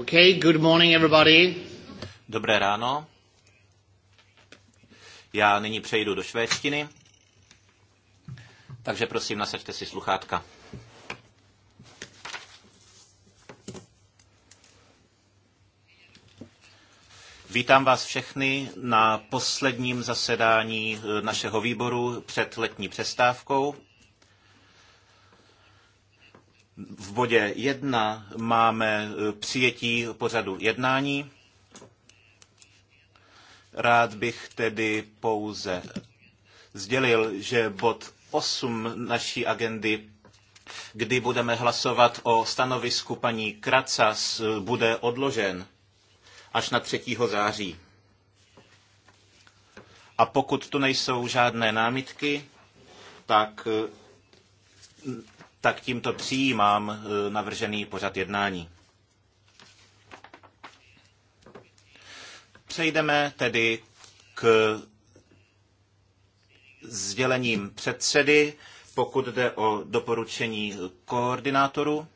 Okay, good morning everybody. Dobré ráno. Já nyní přejdu do švédštiny. Takže prosím, nasaďte si sluchátka. Vítám vás všechny na posledním zasedání eh, našeho výboru před letní přestávkou. V bodě 1 máme eh, přijetí pořadu jednání. Rád bych tedy pouze sdělil, že bod 8 naší agendy kdy budeme hlasovat o stanovisku paní Kracas, eh, bude odložen až na 3. září. A pokud tu nejsou žádné námitky, tak eh, tak tímto přijímám e, navržený pořad jednání. Přejdeme tedy k sdělením předsedy, pokud jde o doporučení koordinátoru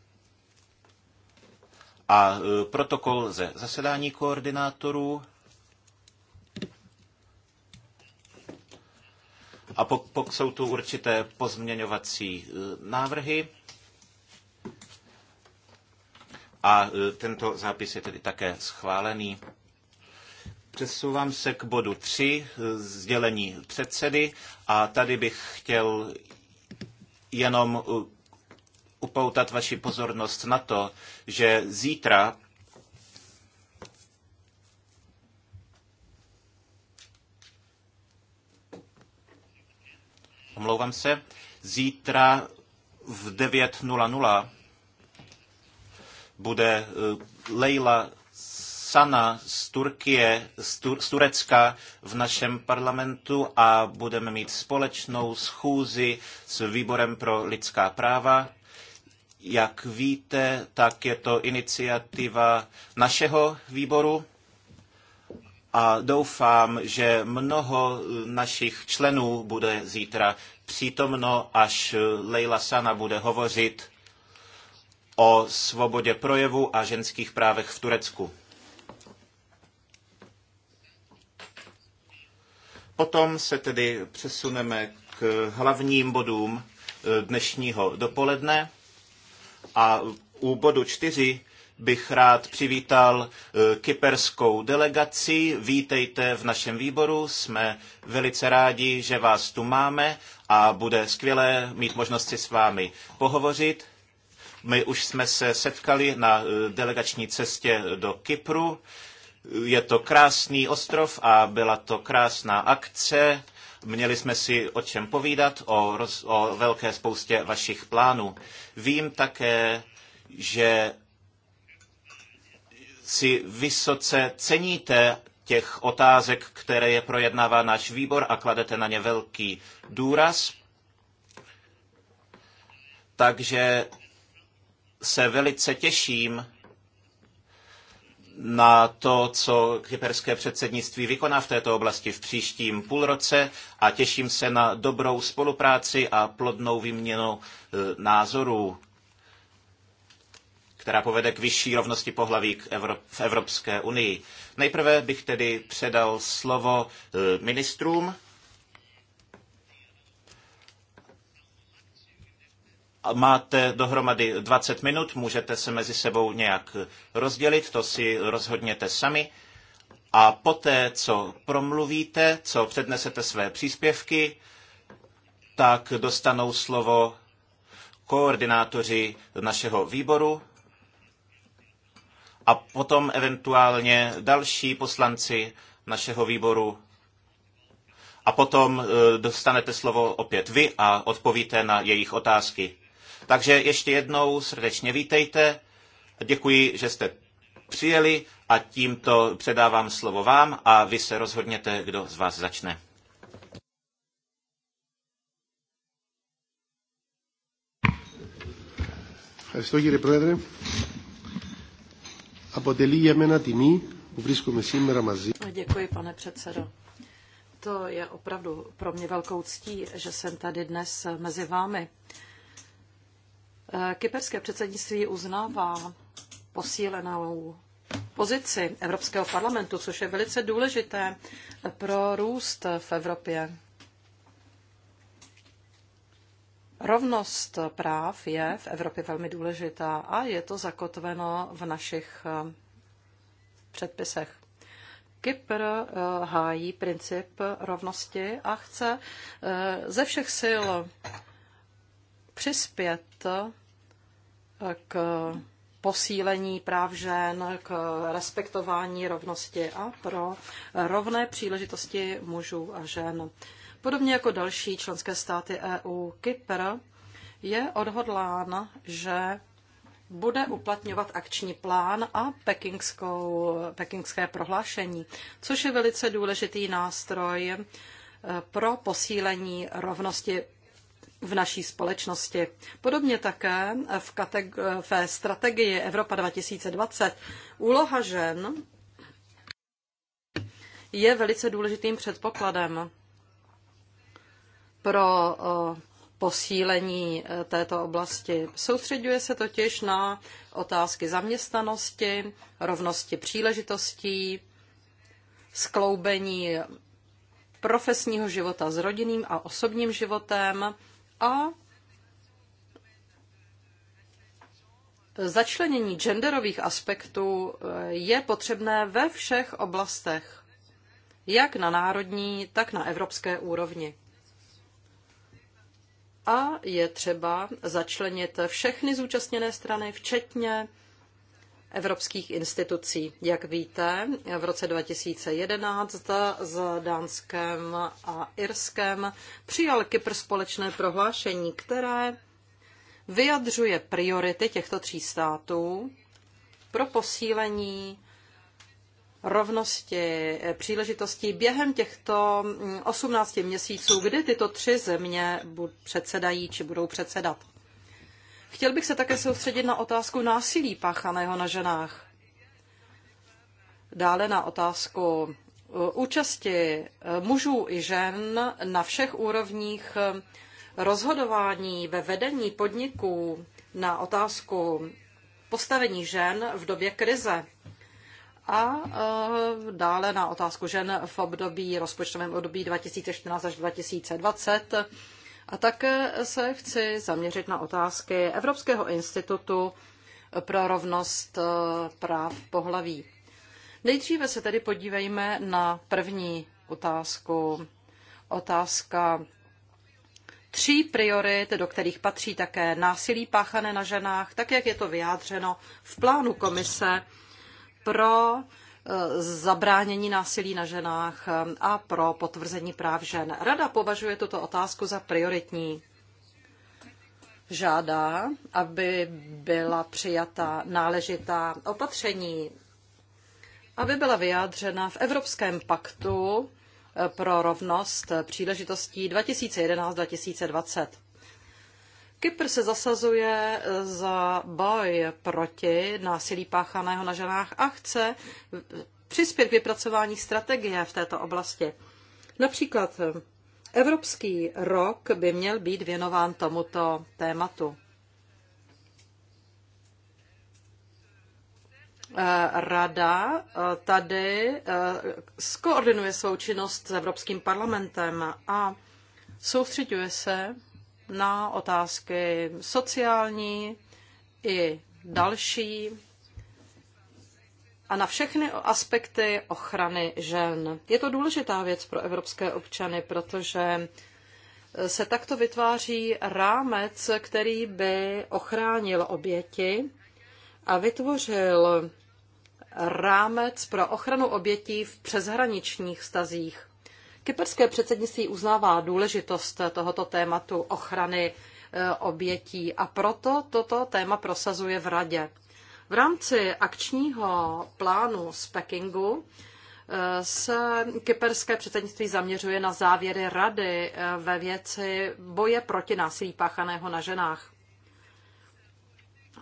a e, protokol ze zasedání koordinátorů. A pokud jsou tu určité pozměňovací eh, návrhy, a eh, tento zápis je tedy také schválený. Přesouvám se k bodu 3, eh, sdělení předsedy. A tady bych chtěl jenom upoutat vaši pozornost na to, že zítra omlouvám se, zítra v 9.00 bude eh, Leila Sana z Turkie, z, z Turecka v našem parlamentu a budeme mít společnou schůzi s Výborem pro lidská práva. Jak víte, tak je to iniciativa našeho výboru a doufám, že mnoho našich členů bude zítra přítomno, až Leila Sana bude hovořit o svobodě projevu a ženských právech v Turecku. Potom se tedy přesuneme k hlavním bodům eh, dnešního dopoledne a u bodu čtyři bych rád přivítal eh, kyperskou delegaci. Vítejte v našem výboru, jsme velice rádi, že vás tu máme a bude skvělé mít možnost si s vámi pohovořit. My už jsme se setkali na eh, delegační cestě do Kypru. Je to krásný ostrov a byla to krásná akce. Měli jsme si o čem povídat, o, roz, o velké spoustě vašich plánů. Vím také, že si vysoce ceníte těch otázek, které je projednává náš výbor a kladete na ně velký důraz. Takže se velice těším na to, co kyperské předsednictví vykoná v této oblasti v příštím půlroce a těším se na dobrou spolupráci a plodnou výměnu e, názorů která povede k vyšší rovnosti pohlaví v Evropské unii. Nejprve bych tedy předal slovo eh, ministrům. Máte dohromady 20 minut, můžete se mezi sebou nějak rozdělit, to si rozhodněte sami. A poté, co promluvíte, co přednesete své příspěvky, tak dostanou slovo koordinátoři našeho výboru a potom eventuálně další poslanci našeho výboru a potom e, dostanete slovo opět vy a odpovíte na jejich otázky. Takže ještě jednou srdečně vítejte, děkuji, že jste přijeli a tímto předávám slovo vám a vy se rozhodněte, kdo z vás začne. Ευχαριστώ κύριε αποτελεί για μένα τιμή που βρίσκομαι σήμερα μαζί. Děkuji, pane předsedo. To je opravdu pro mě velkou ctí, že jsem tady dnes mezi vámi. Eh, kyperské předsednictví uznává posílenou pozici Evropského parlamentu, což je velice důležité pro růst v Evropě. Rovnost práv je v Evropě velmi důležitá a je to zakotveno v našich eh, předpisech. Kypr eh, hájí princip rovnosti a chce eh, ze všech sil přispět k posílení práv žen, k respektování rovnosti a pro rovné příležitosti mužů a žen. Podobně jako další členské státy EU, Kypr je odhodlán, že bude uplatňovat akční plán a pekingskou, pekingské prohlášení, což je velice důležitý nástroj eh, pro posílení rovnosti v naší společnosti. Podobně také v, kateg- v strategii Evropa 2020 úloha žen je velice důležitým předpokladem pro posílení e, této oblasti. Soustředuje se totiž na otázky zaměstnanosti, rovnosti příležitostí, skloubení profesního života s rodinným a osobním životem a začlenění genderových aspektů e, je potřebné ve všech oblastech, jak na národní, tak na evropské úrovni a je třeba začlenit všechny zúčastněné strany, včetně evropských institucí. Jak víte, v roce 2011 s Dánskem a Irskem přijal Kypr společné prohlášení, které vyjadřuje priority těchto tří států pro posílení rovnosti eh, příležitostí během těchto 18 mm, měsíců, kdy tyto tři země předsedají či budou předsedat. Chtěl bych se také soustředit na otázku násilí páchaného na ženách. Dále na otázku eh, účasti eh, mužů i žen na všech úrovních rozhodování ve vedení podniků na otázku postavení žen v době krize a eh, dále na otázku žen v období, rozpočtovém období 2014 až 2020. A také se chci zaměřit na otázky Evropského institutu pro rovnost eh, práv pohlaví. Nejdříve se tedy podívejme na první otázku. Otázka tří priorit, do kterých patří také násilí páchané na ženách, tak jak je to vyjádřeno v plánu komise pro eh, zabránění násilí na ženách eh, a pro potvrzení práv žen. Rada považuje tuto otázku za prioritní. Žádá, aby byla přijata náležitá opatření, aby byla vyjádřena v Evropském paktu eh, pro rovnost příležitostí 2011-2020. Kypr se zasazuje eh, za boj proti násilí páchaného na ženách a chce eh, přispět k vypracování strategie v této oblasti. Například eh, Evropský rok by měl být věnován tomuto tématu. Rada tady skoordinuje svou činnost s Evropským parlamentem a soustředuje se na otázky sociální i další a na všechny aspekty ochrany žen. Je to důležitá věc pro evropské občany, protože se takto vytváří rámec, který by ochránil oběti a vytvořil rámec pro ochranu obětí v přeshraničních stazích. Kyperské předsednictví uznává důležitost tohoto tématu ochrany eh, obětí a proto toto téma prosazuje v radě. V rámci akčního plánu z Pekingu eh, se kyperské předsednictví zaměřuje na závěry rady eh, ve věci boje proti násilí páchaného na ženách.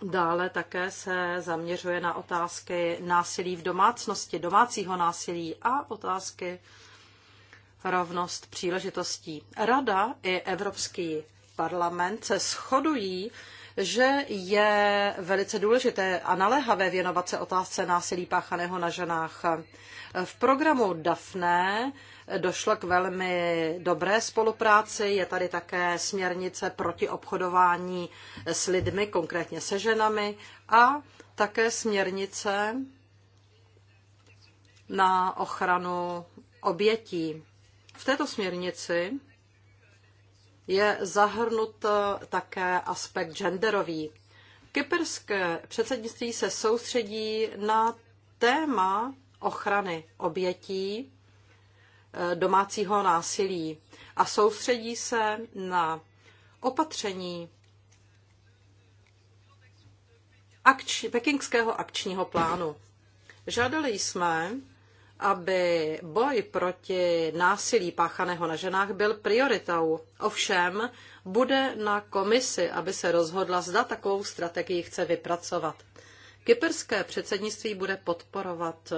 Dále také se zaměřuje na otázky násilí v domácnosti, domácího násilí a otázky rovnost příležitostí. Rada i Evropský parlament se shodují, že je velice důležité a naléhavé věnovat se otázce násilí páchaného na ženách. V programu DAFNE došlo k velmi dobré spolupráci. Je tady také směrnice proti obchodování s lidmi, konkrétně se ženami, a také směrnice na ochranu obětí. V této směrnici je zahrnut eh, také aspekt genderový. Kyperské předsednictví se soustředí na téma ochrany obětí eh, domácího násilí a soustředí se na opatření akč, pekingského akčního plánu. Žádali jsme aby boj proti násilí páchaného na ženách byl prioritou. Ovšem, bude na komisi, aby se rozhodla, zda takovou strategii chce vypracovat. Kyperské předsednictví bude podporovat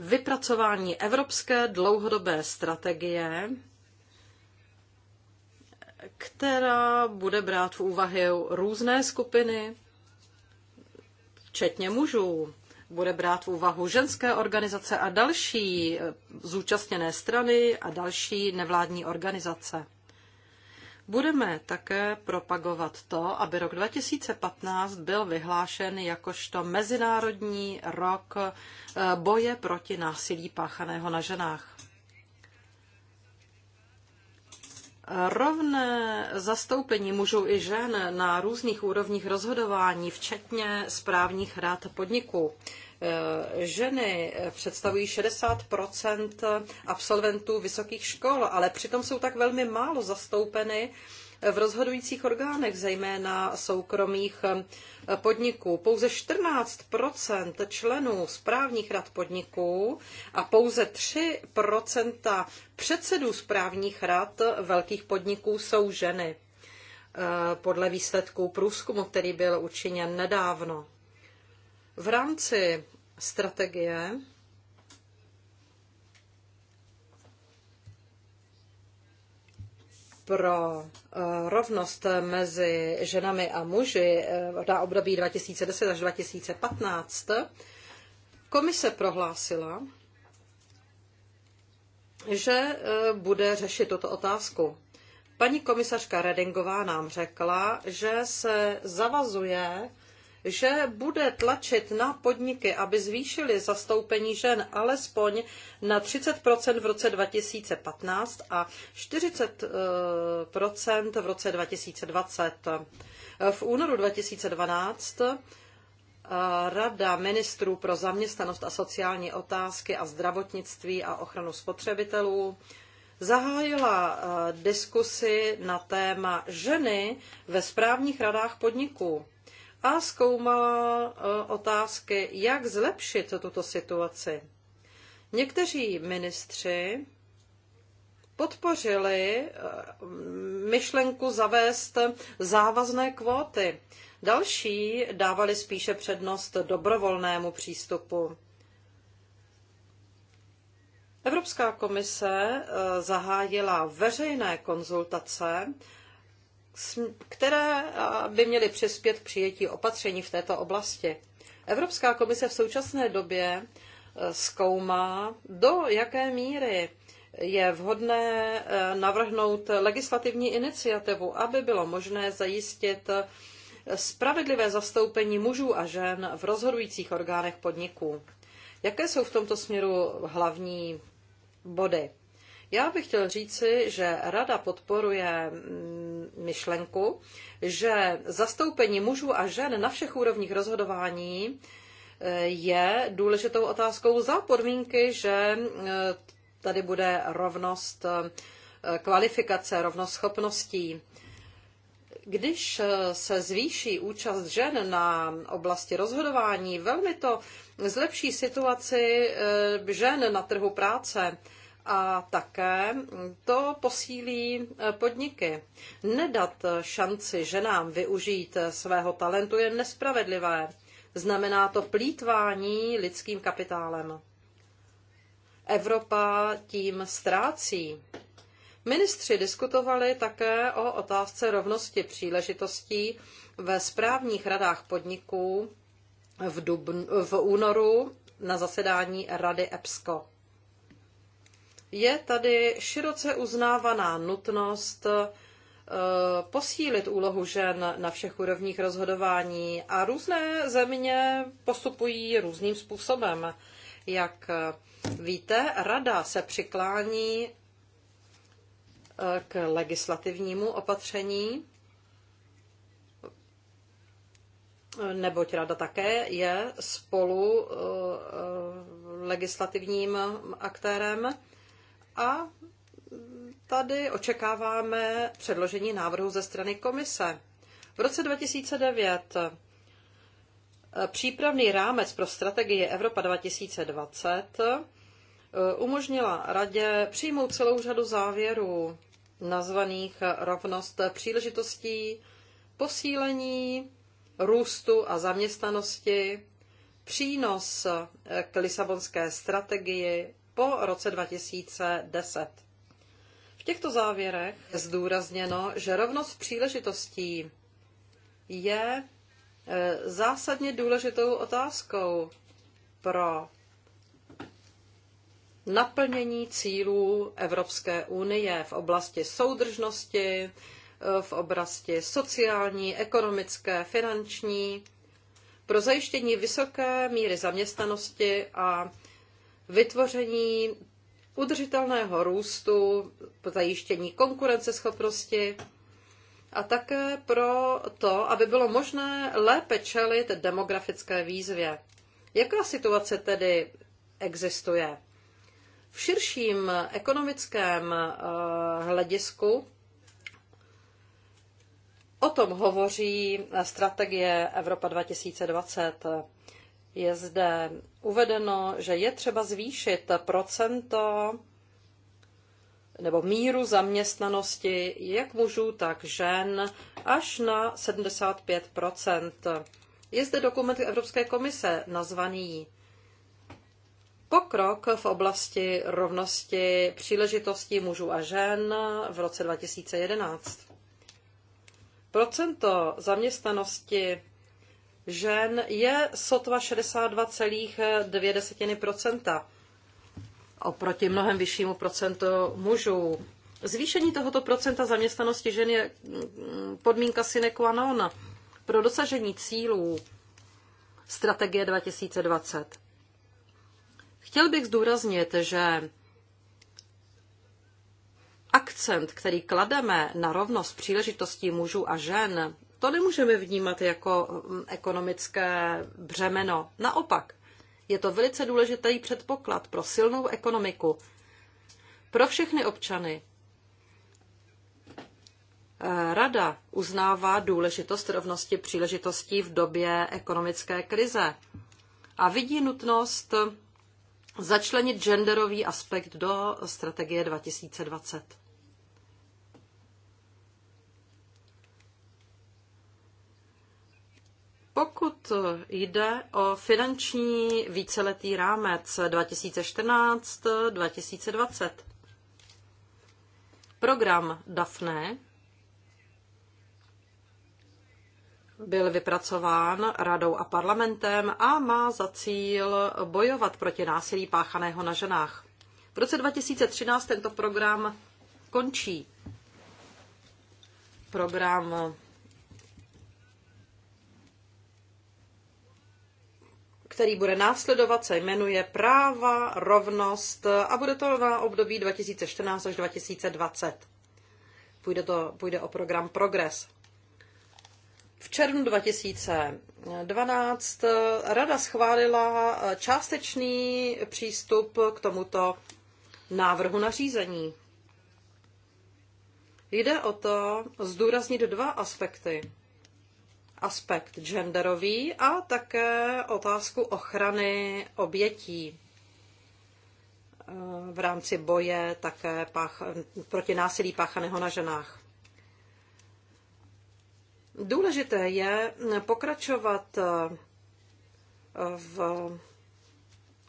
vypracování evropské dlouhodobé strategie, která bude brát v úvahy různé skupiny, včetně mužů, bude brát v úvahu ženské organizace a další eh, zúčastněné strany a další nevládní organizace. Budeme také propagovat to, aby rok 2015 byl vyhlášen jakožto Mezinárodní rok eh, boje proti násilí páchaného na ženách. Rovné zastoupení mužů i žen na různých úrovních rozhodování, včetně správních rad podniků. Eh, ženy představují 60 absolventů vysokých škol, ale přitom jsou tak velmi málo zastoupeny v rozhodujících orgánech, zejména soukromých eh, podniků. Pouze 14 členů správních rad podniků a pouze 3 předsedů správních rad velkých podniků jsou ženy eh, podle výsledků průzkumu, který byl učiněn nedávno. V rámci strategie pro eh, rovnost mezi ženami a muži eh, na období 2010 až 2015 komise prohlásila, že eh, bude řešit tuto otázku. Paní komisařka Redingová nám řekla, že se zavazuje že bude tlačit na podniky, aby zvýšily zastoupení žen alespoň na 30 v roce 2015 a 40 eh, v roce 2020. V únoru 2012 eh, Rada ministrů pro zaměstnanost a sociální otázky a zdravotnictví a ochranu spotřebitelů zahájila eh, diskusi na téma ženy ve správních radách podniků a zkoumala e, otázky, jak zlepšit tuto situaci. Někteří ministři podpořili e, myšlenku zavést závazné kvóty. Další dávali spíše přednost dobrovolnému přístupu. Evropská komise e, zahájila veřejné konzultace které by měly přispět k přijetí opatření v této oblasti. Evropská komise v současné době e, zkoumá, do jaké míry je vhodné e, navrhnout legislativní iniciativu, aby bylo možné zajistit e, spravedlivé zastoupení mužů a žen v rozhodujících orgánech podniků. Jaké jsou v tomto směru hlavní body? Já bych chtěl říci, že rada podporuje mm, myšlenku, že zastoupení mužů a žen na všech úrovních rozhodování eh, je důležitou otázkou za podmínky, že eh, tady bude rovnost eh, kvalifikace, rovnost schopností. Když se zvýší účast žen na oblasti rozhodování, velmi to zlepší situaci žen na trhu práce a také to posílí eh, podniky. Nedat šanci ženám využít eh, svého talentu je nespravedlivé. Znamená to plítvání lidským kapitálem. Evropa tím ztrácí. Ministři diskutovali také o otázce rovnosti příležitostí ve správních radách podniků v, dubn, v únoru na zasedání Rady EPSCO je tady široce uznávaná nutnost eh, posílit úlohu žen na všech úrovních rozhodování a různé země postupují různým způsobem. Jak eh, víte, rada se přiklání eh, k legislativnímu opatření, neboť rada také je spolu legislativním aktérem a tady očekáváme předložení návrhu ze strany komise. V roce 2009 eh, přípravný rámec pro strategii Evropa 2020 eh, umožnila radě přijmout celou řadu závěrů nazvaných rovnost příležitostí, posílení růstu a zaměstnanosti, přínos eh, k Lisabonské strategii po roce 2010. V těchto závěrech je zdůrazněno, že rovnost příležitostí je e, zásadně důležitou otázkou pro naplnění cílů Evropské unie v oblasti soudržnosti, e, v oblasti sociální, ekonomické, finanční, pro zajištění vysoké míry zaměstnanosti a vytvoření udržitelného růstu, zajištění konkurenceschopnosti a také pro to, aby bylo možné lépe čelit demografické výzvě. Jaká situace tedy existuje? V širším ekonomickém eh, hledisku o tom hovoří strategie Evropa 2020. Je zde uvedeno, že je třeba zvýšit procento nebo míru zaměstnanosti jak mužů, tak žen až na 75 Je zde dokument Evropské komise nazvaný Pokrok v oblasti rovnosti příležitostí mužů a žen v roce 2011. Procento zaměstnanosti žen je sotva 62,2 oproti mnohem vyššímu procentu mužů. Zvýšení tohoto procenta zaměstnanosti žen je mm, podmínka sine qua non pro dosažení cílů strategie 2020. Chtěl bych zdůraznit, že akcent, který klademe na rovnost příležitostí mužů a žen, to nemůžeme vnímat jako mm, ekonomické břemeno. Naopak, je to velice důležitý předpoklad pro silnou ekonomiku, pro všechny občany. Eh, Rada uznává důležitost rovnosti příležitostí v době ekonomické krize a vidí nutnost začlenit genderový aspekt do strategie 2020. Pokud jde o finanční víceletý rámec 2014-2020, program DAFNE byl vypracován radou a parlamentem a má za cíl bojovat proti násilí páchaného na ženách. V roce 2013 tento program končí. Program který bude následovat, se jmenuje Práva, rovnost a bude to na období 2014 až 2020. Půjde, to, půjde o program Progress. V červnu 2012 Rada schválila částečný přístup k tomuto návrhu nařízení. Jde o to zdůraznit dva aspekty aspekt genderový a také otázku ochrany obětí eh, v rámci boje také pách, proti násilí páchaného na ženách. Důležité je pokračovat eh, v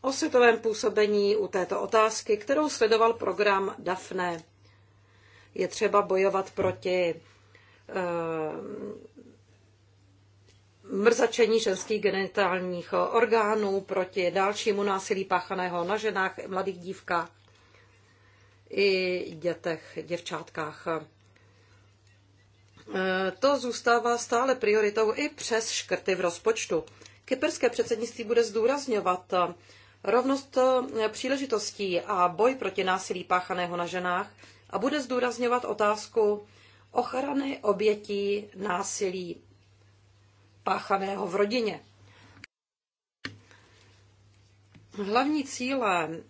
osvětovém působení u této otázky, kterou sledoval program DAFNE. Je třeba bojovat proti eh, mrzačení ženských genitálních orgánů, proti dalšímu násilí páchaného na ženách, mladých dívkách i dětech, děvčátkách. E, to zůstává stále prioritou i přes škrty v rozpočtu. Kyperské předsednictví bude zdůrazňovat rovnost příležitostí a boj proti násilí páchaného na ženách a bude zdůrazňovat otázku ochrany obětí násilí páchaného v rodině. Hlavní cílem,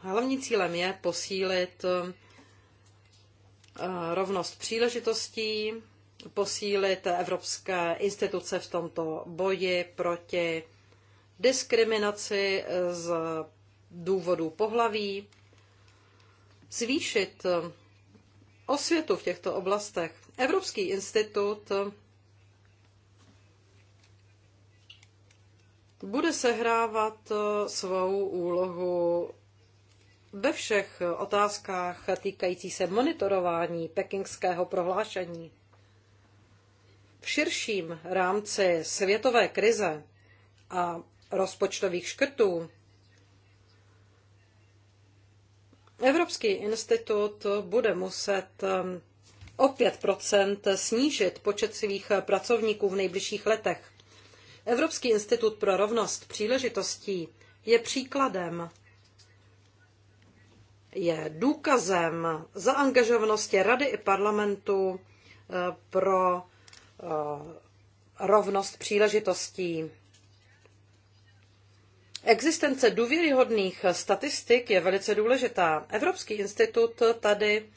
hlavní cílem je posílit eh, rovnost příležitostí, posílit evropské instituce v tomto boji proti diskriminaci z důvodu pohlaví, zvýšit osvětu v těchto oblastech. Evropský institut bude sehrávat eh, svou úlohu ve všech otázkách týkající se monitorování pekingského prohlášení. V širším rámci světové krize a rozpočtových škrtů Evropský institut bude muset eh, o 5 snížit počet svých pracovníků v nejbližších letech. Evropský institut pro rovnost příležitostí je příkladem, je důkazem zaangažovanosti Rady i parlamentu eh, pro eh, rovnost příležitostí. Existence důvěryhodných statistik je velice důležitá. Evropský institut tady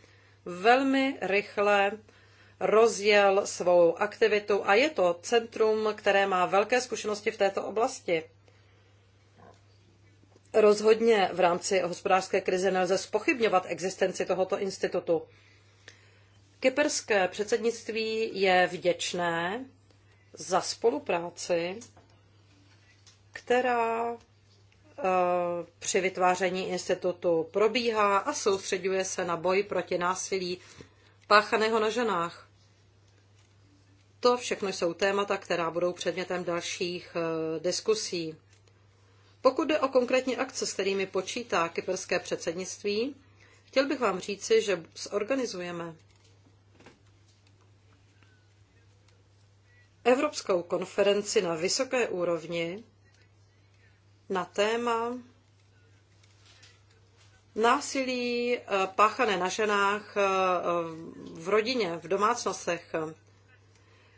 velmi rychle rozjel svou aktivitu a je to centrum, které má velké zkušenosti v této oblasti. Rozhodně v rámci hospodářské krize nelze spochybňovat existenci tohoto institutu. Kyperské předsednictví je vděčné za spolupráci, která eh, při vytváření institutu probíhá a soustředuje se na boj proti násilí páchaného na ženách. To všechno jsou témata, která budou předmětem dalších eh, diskusí. Pokud jde o konkrétní akce, s kterými počítá kyperské předsednictví, chtěl bych vám říci, že zorganizujeme Evropskou konferenci na vysoké úrovni na téma násilí eh, páchané na ženách eh, v rodině, v domácnostech.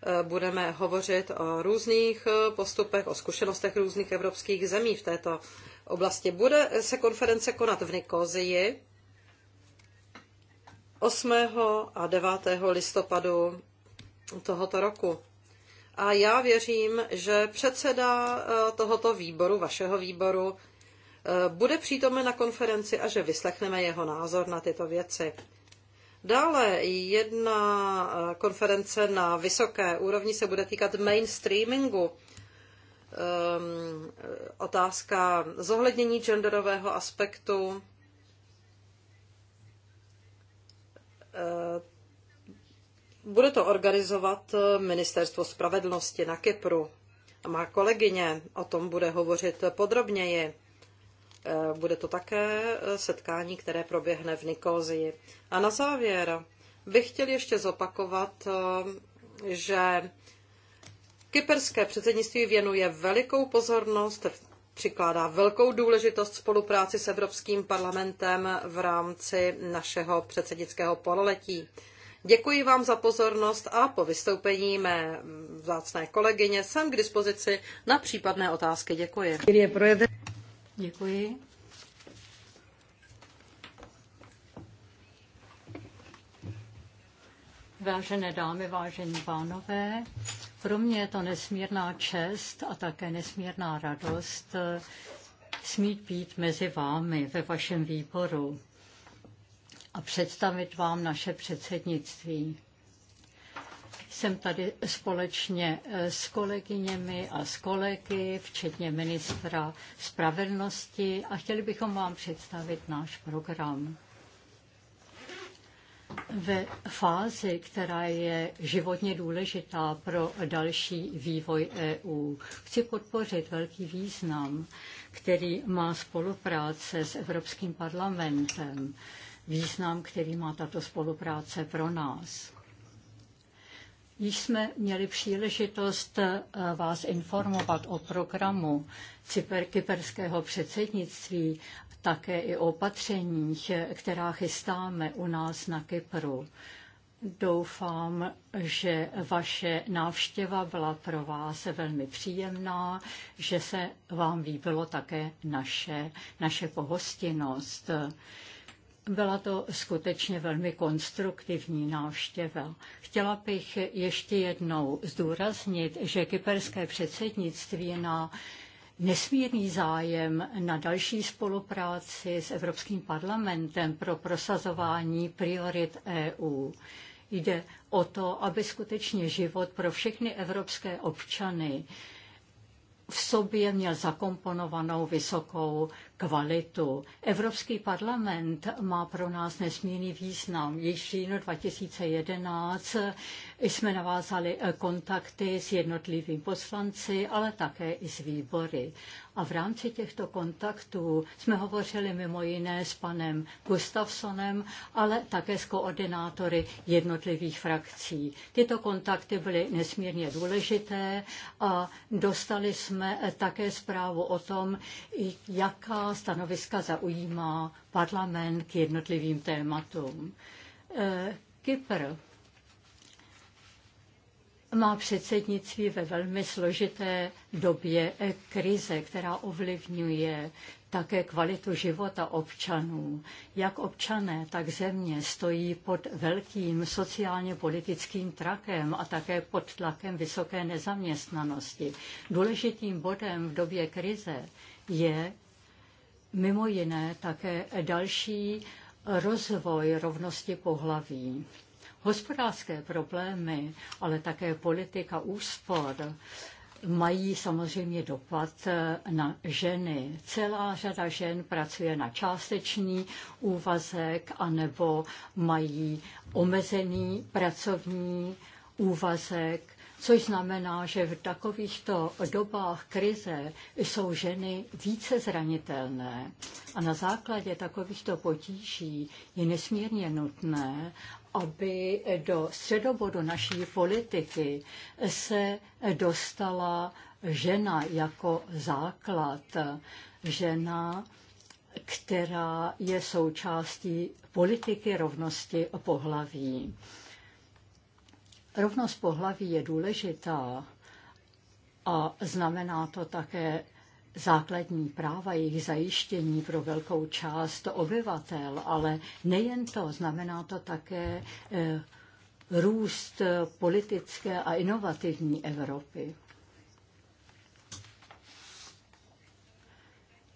Eh, budeme hovořit o různých eh, postupech, o zkušenostech různých evropských zemí v této oblasti. Bude se konference konat v Nikozii 8. a 9. listopadu tohoto roku. A já věřím, že předseda eh, tohoto výboru, vašeho výboru, bude přítomen na konferenci a že vyslechneme jeho názor na tyto věci. Dále jedna eh, konference na vysoké úrovni se bude týkat mainstreamingu. Ehm, eh, otázka zohlednění genderového aspektu. Eh, bude to organizovat Ministerstvo spravedlnosti na Kypru. Má kolegyně o tom bude hovořit podrobněji. Eh, bude to také eh, setkání, které proběhne v Nikozii. A na závěr bych chtěl ještě zopakovat, eh, že kyperské předsednictví věnuje velikou pozornost přikládá velkou důležitost spolupráci s Evropským parlamentem v rámci našeho předsednického pololetí. Děkuji vám za pozornost a po vystoupení mé vzácné kolegyně jsem k dispozici na případné otázky. Děkuji. Děkuji. Vážené dámy, vážení pánové, pro mě je to nesmírná čest a také nesmírná radost eh, smít být mezi vámi ve vašem výboru a představit vám naše předsednictví. Jsem tady společně eh, s kolegyněmi a s kolegy, včetně ministra spravedlnosti a chtěli bychom vám představit náš program. Ve fázi, která je životně důležitá pro další vývoj EU, chci podpořit velký význam, který má spolupráce s Evropským parlamentem, význam, který má tato spolupráce pro nás. Již jsme měli příležitost eh, vás informovat o programu kyperského předsednictví, také i o opatřeních, eh, která chystáme u nás na Kypru. Doufám, že vaše návštěva byla pro vás velmi příjemná, že se vám líbilo také naše, naše pohostinnost. Byla to skutečně velmi konstruktivní návštěva. Chtěla bych ještě jednou zdůraznit, že kyperské předsednictví na nesmírný zájem na další spolupráci s Evropským parlamentem pro prosazování priorit EU. Jde o to, aby skutečně život pro všechny evropské občany v sobě měl zakomponovanou vysokou kvalitu. Evropský parlament má pro nás nesmírný význam. Již v říjnu 2011 jsme navázali kontakty s jednotlivými poslanci, ale také i s výbory. A v rámci těchto kontaktů jsme hovořili mimo jiné s panem Gustafsonem, ale také s koordinátory jednotlivých frakcí. Tyto kontakty byly nesmírně důležité a dostali jsme také zprávu o tom, jaká stanoviska zaujímá parlament k jednotlivým tématům. Eh, Kypr má předsednictví ve velmi složité době krize, která ovlivňuje také kvalitu života občanů. Jak občané, tak země stojí pod velkým sociálně-politickým trakem a také pod tlakem vysoké nezaměstnanosti. Důležitým bodem v době krize je, mimo jiné také další rozvoj rovnosti pohlaví. Hospodářské problémy, ale také politika úspor mají samozřejmě dopad na ženy. Celá řada žen pracuje na částečný úvazek anebo mají omezený pracovní úvazek což znamená, že v takovýchto dobách krize jsou ženy více zranitelné a na základě takovýchto potíží je nesmírně nutné, aby do středobodu naší politiky se dostala žena jako základ, žena, která je součástí politiky rovnosti pohlaví. Rovnost pohlaví je důležitá a znamená to také základní práva, jejich zajištění pro velkou část obyvatel, ale nejen to, znamená to také eh, růst politické a inovativní Evropy.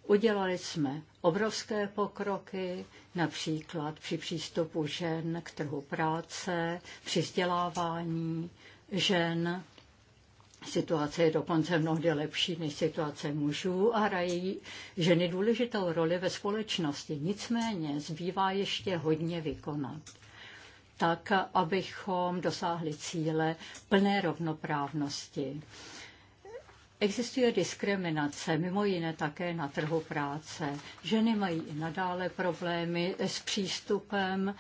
Udělali jsme obrovské pokroky, například při přístupu žen k trhu práce, při vzdělávání žen. Situace je dokonce mnohdy lepší než situace mužů a hrají ženy důležitou roli ve společnosti. Nicméně zbývá ještě hodně vykonat tak, abychom dosáhli cíle plné rovnoprávnosti. Existuje diskriminace, mimo jiné také na trhu práce. Ženy mají i nadále problémy s přístupem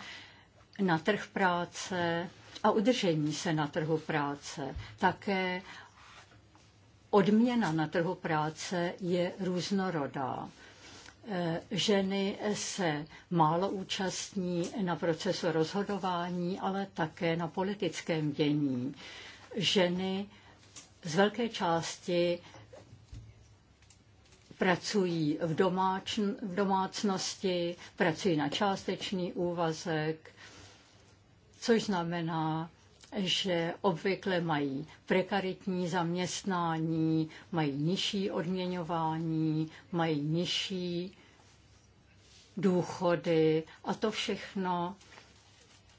na trh práce a udržení se na trhu práce. Také odměna na trhu práce je různorodá. Eh, ženy se málo účastní na procesu rozhodování, ale také na politickém dění. Ženy z velké části pracují v, domáčn, v domácnosti, pracují na částečný úvazek, což znamená, že obvykle mají prekaritní zaměstnání, mají nižší odměňování, mají nižší důchody a to všechno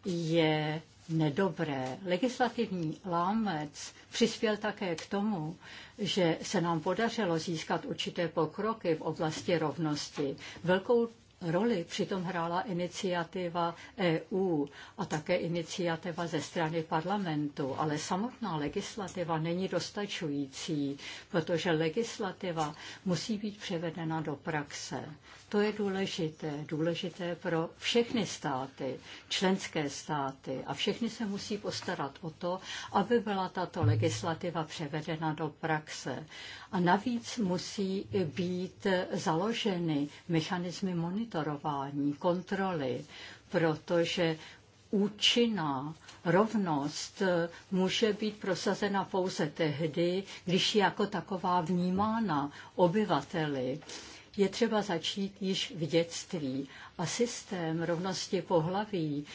je nedobré. Legislativní lámec přispěl také k tomu, že se nám podařilo získat určité pokroky v oblasti rovnosti. Velkou roli přitom hrála iniciativa EU a také iniciativa ze strany parlamentu, ale samotná legislativa není dostačující, protože legislativa musí být převedena do praxe. To je důležité, důležité pro všechny státy, členské státy a všechny se musí postarat o to, aby byla tato legislativa převedena do praxe. A navíc musí být založeny mechanismy monitoringu monitorování, kontroly, protože účinná rovnost eh, může být prosazena pouze tehdy, když je jako taková vnímána obyvateli je třeba začít již v dětství a systém rovnosti pohlaví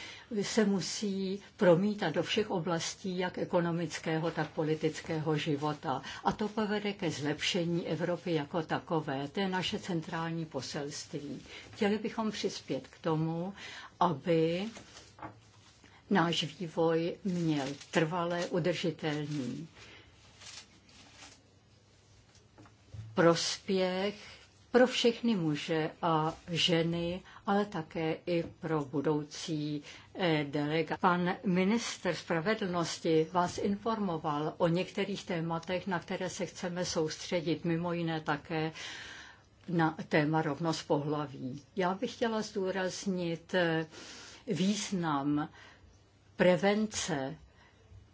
se musí promítat do všech oblastí, jak ekonomického, tak politického života. A to povede ke zlepšení Evropy jako takové. To je naše centrální poselství. Chtěli bychom přispět k tomu, aby náš vývoj měl trvalé udržitelný prospěch pro všechny muže a ženy, ale také i pro budoucí eh, delega. Pan minister spravedlnosti vás informoval o některých tématech, na které se chceme soustředit, mimo jiné také na téma rovnost pohlaví. Já bych chtěla zdůraznit eh, význam prevence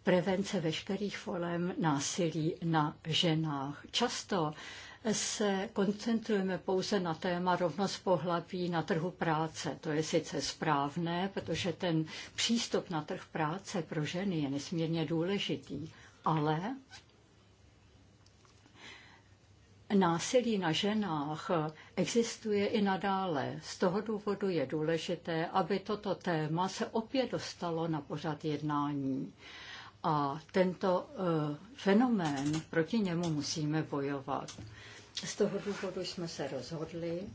prevence veškerých forem násilí na ženách. Často se koncentrujeme pouze na téma rovnost pohlaví na trhu práce. To je sice správné, protože ten přístup na trh práce pro ženy je nesmírně důležitý, ale Násilí na ženách existuje i nadále. Z toho důvodu je důležité, aby toto téma se opět dostalo na pořad jednání. A tento e, fenomén, proti němu musíme bojovat. Z toho důvodu jsme se rozhodli,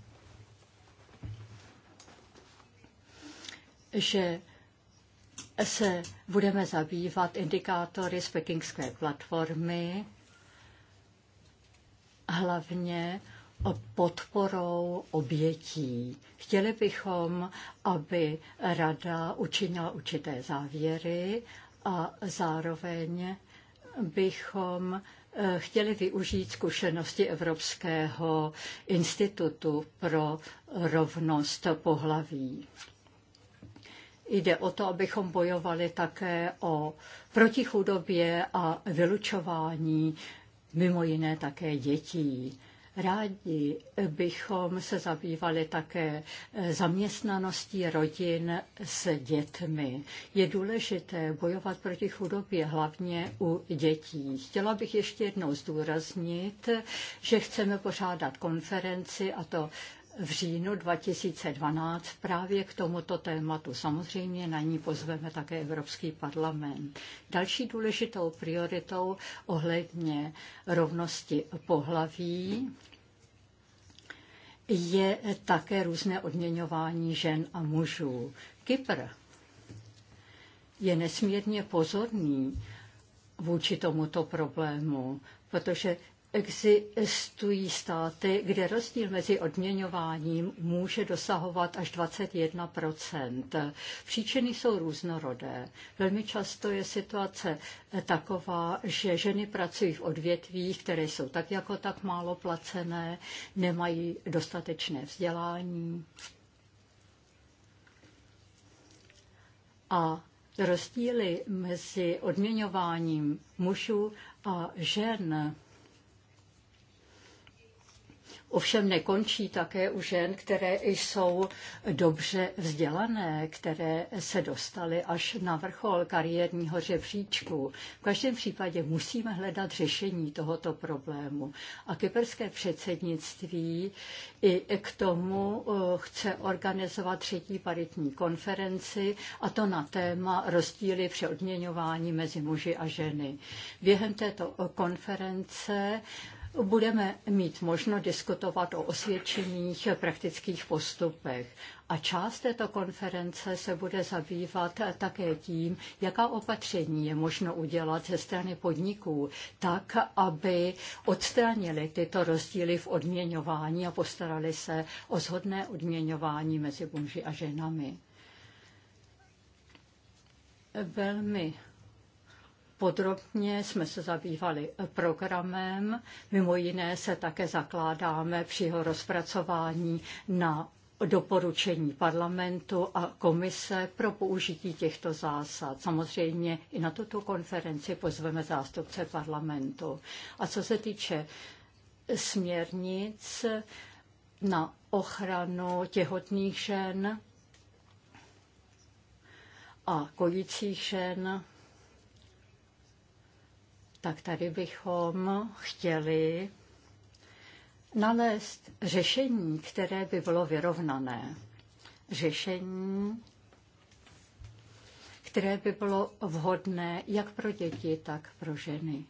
že se budeme zabývat indikátory z pekingské platformy, hlavně podporou obětí. Chtěli bychom, aby rada učinila určité závěry a zároveň bychom eh, chtěli využít zkušenosti Evropského institutu pro rovnost pohlaví. Jde o to, abychom bojovali také o proti chudobě a vylučování mimo jiné také dětí. Rádi bychom se zabývali také eh, zaměstnaností rodin s dětmi. Je důležité bojovat proti chudobě, hlavně u dětí. Chtěla bych ještě jednou zdůraznit, že chceme pořádat konferenci, a to v říjnu 2012 právě k tomuto tématu. Samozřejmě na ní pozveme také Evropský parlament. Další důležitou prioritou ohledně rovnosti pohlaví je také různé odměňování žen a mužů. Kypr je nesmírně pozorný vůči tomuto problému, protože existují státy, kde rozdíl mezi odměňováním může dosahovat až 21 Příčiny jsou různorodé. Velmi často je situace taková, že ženy pracují v odvětvích, které jsou tak jako tak málo placené, nemají dostatečné vzdělání. A rozdíly mezi odměňováním mužů a žen ovšem nekončí také u žen, které jsou dobře vzdělané, které se dostaly až na vrchol kariérního řebříčku. V každém případě musíme hledat řešení tohoto problému. A kyperské předsednictví i k tomu eh, chce organizovat třetí paritní konferenci, a to na téma rozdíly při odměňování mezi muži a ženy. Během této eh, konference budeme mít možno diskutovat o osvědčených praktických postupech. A část této konference se bude zabývat také tím, jaká opatření je možno udělat ze strany podniků, tak, aby odstranili tyto rozdíly v odměňování a postarali se o zhodné odměňování mezi muži a ženami. Velmi Podrobně jsme se zabývali programem, mimo jiné se také zakládáme při jeho rozpracování na doporučení parlamentu a komise pro použití těchto zásad. Samozřejmě i na tuto konferenci pozveme zástupce parlamentu. A co se týče směrnic na ochranu těhotných žen a kojících žen, tak tady bychom chtěli nalézt řešení, které by bylo vyrovnané. Řešení, které by bylo vhodné jak pro děti, tak pro ženy.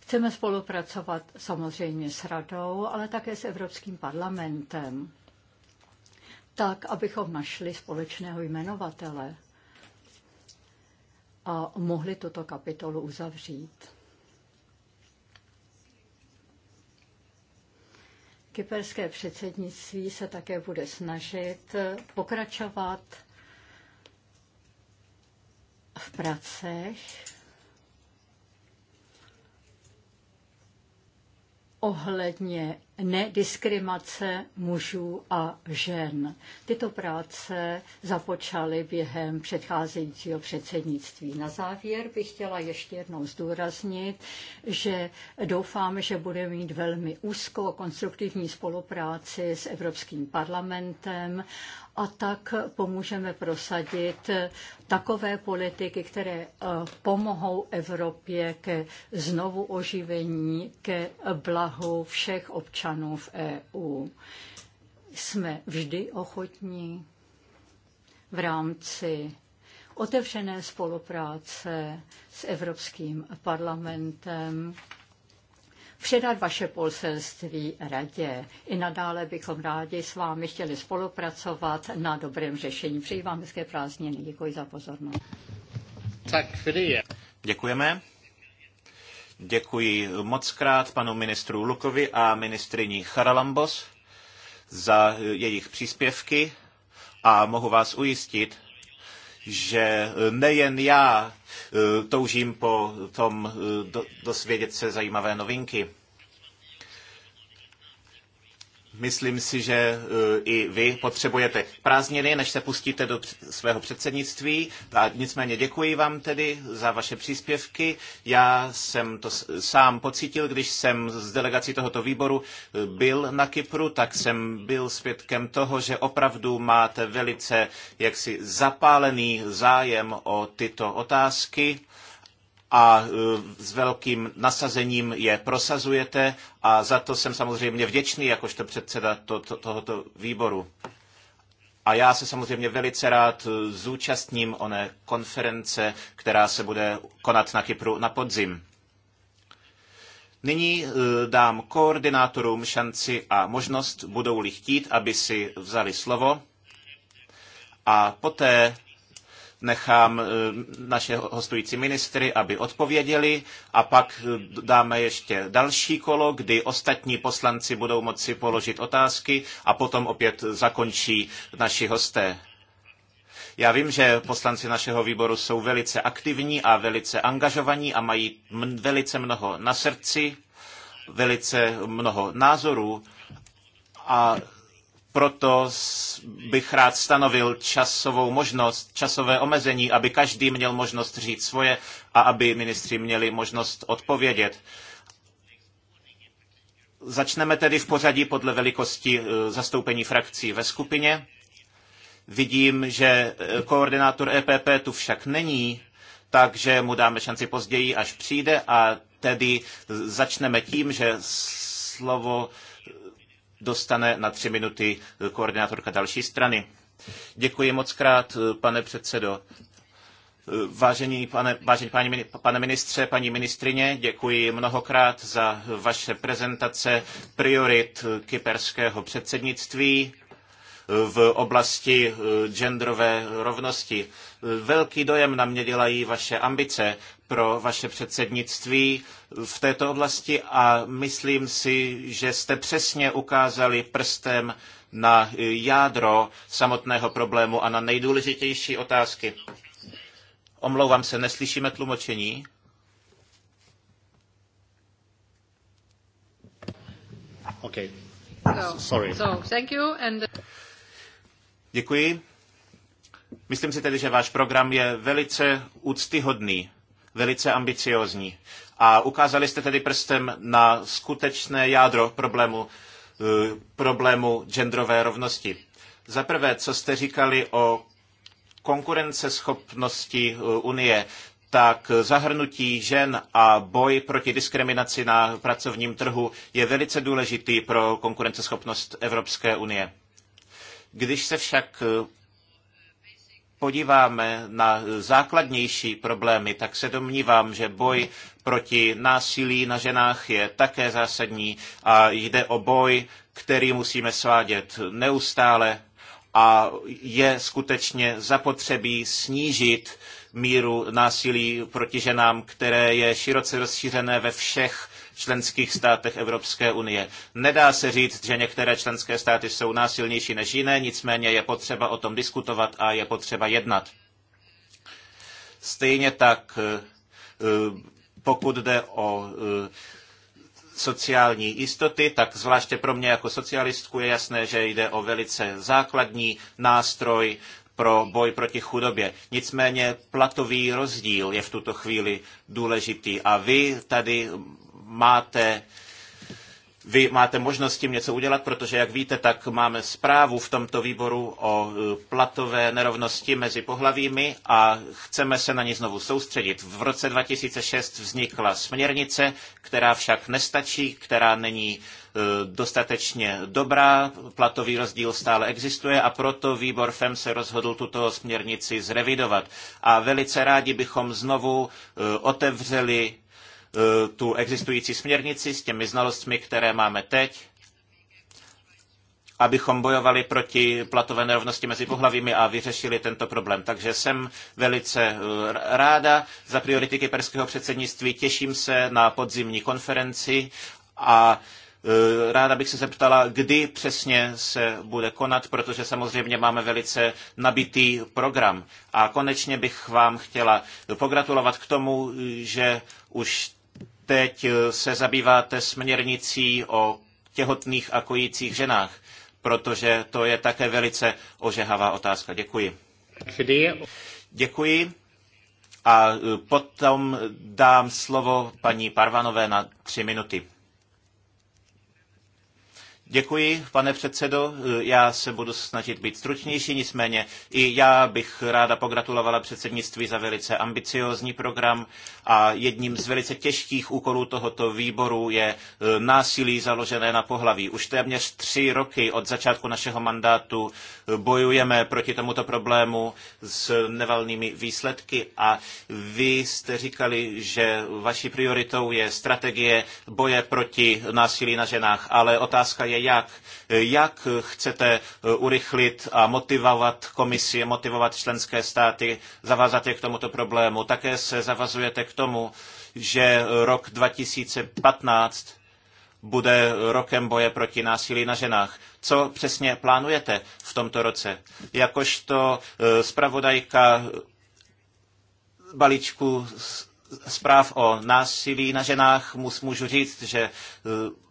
Chceme spolupracovat samozřejmě s radou, ale také s Evropským parlamentem, tak, abychom našli společného jmenovatele a mohli tuto kapitolu uzavřít. Kyperské předsednictví se také bude snažit pokračovat v pracech ohledně nediskrimace mužů a žen. Tyto práce započaly během předcházejícího předsednictví. Na závěr bych chtěla ještě jednou zdůraznit, že doufám, že bude mít velmi úzkou konstruktivní spolupráci s Evropským parlamentem a tak pomůžeme prosadit takové politiky, které eh, pomohou Evropě ke znovu oživení, ke blahu všech občanů v EU. Jsme vždy ochotní v rámci otevřené spolupráce s Evropským parlamentem předat vaše polsenství radě. I nadále bychom rádi s vámi chtěli spolupracovat na dobrém řešení. Přeji vám hezké prázdniny. Děkuji za pozornost. Tak, Děkujeme. Děkuji moc krát panu ministru Lukovi a ministrině Charalambos za jejich příspěvky a mohu vás ujistit, že e, nejen já e, toužím po tom e, dosvědět se zajímavé novinky. Myslím si, že eh, i vy potřebujete prázdniny, než se pustíte do svého předsednictví. A nicméně děkuji vám tedy za vaše příspěvky. Já jsem to sám pocítil, když jsem z delegací tohoto výboru eh, byl na Kypru, tak jsem byl svědkem toho, že opravdu máte velice jaksi zapálený zájem o tyto otázky a e, s velkým nasazením je prosazujete a za to jsem samozřejmě vděčný jakožto předseda to, to, tohoto výboru. A já se samozřejmě velice rád e, zúčastním oné konference, která se bude konat na Kypru na podzim. Nyní e, dám koordinátorům šanci a možnost, budou-li chtít, aby si vzali slovo. A poté nechám eh, naše hostující ministry, aby odpověděli a pak eh, dáme ještě další kolo, kdy ostatní poslanci budou moci položit otázky a potom opět zakončí naši hosté. Já vím, že poslanci našeho výboru jsou velice aktivní a velice angažovaní a mají velice mnoho na srdci, velice mnoho názorů a proto bych rád stanovil časovou možnost, časové omezení, aby každý měl možnost říct svoje a aby ministři měli možnost odpovědět. Začneme tedy v pořadí podle velikosti e, zastoupení frakcí ve skupině. Vidím, že e, koordinátor EPP tu však není, takže mu dáme šanci později, až přijde a tedy začneme tím, že slovo dostane na tři minuty koordinátorka další strany. Děkuji moc krát, pane předsedo. Vážení, pane, vážení páni, pane ministře, paní ministrině, děkuji mnohokrát za vaše prezentace priorit kyperského předsednictví v oblasti genderové rovnosti. Velký dojem na mě dělají vaše ambice pro vaše předsednictví v této oblasti a myslím si, že jste přesně ukázali prstem na jádro samotného problému a na nejdůležitější otázky. Omlouvám se, neslyšíme tlumočení. Okay. So, Sorry. So, thank you and... Děkuji. Myslím si tedy, že váš program je velice úctyhodný velice ambiciozní. A ukázali jste tedy prstem na skutečné jádro problému, eh, problému genderové rovnosti. Za prvé, co jste říkali o konkurenceschopnosti eh, Unie, tak zahrnutí žen a boj proti diskriminaci na pracovním trhu je velice důležitý pro konkurenceschopnost Evropské unie. Když se však eh, podíváme na základnější problémy, tak se domnívám, že boj proti násilí na ženách je také zásadní a jde o boj, který musíme svádět neustále a je skutečně zapotřebí snížit míru násilí proti ženám, které je široce rozšířené ve všech členských státech Evropské unie. Nedá se říct, že některé členské státy jsou násilnější než jiné, nicméně je potřeba o tom diskutovat a je potřeba jednat. Stejně tak, eh, eh, pokud jde o eh, sociální jistoty, tak zvláště pro mě jako socialistku je jasné, že jde o velice základní nástroj pro boj proti chudobě. Nicméně platový rozdíl je v tuto chvíli důležitý a vy tady máte vy máte možnost s tím něco udělat, protože, jak víte, tak máme zprávu v tomto výboru o e, platové nerovnosti mezi pohlavími a chceme se na ní znovu soustředit. V roce 2006 vznikla směrnice, která však nestačí, která není e, dostatečně dobrá, platový rozdíl stále existuje a proto výbor FEM se rozhodl tuto směrnici zrevidovat. A velice rádi bychom znovu e, otevřeli Eh, tu existující směrnici s těmi znalostmi, které máme teď, abychom bojovali proti platové nerovnosti mezi pohlavími a vyřešili tento problém. Takže jsem velice eh, ráda za priority kyperského předsednictví, těším se na podzimní konferenci a eh, Ráda bych se zeptala, kdy přesně se bude konat, protože samozřejmě máme velice nabitý program. A konečně bych vám chtěla pogratulovat k tomu, že už teď eh, se zabýváte směrnicí o těhotných a kojících ženách, protože to je také velice ožehavá otázka. Děkuji. Děkuji. A eh, potom dám slovo paní Parvanové na tři minuty. Děkuji, pane předsedo. Já se budu snažit být stručnější, nicméně i já bych ráda pogratulovala předsednictví za velice ambiciózní program a jedním z velice těžkých úkolů tohoto výboru je e, násilí založené na pohlaví. Už téměř tři roky od začátku našeho mandátu e, bojujeme proti tomuto problému s nevalnými výsledky a vy jste říkali, že vaší prioritou je strategie boje proti násilí na ženách, ale otázka je, jak. Jak chcete eh, urychlit a motivovat komisi, motivovat členské státy, zavázat je k tomuto problému. Také se zavazujete k tomu, že rok 2015 bude rokem boje proti násilí na ženách. Co přesně plánujete v tomto roce? Jakožto eh, zpravodajka balíčku zpráv o násilí na ženách můžu říct, že eh,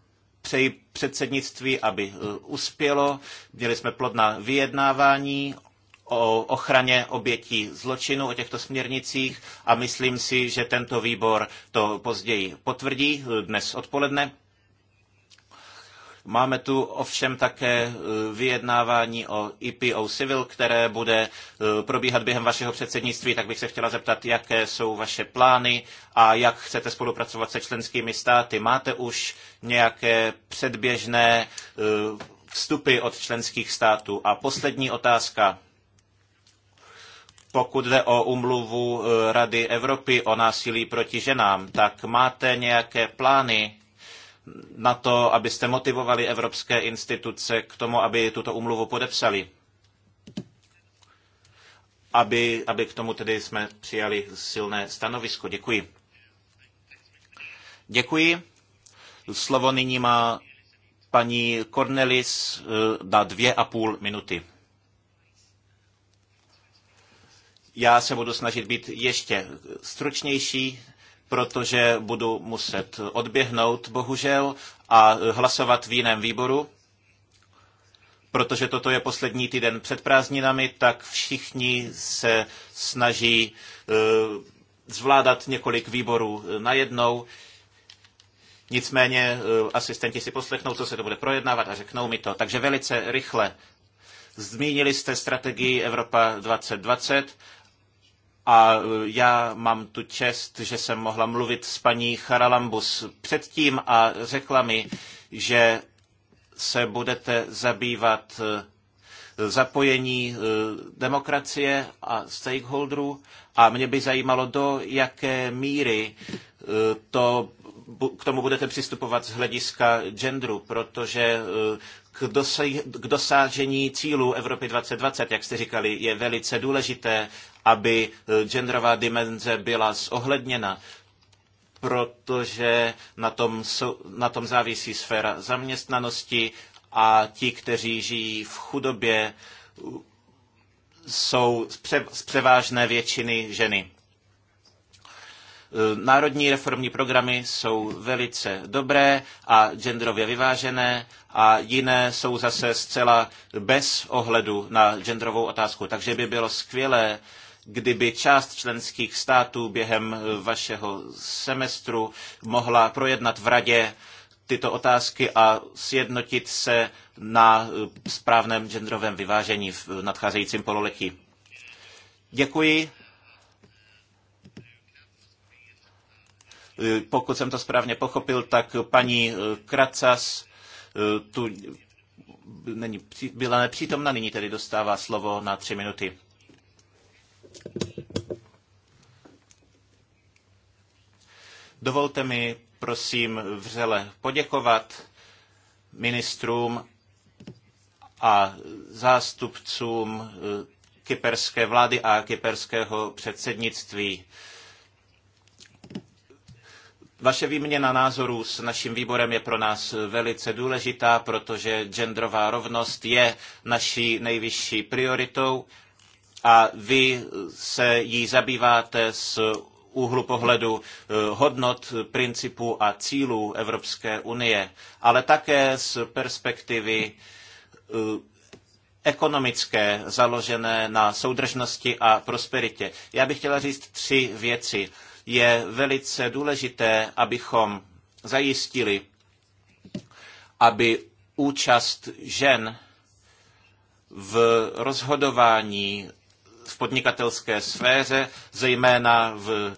Přeji předsednictví, aby eh, uspělo. Měli jsme plodná vyjednávání o ochraně obětí zločinu, o těchto směrnicích a myslím si, že tento výbor to později potvrdí eh, dnes odpoledne. Máme tu ovšem také e, vyjednávání o EPO Civil, které bude e, probíhat během vašeho předsednictví, tak bych se chtěla zeptat, jaké jsou vaše plány a jak chcete spolupracovat se členskými státy. Máte už nějaké předběžné e, vstupy od členských států? A poslední otázka pokud jde o umluvu Rady Evropy o násilí proti ženám, tak máte nějaké plány na to, abyste motivovali evropské instituce k tomu, aby tuto umluvu podepsali? Aby, aby k tomu tedy jsme přijali silné stanovisko. Děkuji. Děkuji. Slovo nyní má paní Cornelis eh, na dvě a půl minuty. Já se budu snažit být ještě stručnější, protože budu muset odběhnout, bohužel, a hlasovat v jiném výboru. Protože toto je poslední týden před prázdninami, tak všichni se snaží e, zvládat několik výborů najednou. Nicméně e, asistenti si poslechnou, co se to bude projednávat a řeknou mi to. Takže velice rychle. Zmínili jste strategii Evropa 2020 a e, já mám tu čest, že jsem mohla mluvit s paní Charalambus předtím a řekla mi, že se budete zabývat e, zapojení e, demokracie a stakeholderů a mě by zajímalo, do jaké míry to, k tomu budete přistupovat z hlediska genderu, protože k, dosaj, k dosážení cílů Evropy 2020, jak jste říkali, je velice důležité, aby eh, genderová dimenze byla zohledněna, protože na tom, na tom závisí sféra zaměstnanosti a ti, kteří žijí v chudobě, jsou z převážné většiny ženy. Eh, národní reformní programy jsou velice dobré a genderově vyvážené a jiné jsou zase zcela bez ohledu na genderovou otázku. Takže by bylo skvělé, kdyby část členských států během eh, vašeho semestru mohla projednat v radě tyto otázky a sjednotit se na eh, správném genderovém vyvážení v nadcházejícím pololetí. Děkuji Pokud jsem to správně pochopil, tak paní eh, Kracas eh, tu není, byla nepřítomna, nyní tedy dostává slovo na tři minuty. Dovolte mi, prosím, vřele poděkovat ministrům a zástupcům eh, kyperské vlády a kyperského předsednictví. Vaše výměna názorů s naším výborem je pro nás velice důležitá, protože genderová rovnost je naší nejvyšší prioritou a vy se jí zabýváte s úhlu pohledu eh, hodnot, principů a cílů Evropské unie, ale také z perspektivy eh, ekonomické, založené na soudržnosti a prosperitě. Já bych chtěla říct tři věci je velice důležité, abychom zajistili, aby účast žen v rozhodování v podnikatelské sféře, zejména v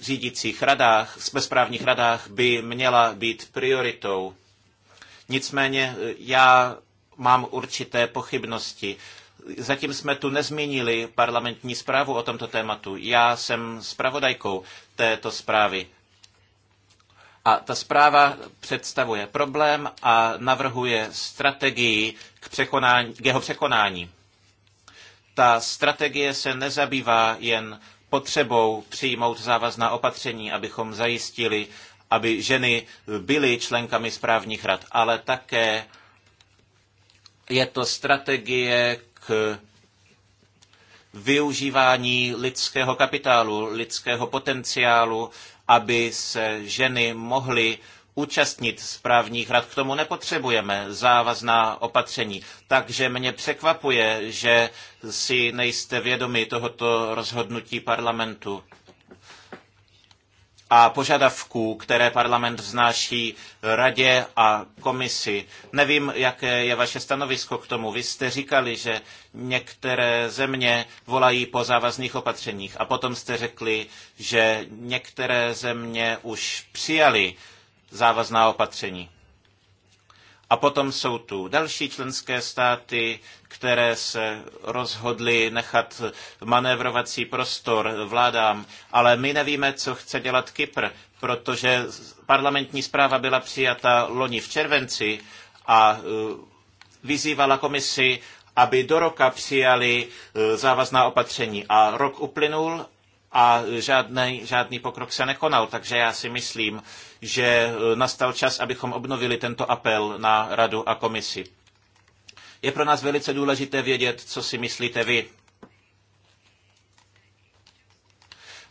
řídících radách, bezprávních radách, by měla být prioritou. Nicméně já mám určité pochybnosti zatím jsme tu nezmínili parlamentní zprávu o tomto tématu. Já jsem zpravodajkou této zprávy. A ta zpráva představuje problém a navrhuje strategii k, překonání, k jeho překonání. Ta strategie se nezabývá jen potřebou přijmout závazná opatření, abychom zajistili, aby ženy byly členkami správních rad, ale také je to strategie k využívání lidského kapitálu, lidského potenciálu, aby se ženy mohly účastnit správních rad. K tomu nepotřebujeme závazná opatření. Takže mě překvapuje, že si nejste vědomi tohoto rozhodnutí parlamentu a požadavků, které parlament vznáší radě a komisi. Nevím, jaké je vaše stanovisko k tomu. Vy jste říkali, že některé země volají po závazných opatřeních a potom jste řekli, že některé země už přijali závazná opatření. A potom jsou tu další členské státy, které se rozhodly nechat manévrovací prostor vládám, ale my nevíme, co chce dělat Kypr, protože parlamentní zpráva byla přijata loni v červenci a e, vyzývala komisi, aby do roka přijali e, závazná opatření. A rok uplynul a žádný, žádný pokrok se nekonal. Takže já si myslím, že eh, nastal čas, abychom obnovili tento apel na radu a komisi. Je pro nás velice důležité vědět, co si myslíte vy.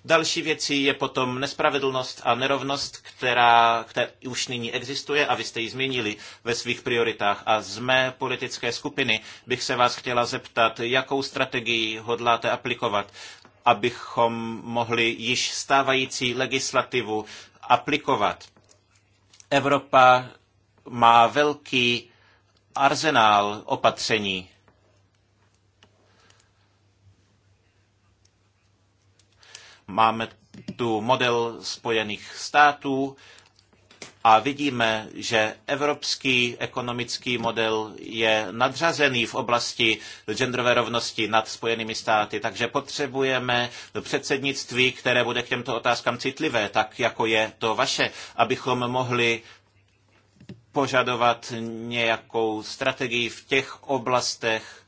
Další věcí je potom nespravedlnost a nerovnost, která, která už nyní existuje a vy jste ji změnili ve svých prioritách. A z mé politické skupiny bych se vás chtěla zeptat, jakou strategii hodláte aplikovat, abychom mohli již stávající legislativu aplikovat. Evropa má velký arzenál opatření. Máme tu model Spojených států, a vidíme, že evropský ekonomický model je nadřazený v oblasti genderové rovnosti nad Spojenými státy, takže potřebujeme předsednictví, které bude k těmto otázkám citlivé, tak jako je to vaše, abychom mohli požadovat nějakou strategii v těch oblastech,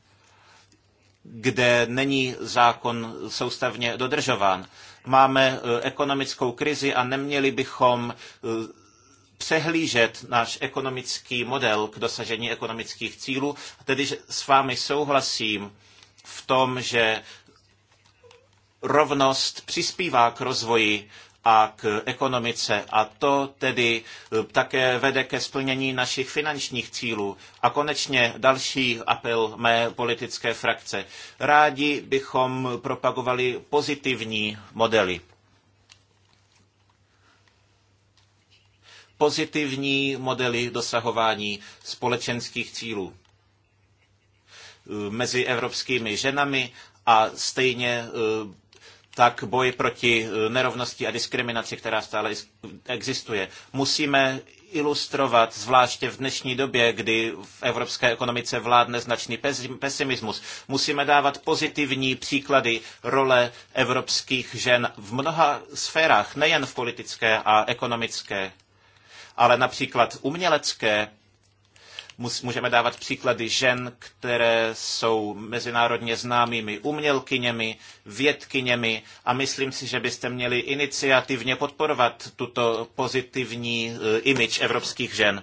kde není zákon soustavně dodržován. Máme eh, ekonomickou krizi a neměli bychom eh, přehlížet náš ekonomický model k dosažení ekonomických cílů. Tedy s vámi souhlasím v tom, že rovnost přispívá k rozvoji a k ekonomice a to tedy eh, také vede ke splnění našich finančních cílů. A konečně další apel mé politické frakce. Rádi bychom propagovali pozitivní modely pozitivní modely dosahování společenských cílů e, mezi evropskými ženami a stejně e, tak boj proti e, nerovnosti a diskriminaci, která stále existuje. Musíme ilustrovat, zvláště v dnešní době, kdy v evropské ekonomice vládne značný pesimismus. Musíme dávat pozitivní příklady role evropských žen v mnoha sférách, nejen v politické a ekonomické ale například umělecké můžeme dávat příklady žen, které jsou mezinárodně známými umělkyněmi, vědkyněmi a myslím si, že byste měli iniciativně podporovat tuto pozitivní eh, image evropských žen.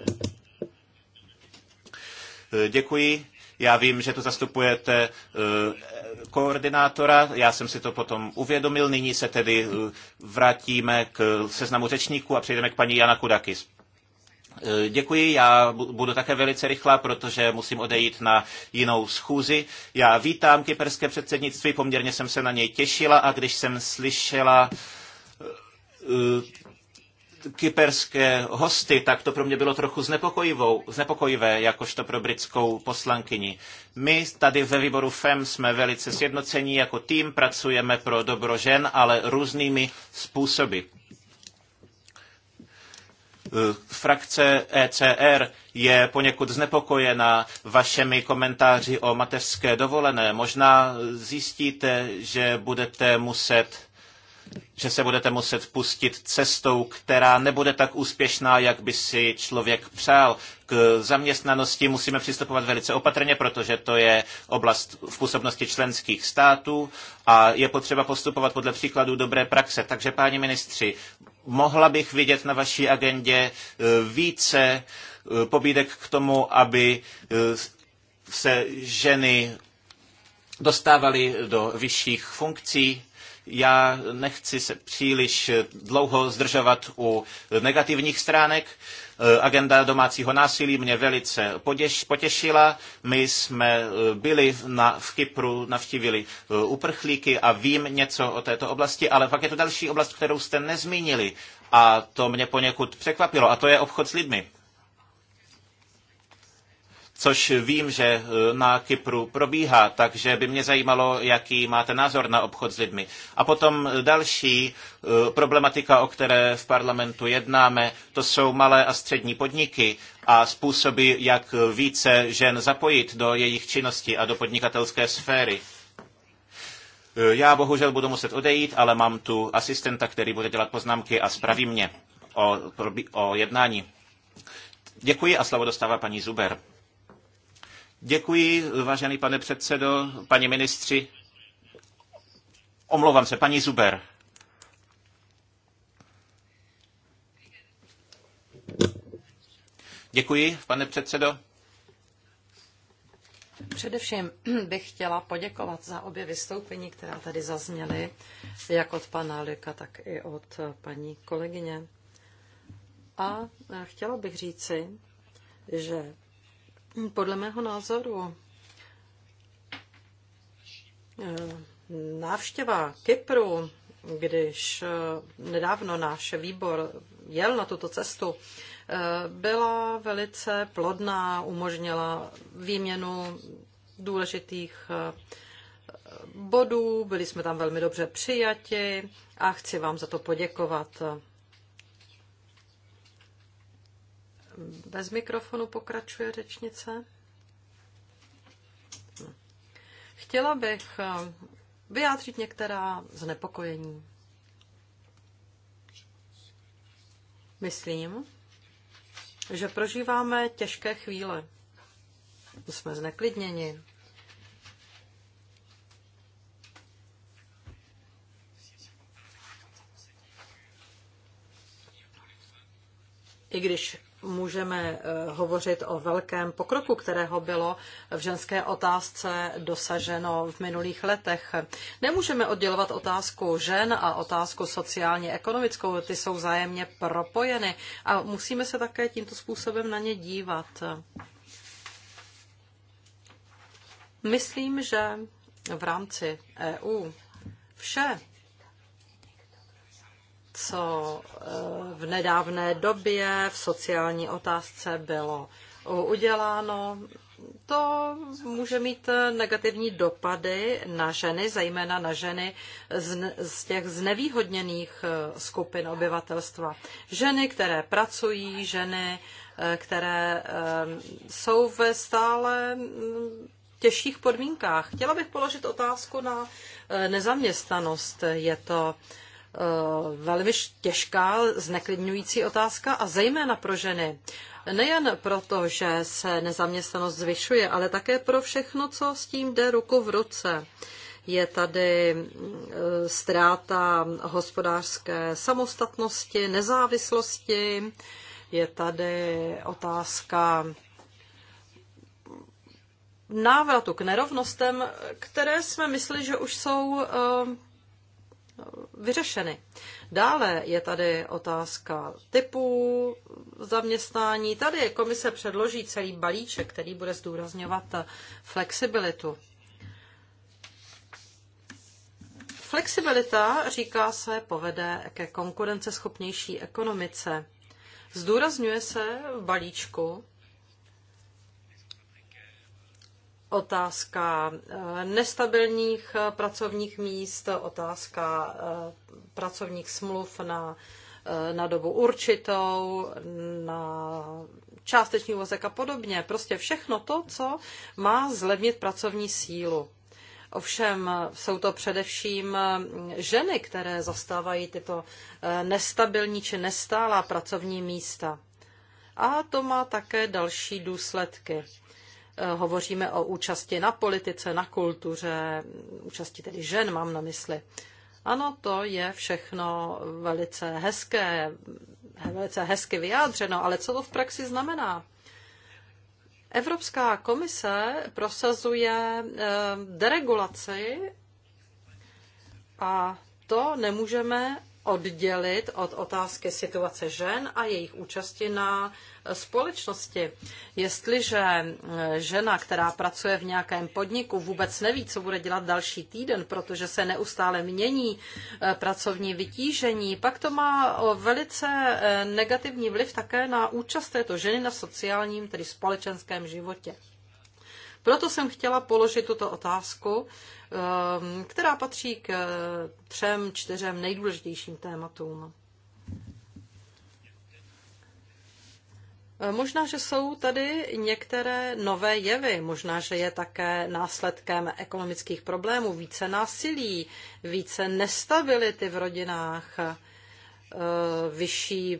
Eh, děkuji. Já vím, že tu zastupujete eh, koordinátora, já jsem si to potom uvědomil. Nyní se tedy vrátíme k seznamu řečníků a přejdeme k paní Jana Kudakis. Eh, děkuji, já budu také velice rychlá, protože musím odejít na jinou schůzi. Já vítám kyperské předsednictví, poměrně jsem se na něj těšila a když jsem slyšela eh, kyperské hosty, tak to pro mě bylo trochu znepokojivé, jakožto pro britskou poslankyni. My tady ve výboru FEM jsme velice sjednocení jako tým, pracujeme pro dobro žen, ale různými způsoby. Eh, frakce ECR je poněkud znepokojena vašemi komentáři o mateřské dovolené. Možná zjistíte, že budete muset že se budete muset pustit cestou, která nebude tak úspěšná, jak by si člověk přál. K zaměstnanosti musíme přistupovat velice opatrně, protože to je oblast v působnosti členských států a je potřeba postupovat podle příkladů dobré praxe. Takže, páni ministři, mohla bych vidět na vaší agendě e, více e, pobídek k tomu, aby e, se ženy dostávaly do vyšších funkcí. Já nechci se příliš dlouho zdržovat u negativních stránek. E, agenda domácího násilí mě velice potěšila. My jsme e, byli na, v Kypru, navštívili e, uprchlíky a vím něco o této oblasti, ale pak je to další oblast, kterou jste nezmínili a to mě poněkud překvapilo a to je obchod s lidmi což vím, že eh, na Kypru probíhá, takže by mě zajímalo, jaký máte názor na obchod s lidmi. A potom další eh, problematika, o které v parlamentu jednáme, to jsou malé a střední podniky a způsoby, jak více žen zapojit do jejich činnosti a do podnikatelské sféry. Eh, já bohužel budu muset odejít, ale mám tu asistenta, který bude dělat poznámky a spraví mě o, o jednání. Děkuji a slovo dostává paní Zuber. Děkuji, vážený pane předsedo, paní ministři. Omlouvám se, paní Zuber. Děkuji, pane předsedo. Především bych chtěla poděkovat za obě vystoupení, která tady zazněly, jak od pana Lika, tak i od paní kolegyně. A chtěla bych říci, že podle mého názoru eh, návštěva Kypru, když eh, nedávno náš výbor jel na tuto cestu, eh, byla velice plodná, umožnila výměnu důležitých bodů, byli jsme tam velmi dobře přijati a chci vám za to poděkovat. Bez mikrofonu pokračuje řečnice. Chtěla bych eh, vyjádřit některá znepokojení. Myslím, že prožíváme těžké chvíle. Jsme zneklidněni. I když můžeme eh, hovořit o velkém pokroku, kterého bylo v ženské otázce dosaženo v minulých letech. Nemůžeme oddělovat otázku žen a otázku sociálně ekonomickou, ty jsou zájemně propojeny a musíme se také tímto způsobem na ně dívat. Myslím, že v rámci EU vše co eh, v nedávné době v sociální otázce bylo uděláno, to může mít eh, negativní dopady na ženy, zejména na ženy z, z těch znevýhodněných eh, skupin obyvatelstva. Ženy, které pracují, ženy, které jsou ve stále mm, těžších podmínkách. Chtěla bych položit otázku na nezaměstnanost. Je to Eh, velmi těžká, zneklidňující otázka a zejména pro ženy. Nejen proto, že se nezaměstnanost zvyšuje, ale také pro všechno, co s tím jde ruku v ruce. Je tady eh, ztráta hospodářské samostatnosti, nezávislosti, je tady otázka návratu k nerovnostem, které jsme mysleli, že už jsou eh, vyřešeny. Dále je tady otázka typu zaměstnání. Tady komise předloží celý balíček, který bude zdůrazňovat flexibilitu. Flexibilita, říká se, povede ke konkurenceschopnější ekonomice. Zdůrazňuje se v balíčku, otázka eh, nestabilních eh, pracovních míst, otázka eh, pracovních smluv na, na dobu určitou, na částečný úvazek a podobně. Prostě všechno to, co má zlevnit pracovní sílu. Ovšem jsou to především ženy, které zastávají tyto nestabilní či nestálá pracovní místa. A to má také další důsledky. Eh, hovoříme o účasti na politice, na kultuře, účasti tedy žen mám na mysli. Ano, to je všechno velice hezké, velice hezky vyjádřeno, ale co to v praxi znamená? Evropská komise prosazuje eh, deregulaci a to nemůžeme oddělit od otázky situace žen a jejich účasti na společnosti. Jestliže eh, žena, která pracuje v nějakém podniku, vůbec neví, co bude dělat další týden, protože se neustále mění eh, pracovní vytížení, pak to má eh, velice negativní vliv také na účast této ženy na sociálním, tedy společenském životě. Proto jsem chtěla položit tuto otázku Um, která patří k eh, třem, čtyřem nejdůležitějším tématům. Eh, možná, že jsou tady některé nové jevy, možná, že je také následkem ekonomických problémů, více násilí, více nestability v rodinách, eh, vyšší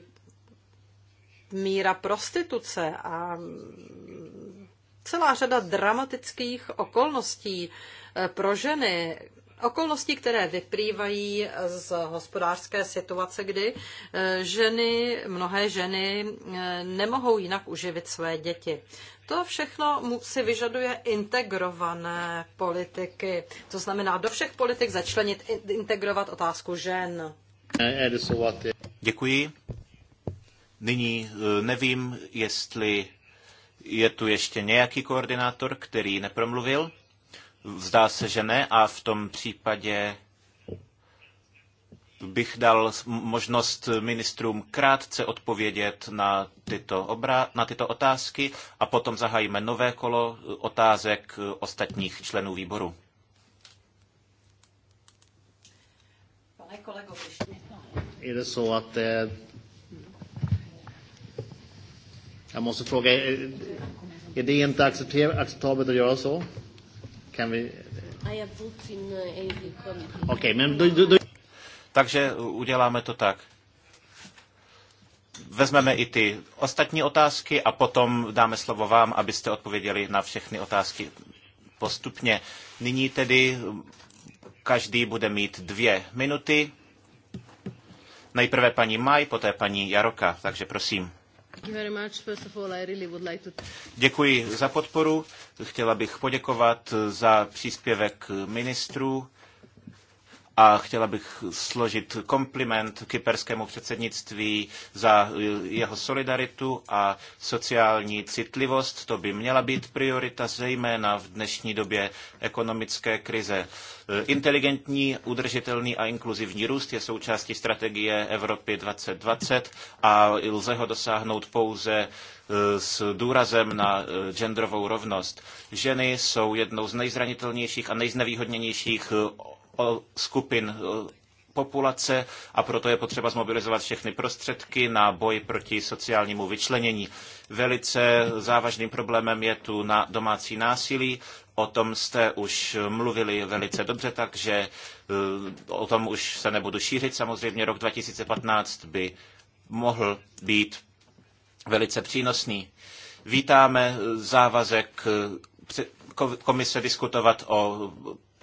míra prostituce a mm, celá řada dramatických okolností, Eh, pro ženy, okolnosti, které vyplývají z hospodářské situace, kdy eh, ženy, mnohé ženy eh, nemohou jinak uživit své děti. To všechno si vyžaduje integrované politiky. To znamená do všech politik začlenit, integrovat otázku žen. Děkuji. Nyní nevím, jestli je tu ještě nějaký koordinátor, který nepromluvil. Zdá se, že ne a v tom případě bych dal možnost ministrům krátce odpovědět na tyto, obra- na tyto otázky a potom zahájíme nové kolo otázek ostatních členů výboru. Pane kolego, Är je, så att je eh, jag måste je, eh, är to je, acceptabelt att je, så? Can we... I have books in uh, Okay, men do, do, do... Takže uděláme to tak. Vezmeme i ty ostatní otázky a potom dáme slovo vám, abyste odpověděli na všechny otázky postupně. Nyní tedy každý bude mít dvě minuty. Nejprve paní Maj, poté paní Jaroka, takže prosím. Děkuji za podporu. Chtěla bych poděkovat za příspěvek ministrů a chtěla bych složit kompliment kyperskému předsednictví za jeho solidaritu a sociální citlivost. To by měla být priorita, zejména v dnešní době ekonomické krize. Inteligentní, udržitelný a inkluzivní růst je součástí strategie Evropy 2020 a lze ho dosáhnout pouze e, s důrazem na e, genderovou rovnost. Ženy jsou jednou z nejzranitelnějších a nejznevýhodněnějších e, skupin populace a proto je potřeba zmobilizovat všechny prostředky na boj proti sociálnímu vyčlenění. Velice závažným problémem je tu na domácí násilí. O tom jste už mluvili velice dobře, takže e, o tom už se nebudu šířit. Samozřejmě rok 2015 by mohl být velice přínosný. Vítáme závazek e, komise diskutovat o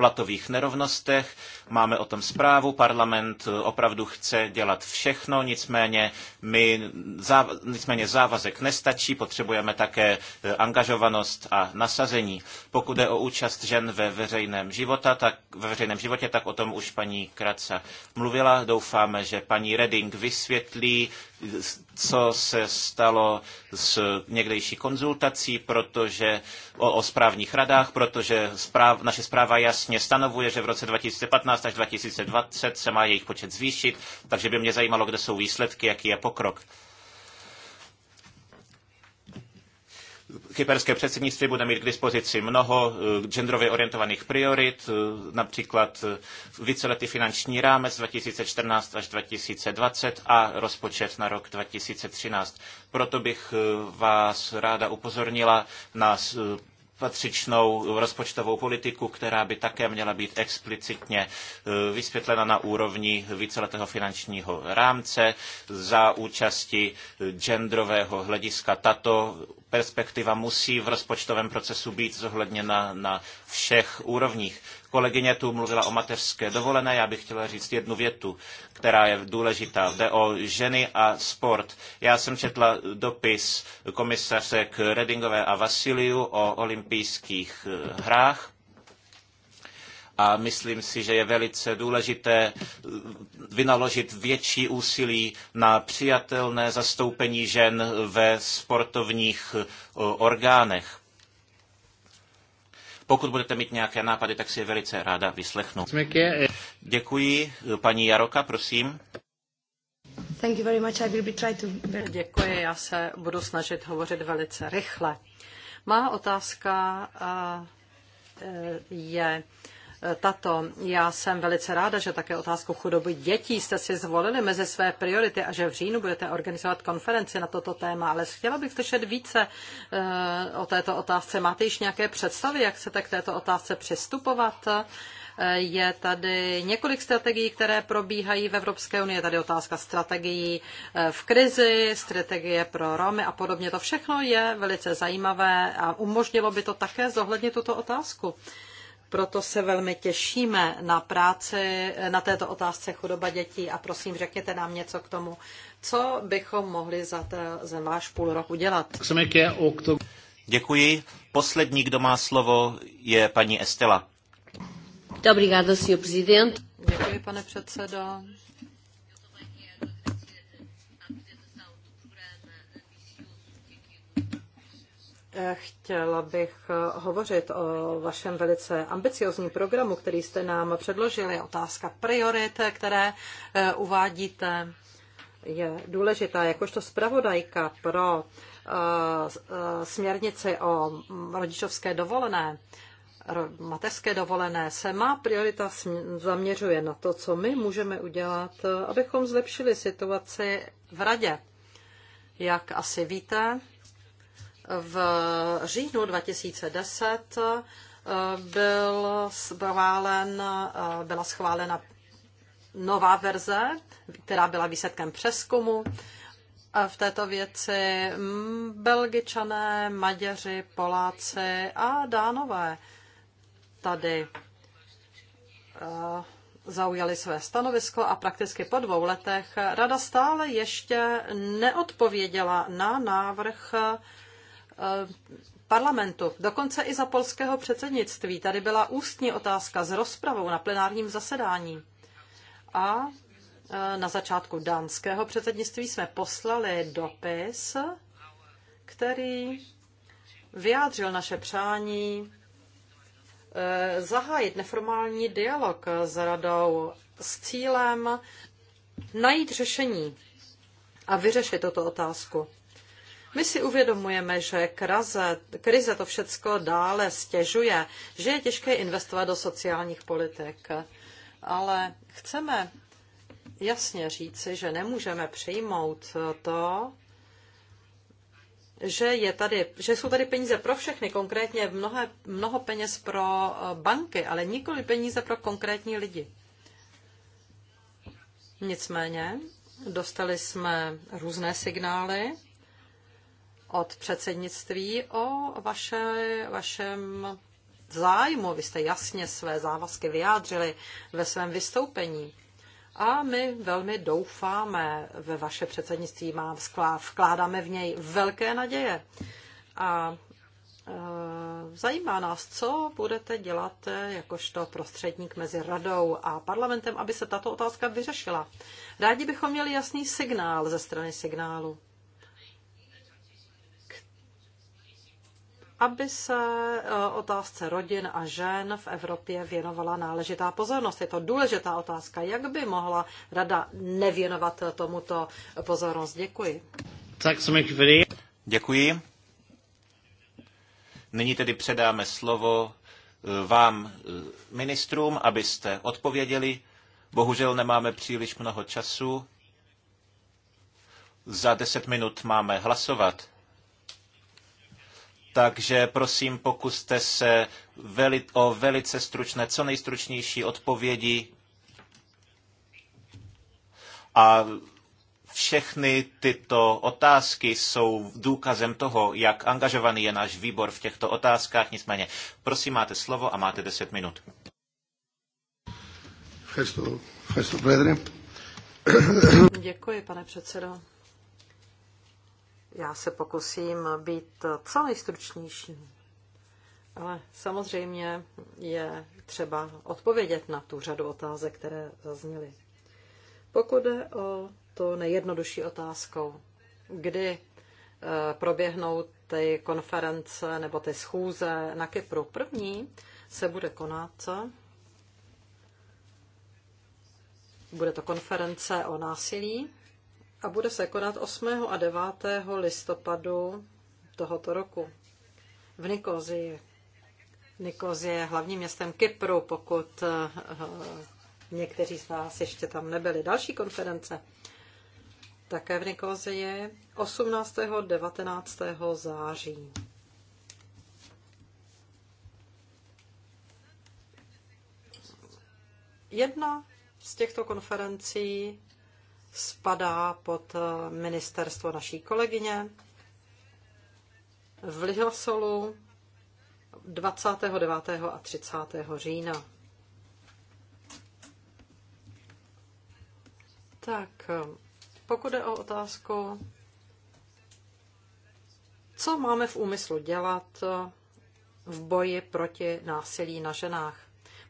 platových nerovnostech. Máme o tom zprávu, parlament opravdu chce dělat všechno, nicméně, my, záv, nicméně závazek nestačí, potřebujeme také e, angažovanost a nasazení. Pokud je o účast žen ve veřejném, života, tak, ve veřejném životě, tak o tom už paní Kraca mluvila. Doufáme, že paní Reding vysvětlí co se stalo s někdejší konzultací, protože o, o správních radách, protože správ, naše zpráva jasně stanovuje, že v roce 2015 až 2020 se má jejich počet zvýšit, takže by mě zajímalo, kde jsou výsledky, jaký je pokrok. Kyperské předsednictví bude mít k dispozici mnoho eh, genderově orientovaných priorit, eh, například eh, víceletý finanční rámec 2014 až 2020 a rozpočet na rok 2013. Proto bych vás ráda upozornila na patřičnou rozpočtovou politiku, která by také měla být explicitně vysvětlena na úrovni víceletého finančního rámce za účasti genderového hlediska. Tato perspektiva musí v rozpočtovém procesu být zohledněna na všech úrovních. Kolegyně tu mluvila o mateřské dovolené, já bych chtěla říct jednu větu, která je důležitá. Jde o ženy a sport. Já jsem četla dopis komisařek Redingové a Vasiliu o olympijských hrách a myslím si, že je velice důležité eh, vynaložit větší úsilí na přijatelné zastoupení žen ve sportovních eh, orgánech. Pokud budete mít nějaké nápady, tak si je velice ráda vyslechnu. Děkuji. Eh, paní Jaroka, prosím. Thank you very much. I will be try to... Děkuji, já se budu snažit hovořit velice rychle. Má otázka je Eh, tato. Já jsem velice ráda, že také otázku chudoby dětí jste si zvolili mezi své priority a že v říjnu budete organizovat konferenci na toto téma, ale chtěla bych slyšet více eh, o této otázce. Máte již nějaké představy, jak chcete k této otázce přistupovat? Eh, je tady několik strategií, které probíhají v Evropské unii. Je tady otázka strategií v krizi, strategie pro Romy a podobně. To všechno je velice zajímavé a umožnilo by to také zohlednit tuto otázku. Proto se velmi těšíme na práci na této otázce chudoba dětí a prosím, řekněte nám něco k tomu, co bychom mohli za, te, za váš půl rok udělat. Děkuji. Poslední, kdo má slovo, je paní Estela. Děkuji, pane předsedo. Chtěla bych eh, hovořit o vašem velice ambiciozním programu, který jste nám předložili. Otázka priorit, které eh, uvádíte, je důležitá. Jakožto zpravodajka pro eh, směrnici o rodičovské dovolené, mateřské dovolené se má priorita zaměřuje na to, co my můžeme udělat, abychom zlepšili situaci v radě. Jak asi víte, v říjnu 2010 eh, byl schválen, eh, byla schválena nová verze, která byla výsledkem přeskumu. A v této věci mm, Belgičané, Maďaři, Poláci a Dánové tady eh, zaujali své stanovisko a prakticky po dvou letech rada stále ještě neodpověděla na návrh parlamentu, dokonce i za polského předsednictví. Tady byla ústní otázka s rozpravou na plenárním zasedání. A e, na začátku dánského předsednictví jsme poslali dopis, který vyjádřil naše přání e, zahájit neformální dialog s radou s cílem najít řešení a vyřešit tuto otázku. My si uvědomujeme, že krize, krize to všechno dále stěžuje, že je těžké investovat do sociálních politik. Ale chceme jasně říci, že nemůžeme přijmout to, že, je tady, že jsou tady peníze pro všechny, konkrétně mnohé, mnoho peněz pro eh, banky, ale nikoli peníze pro konkrétní lidi. Nicméně dostali jsme různé signály od předsednictví o vaše, vašem zájmu. Vy jste jasně své závazky vyjádřili ve svém vystoupení. A my velmi doufáme ve vaše předsednictví, má vkládáme v něj velké naděje. A e, zajímá nás, co budete dělat e, jakožto prostředník mezi radou a parlamentem, aby se tato otázka vyřešila. Rádi bychom měli jasný signál ze strany signálu. aby se e, otázce rodin a žen v Evropě věnovala náležitá pozornost. Je to důležitá otázka. Jak by mohla rada nevěnovat tomuto pozornost? Děkuji. Tak Děkuji. Nyní tedy předáme slovo e, vám, e, ministrům, abyste odpověděli. Bohužel nemáme příliš mnoho času. Za deset minut máme hlasovat. Takže prosím, pokuste se veli, o velice stručné, co nejstručnější odpovědi. A všechny tyto otázky jsou důkazem toho, jak angažovaný je náš výbor v těchto otázkách. Nicméně, prosím, máte slovo a máte 10 minut. Děkuji, pane předsedo. Já se pokusím být co nejstručnější. Ale samozřejmě je třeba odpovědět na tu řadu otázek, které zazněly. Pokud jde o to nejjednodušší otázkou, kdy eh, proběhnou ty konference nebo ty schůze na Kypru. První se bude konat, bude to konference o násilí a bude se konat 8. a 9. listopadu tohoto roku v Nikozii. Nikoz je hlavním městem Kypru, pokud eh, eh, někteří z vás ještě tam nebyli. Další konference také v Nikozi je 18. 19. září. Jedna z těchto konferencí spadá pod eh, ministerstvo naší kolegyně v Lihasolu 29. a 30. října. Tak, eh, pokud je o otázku, co máme v úmyslu dělat eh, v boji proti násilí na ženách.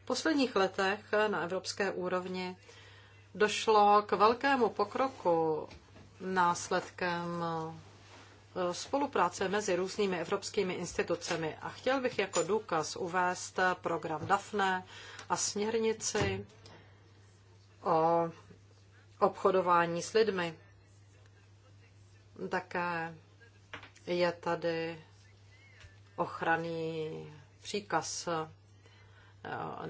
V posledních letech na evropské úrovni došlo k velkému pokroku následkem eh, spolupráce mezi různými evropskými institucemi. A chtěl bych jako důkaz uvést program DAFNE a směrnici o obchodování s lidmi. Také je tady ochranný příkaz Eh,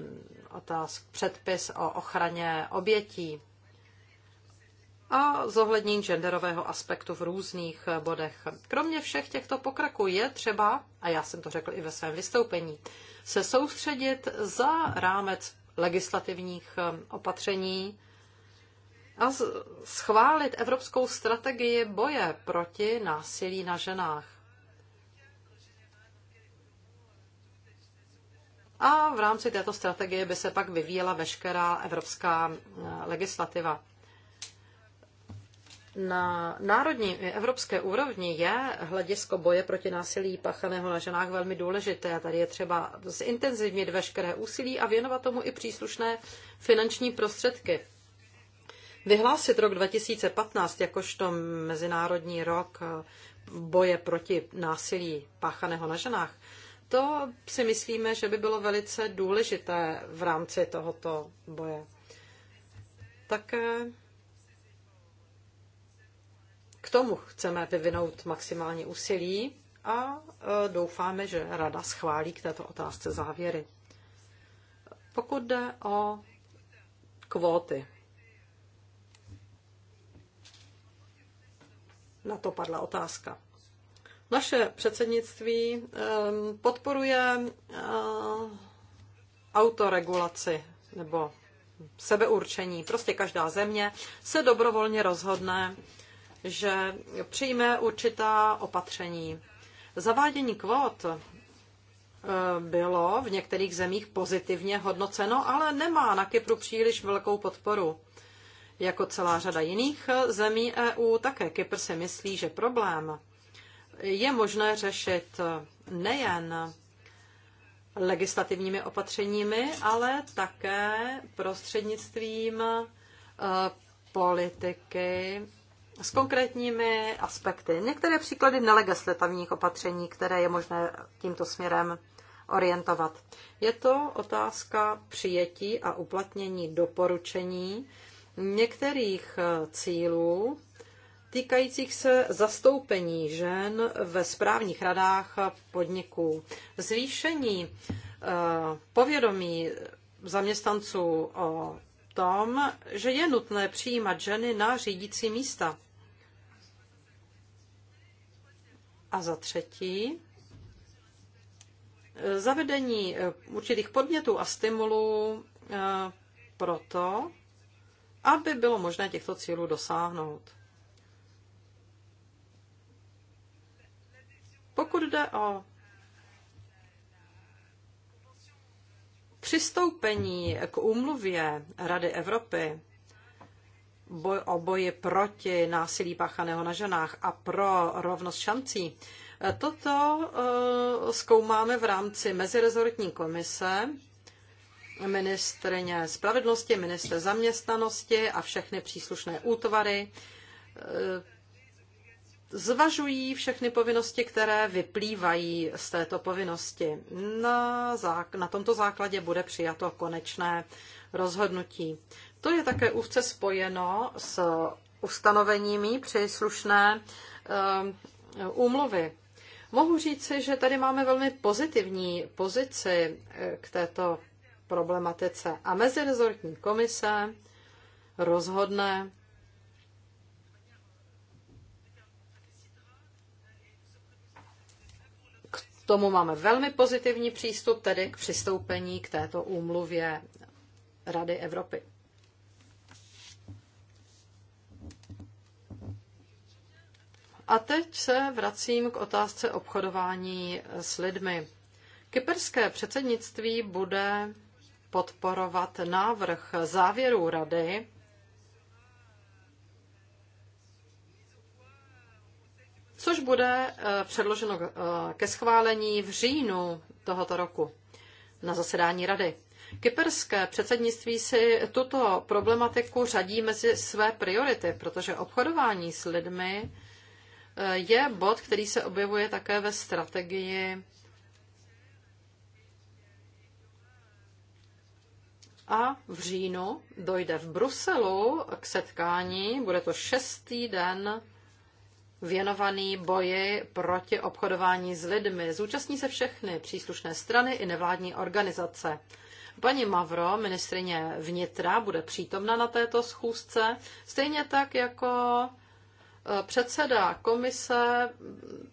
otázk, předpis o ochraně obětí a zohlednění genderového aspektu v různých bodech. Kromě všech těchto pokroků je třeba, a já jsem to řekl i ve svém vystoupení, se soustředit za rámec legislativních eh, opatření a schválit evropskou strategii boje proti násilí na ženách. a v rámci této strategie by se pak vyvíjela veškerá evropská eh, legislativa. Na národní i evropské úrovni je hledisko boje proti násilí páchaného na ženách velmi důležité. Tady je třeba zintenzivnit veškeré úsilí a věnovat tomu i příslušné finanční prostředky. Vyhlásit rok 2015 jakožto Mezinárodní rok boje proti násilí páchaného na ženách to si myslíme, že by bylo velice důležité v rámci tohoto boje. Také k tomu chceme vyvinout maximální úsilí a e, doufáme, že Rada schválí k této otázce závěry. Pokud jde o kvóty, na to padla otázka. Naše předsednictví podporuje eh, autoregulaci nebo sebeurčení. Prostě každá země se dobrovolně rozhodne, že přijme určitá opatření. Zavádění kvót eh, bylo v některých zemích pozitivně hodnoceno, ale nemá na Kypru příliš velkou podporu. Jako celá řada jiných eh, zemí EU, také Kypr si myslí, že problém je možné řešit nejen legislativními opatřeními, ale také prostřednictvím eh, politiky s konkrétními aspekty. Některé příklady nelegislativních opatření, které je možné tímto směrem orientovat. Je to otázka přijetí a uplatnění doporučení některých eh, cílů týkajících se zastoupení žen ve správních radách podniků. Zvýšení eh, povědomí zaměstnanců o tom, že je nutné přijímat ženy na řídící místa. A za třetí, eh, zavedení eh, určitých podnětů a stimulů proto, aby bylo možné těchto cílů dosáhnout. Pokud jde o přistoupení k úmluvě Rady Evropy boj, o boji proti násilí páchaného na ženách a pro rovnost šancí, toto eh, zkoumáme v rámci mezirezortní komise ministrně spravedlnosti, minister zaměstnanosti a všechny příslušné útvary eh, zvažují všechny povinnosti, které vyplývají z této povinnosti. Na, zák- na tomto základě bude přijato konečné rozhodnutí. To je také úzce spojeno s ustanoveními příslušné ehm, úmluvy. Mohu říci, že tady máme velmi pozitivní pozici eh, k této problematice a mezirezortní komise rozhodne tomu máme velmi pozitivní přístup, tedy k přistoupení k této úmluvě Rady Evropy. A teď se vracím k otázce obchodování s lidmi. Kyperské předsednictví bude podporovat návrh závěrů rady což bude eh, předloženo eh, ke schválení v říjnu tohoto roku na zasedání rady. Kyperské předsednictví si tuto problematiku řadí mezi své priority, protože obchodování s lidmi eh, je bod, který se objevuje také ve strategii a v říjnu dojde v Bruselu k setkání, bude to šestý den věnovaný boji proti obchodování s lidmi. Zúčastní se všechny příslušné strany i nevládní organizace. Paní Mavro, ministrině vnitra, bude přítomna na této schůzce, stejně tak jako eh, předseda komise mm,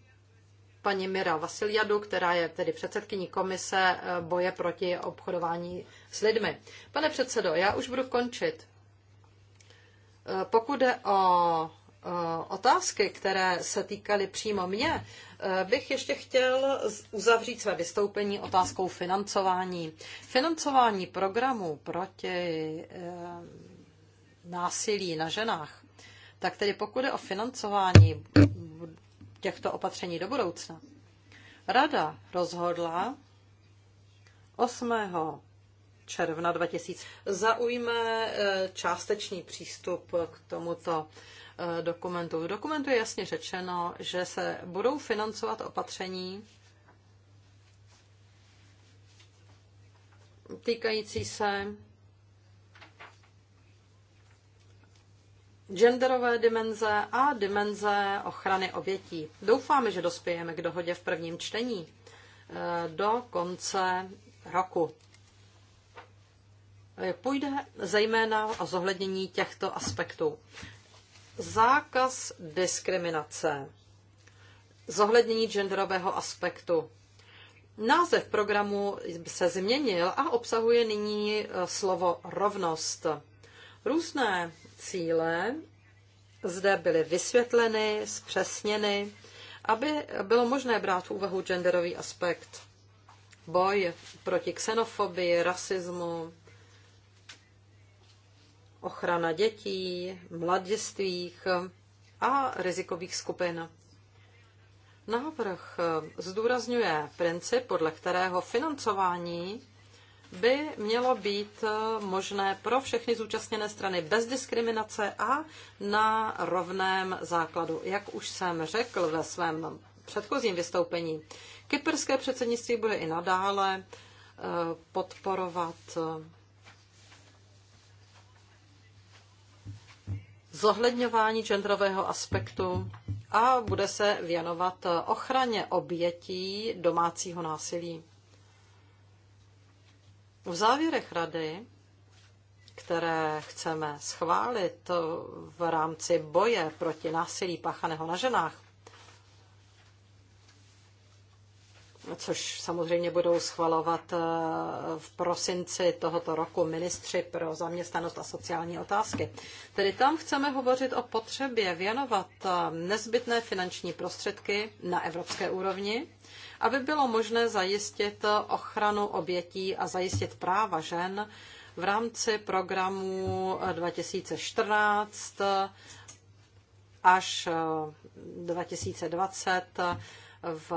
paní Mira Vasiliadu, která je tedy předsedkyní komise eh, boje proti obchodování s lidmi. Pane předsedo, já už budu končit. Eh, pokud jde o Eh, otázky, které se týkaly přímo mě, eh, bych ještě chtěl uzavřít své vystoupení otázkou financování. Financování programu proti eh, násilí na ženách, tak tedy pokud je o financování těchto opatření do budoucna, Rada rozhodla 8. června 2000 zaujme částečný přístup k tomuto Eh, dokumentu. V dokumentu je jasně řečeno, že se budou financovat opatření týkající se genderové dimenze a dimenze ochrany obětí. Doufáme, že dospějeme k dohodě v prvním čtení eh, do konce roku. Eh, půjde zejména o zohlednění těchto aspektů zákaz diskriminace, zohlednění genderového aspektu. Název programu se změnil a obsahuje nyní eh, slovo rovnost. Různé cíle zde byly vysvětleny, zpřesněny, aby bylo možné brát v úvahu genderový aspekt. Boj proti xenofobii, rasismu, ochrana dětí, mladistvých a rizikových skupin. Návrh zdůrazňuje princip, podle kterého financování by mělo být možné pro všechny zúčastněné strany bez diskriminace a na rovném základu. Jak už jsem řekl ve svém předchozím vystoupení, kyperské předsednictví bude i nadále eh, podporovat eh, zohledňování genderového aspektu a bude se věnovat ochraně obětí domácího násilí. V závěrech rady, které chceme schválit v rámci boje proti násilí páchaného na ženách, což samozřejmě budou schvalovat eh, v prosinci tohoto roku ministři pro zaměstnanost a sociální otázky. Tedy tam chceme hovořit o potřebě věnovat eh, nezbytné finanční prostředky na evropské úrovni, aby bylo možné zajistit eh, ochranu obětí a zajistit práva žen v rámci programu 2014 až 2020 v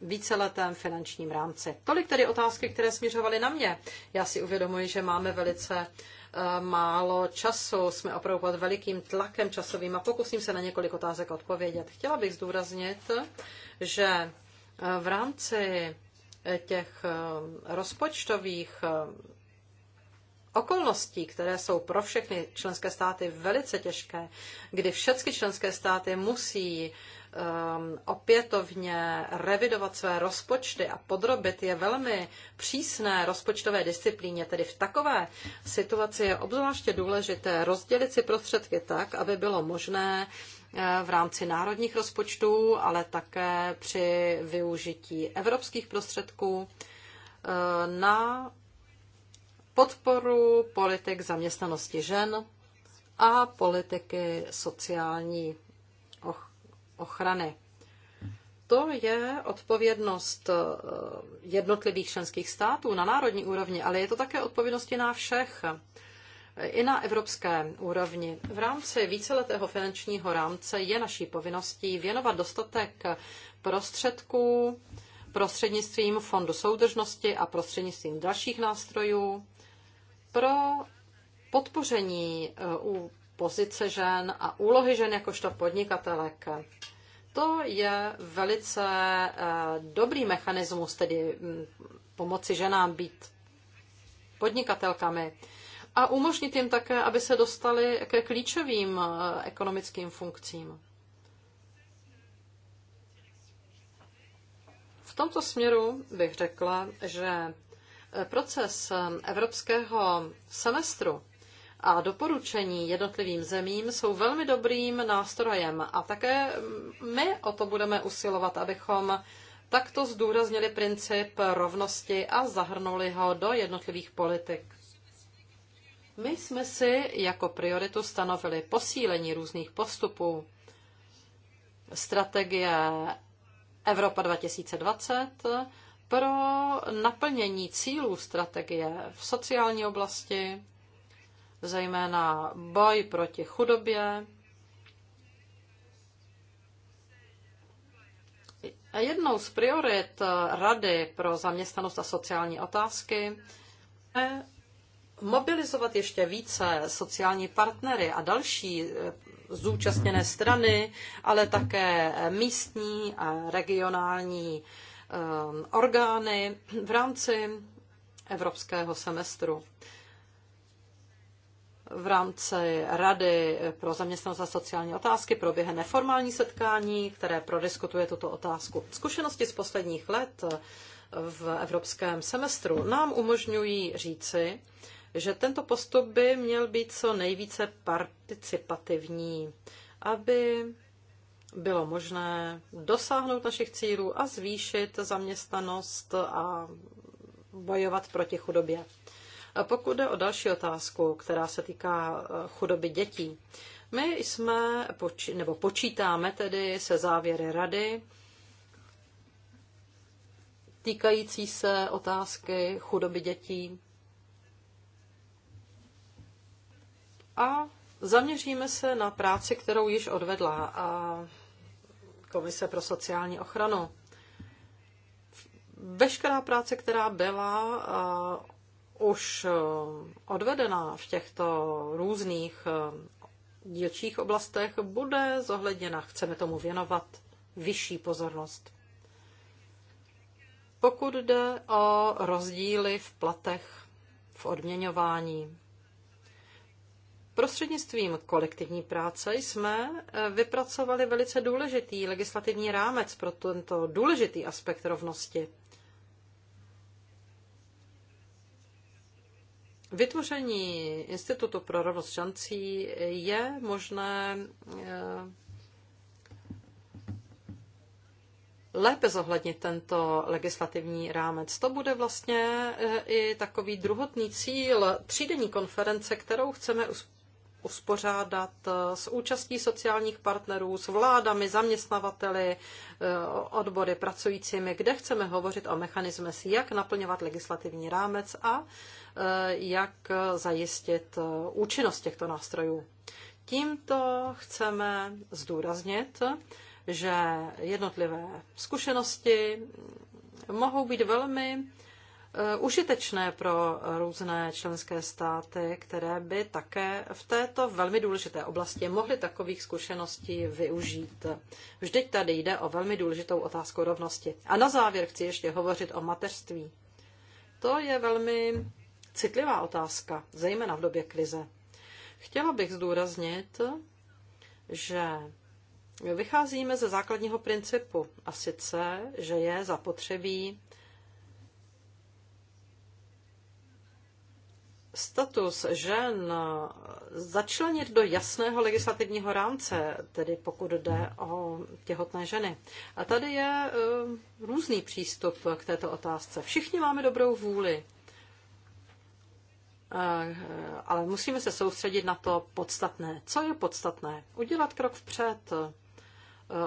víceletém finančním rámci. Tolik tedy otázky, které směřovaly na mě. Já si uvědomuji, že máme velice eh, málo času, jsme opravdu pod velikým tlakem časovým a pokusím se na několik otázek odpovědět. Chtěla bych zdůraznit, že eh, v rámci eh, těch rozpočtových okolností, které jsou pro všechny členské státy velice těžké, kdy všechny členské státy musí Um, opětovně revidovat své rozpočty a podrobit je velmi přísné rozpočtové disciplíně, tedy v takové situaci je obzvláště důležité rozdělit si prostředky tak, aby bylo možné eh, v rámci národních rozpočtů, ale také při využití evropských prostředků eh, na podporu politik zaměstnanosti žen a politiky sociální ochrany. To je odpovědnost eh, jednotlivých členských států na národní úrovni, ale je to také odpovědnosti na všech eh, i na evropské úrovni. V rámci víceletého finančního rámce je naší povinností věnovat dostatek prostředků prostřednictvím Fondu soudržnosti a prostřednictvím dalších nástrojů pro podpoření eh, pozice žen a úlohy žen jakožto podnikatelek. To je velice eh, dobrý mechanismus, tedy mm, pomoci ženám být podnikatelkami a umožnit jim také, aby se dostali ke klíčovým eh, ekonomickým funkcím. V tomto směru bych řekla, že eh, proces evropského semestru a doporučení jednotlivým zemím jsou velmi dobrým nástrojem a také my o to budeme usilovat, abychom takto zdůraznili princip rovnosti a zahrnuli ho do jednotlivých politik. My jsme si jako prioritu stanovili posílení různých postupů, strategie Evropa 2020 pro naplnění cílů strategie v sociální oblasti, zejména boj proti chudobě. A jednou z priorit Rady pro zaměstnanost a sociální otázky je mobilizovat ještě více sociální partnery a další zúčastněné strany, ale také místní a regionální um, orgány v rámci evropského semestru v rámci Rady pro zaměstnanost a sociální otázky proběhne neformální setkání, které prodiskutuje tuto otázku. Zkušenosti z posledních let v evropském semestru nám umožňují říci, že tento postup by měl být co nejvíce participativní, aby bylo možné dosáhnout našich cílů a zvýšit zaměstnanost a bojovat proti chudobě. A pokud jde o další otázku, která se týká eh, chudoby dětí, my jsme, nebo počítáme tedy se závěry rady týkající se otázky chudoby dětí. A zaměříme se na práci, kterou již odvedla a Komise pro sociální ochranu. Veškerá práce, která byla eh, už eh, odvedena v těchto různých eh, dílčích oblastech bude zohledněna. Chceme tomu věnovat vyšší pozornost. Pokud jde o rozdíly v platech, v odměňování, Prostřednictvím kolektivní práce jsme eh, vypracovali velice důležitý legislativní rámec pro tento důležitý aspekt rovnosti. Vytvoření Institutu pro rovnost šancí je možné eh, lépe zohlednit tento legislativní rámec. To bude vlastně eh, i takový druhotný cíl třídenní konference, kterou chceme uspořádat eh, s účastí sociálních partnerů, s vládami, zaměstnavateli, odbory pracujícími, kde chceme hovořit o mechanismech, jak naplňovat legislativní rámec a Eh, jak zajistit eh, účinnost těchto nástrojů. Tímto chceme zdůraznit, že jednotlivé zkušenosti mohou být velmi eh, užitečné pro různé členské státy, které by také v této velmi důležité oblasti mohly takových zkušeností využít. Vždyť tady jde o velmi důležitou otázku rovnosti. A na závěr chci ještě hovořit o mateřství. To je velmi citlivá otázka, zejména v době krize. Chtěla bych zdůraznit, že vycházíme ze základního principu, a sice, že je zapotřebí status žen začlenit do jasného legislativního rámce, tedy pokud jde o těhotné ženy. A tady je eh, různý přístup k této otázce. Všichni máme dobrou vůli. Eh, ale musíme se soustředit na to podstatné. Co je podstatné? Udělat krok vpřed eh,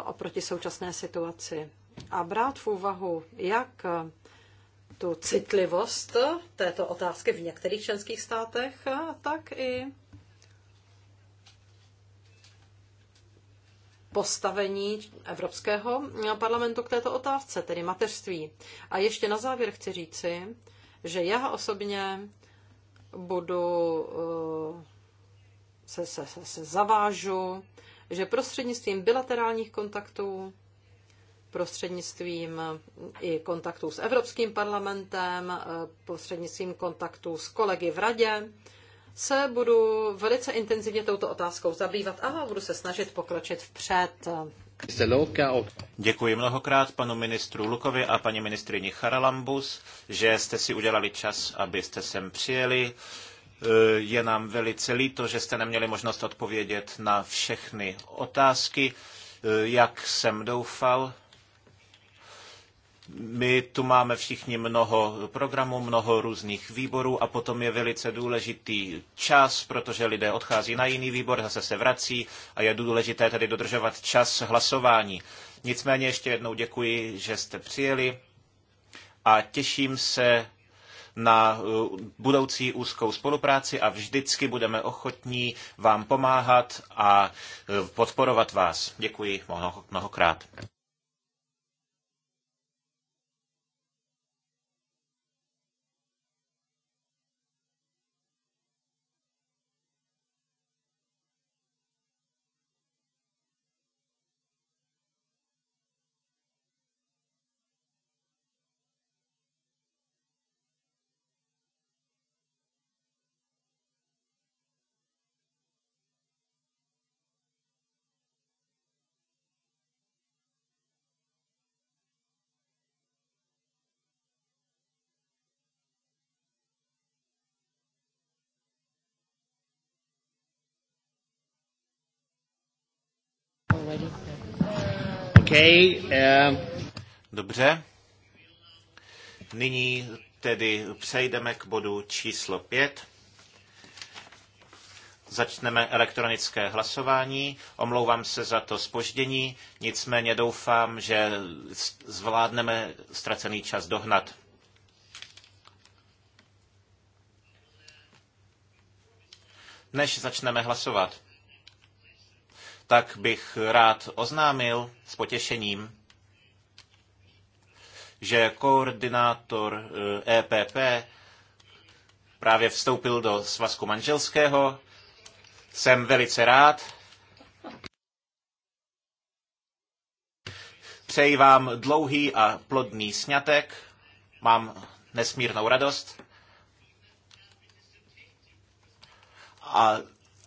oproti současné situaci a brát v úvahu, jak eh, tu citlivost této otázky v některých členských státech, tak i postavení Evropského parlamentu k této otázce, tedy mateřství. A ještě na závěr chci říci, že já osobně budu, eh, se, se, se, se zavážu, že prostřednictvím bilaterálních kontaktů, prostřednictvím i kontaktů s Evropským parlamentem, eh, prostřednictvím kontaktů s kolegy v radě, se budu velice intenzivně touto otázkou zabývat a budu se snažit pokročit vpřed. Děkuji mnohokrát panu ministru Lukovi a paní ministrině Charalambus, že jste si udělali čas, abyste sem přijeli. Eh, je nám velice líto, že jste neměli možnost odpovědět na všechny otázky. Eh, jak jsem doufal, my tu máme všichni mnoho programů, mnoho různých výborů a potom je velice důležitý čas, protože lidé odchází na jiný výbor, zase se vrací a je důležité tady dodržovat čas hlasování. Nicméně ještě jednou děkuji, že jste přijeli a těším se na uh, budoucí úzkou spolupráci a vždycky budeme ochotní vám pomáhat a uh, podporovat vás. Děkuji mnohokrát. Okay, uh... Dobře. Nyní tedy přejdeme k bodu číslo 5. Začneme elektronické hlasování. Omlouvám se za to spoždění, nicméně doufám, že zvládneme ztracený čas dohnat. Než začneme hlasovat, tak bych rád oznámil s potěšením, že koordinátor EPP eh, e právě vstoupil do svazku manželského. Jsem velice rád. Přeji vám dlouhý a plodný sňatek. Mám nesmírnou radost. A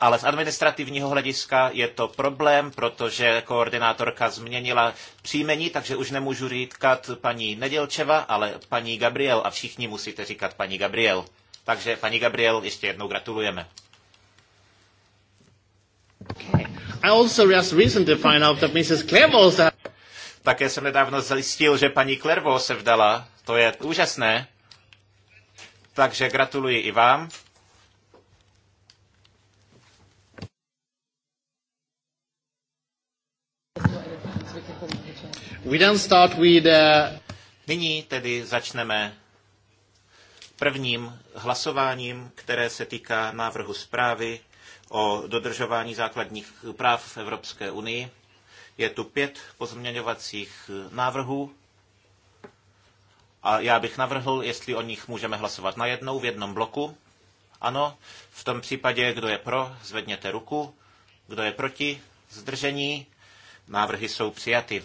ale z administrativního hlediska je to problém, protože koordinátorka změnila příjmení, takže už nemůžu říkat paní Nedělčeva, ale paní Gabriel a všichni musíte říkat paní Gabriel. Takže paní Gabriel, ještě jednou gratulujeme. Okay. I also just recently find out that Mrs. Clairvaux... Také jsem nedávno zjistil, že paní Clairvaux se vdala. To je úžasné. Takže gratuluji i vám. We then start with, uh... Nyní tedy začneme prvním hlasováním, které se týká návrhu zprávy o dodržování základních práv v Evropské unii. Je tu pět pozměňovacích návrhů a já bych navrhl, jestli o nich můžeme hlasovat najednou v jednom bloku. Ano, v tom případě, kdo je pro, zvedněte ruku. Kdo je proti, zdržení. Návrhy jsou přijaty.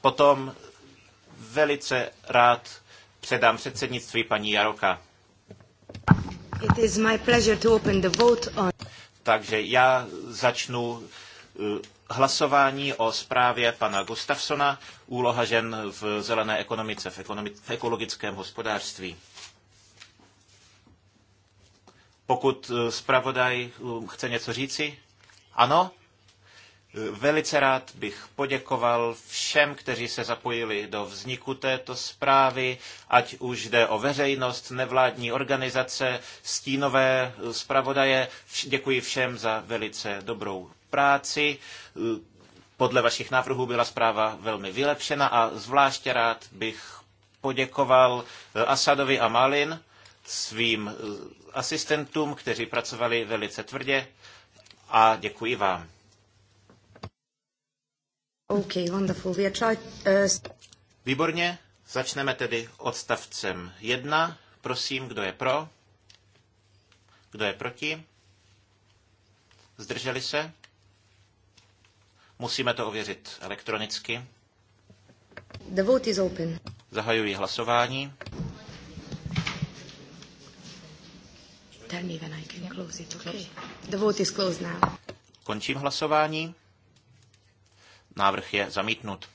Potom velice rád předám předsednictví paní Jaroka. It is my pleasure to open the vote on... Takže já začnu uh, hlasování o zprávě pana Gustafsona, úloha žen v zelené ekonomice, v, ekonomi- v ekologickém hospodářství. Pokud uh, zpravodaj uh, chce něco říci? Ano? Velice rád bych poděkoval všem, kteří se zapojili do vzniku této zprávy, ať už jde o veřejnost, nevládní organizace, stínové eh, zpravodaje. Děkuji všem za velice dobrou práci. Eh, podle vašich návrhů byla zpráva velmi vylepšena a zvláště rád bych poděkoval eh, Asadovi a Malin, svým asistentům, kteří pracovali velice tvrdě a děkuji vám wonderful. We try, uh... Výborně, začneme tedy odstavcem 1. Prosím, kdo je pro? Kdo je proti? Zdrželi se? Musíme to ověřit elektronicky. The vote is open. Zahajuji hlasování. Tell me when I can close it, okay. The vote is closed now. Končím hlasování. Návrh je zamítnut.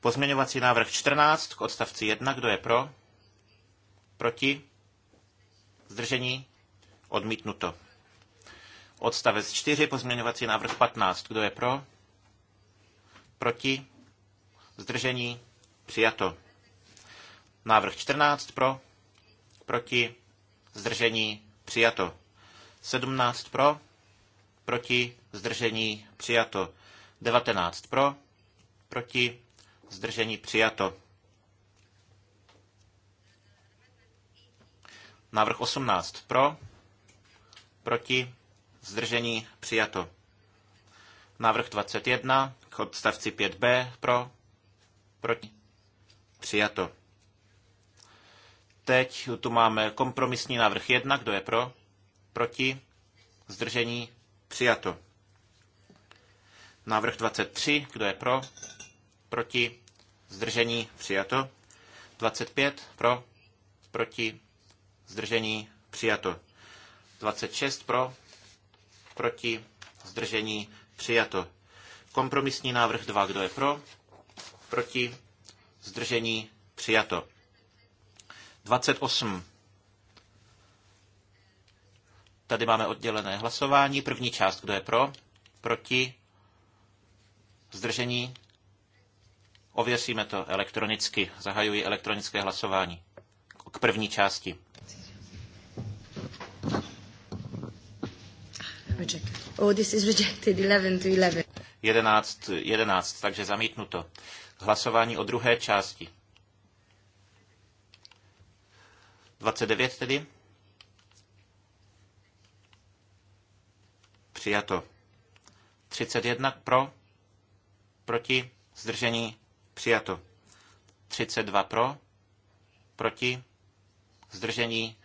Pozměňovací návrh 14 k odstavci 1. Kdo je pro? Proti? Zdržení? Odmítnuto. Odstavec 4. Pozměňovací návrh 15. Kdo je pro? Proti? Zdržení? Přijato. Návrh 14 pro? Proti? Zdržení? Přijato. 17 pro? proti, zdržení, přijato. 19 pro, proti, zdržení, přijato. Návrh 18 pro, proti, zdržení, přijato. Návrh 21 k odstavci 5b pro, proti, přijato. Teď tu máme kompromisní návrh 1, kdo je pro, proti, zdržení, Přijato. Návrh 23. Kdo je pro? Proti? Zdržení? Přijato. 25. Pro? Proti? Zdržení? Přijato. 26. Pro? Proti? Zdržení? Přijato. Kompromisní návrh 2. Kdo je pro? Proti? Zdržení? Přijato. 28. Tady máme oddělené hlasování. První část, kdo je pro? Proti? Zdržení? Ověsíme to elektronicky. Zahajuji elektronické hlasování k první části. Oh, this is rejected. 11 to 11. 11, 11, takže zamítnuto. Hlasování o druhé části. 29 tedy. Přijato. 31 pro, proti, zdržení, přijato. 32 pro, proti, zdržení,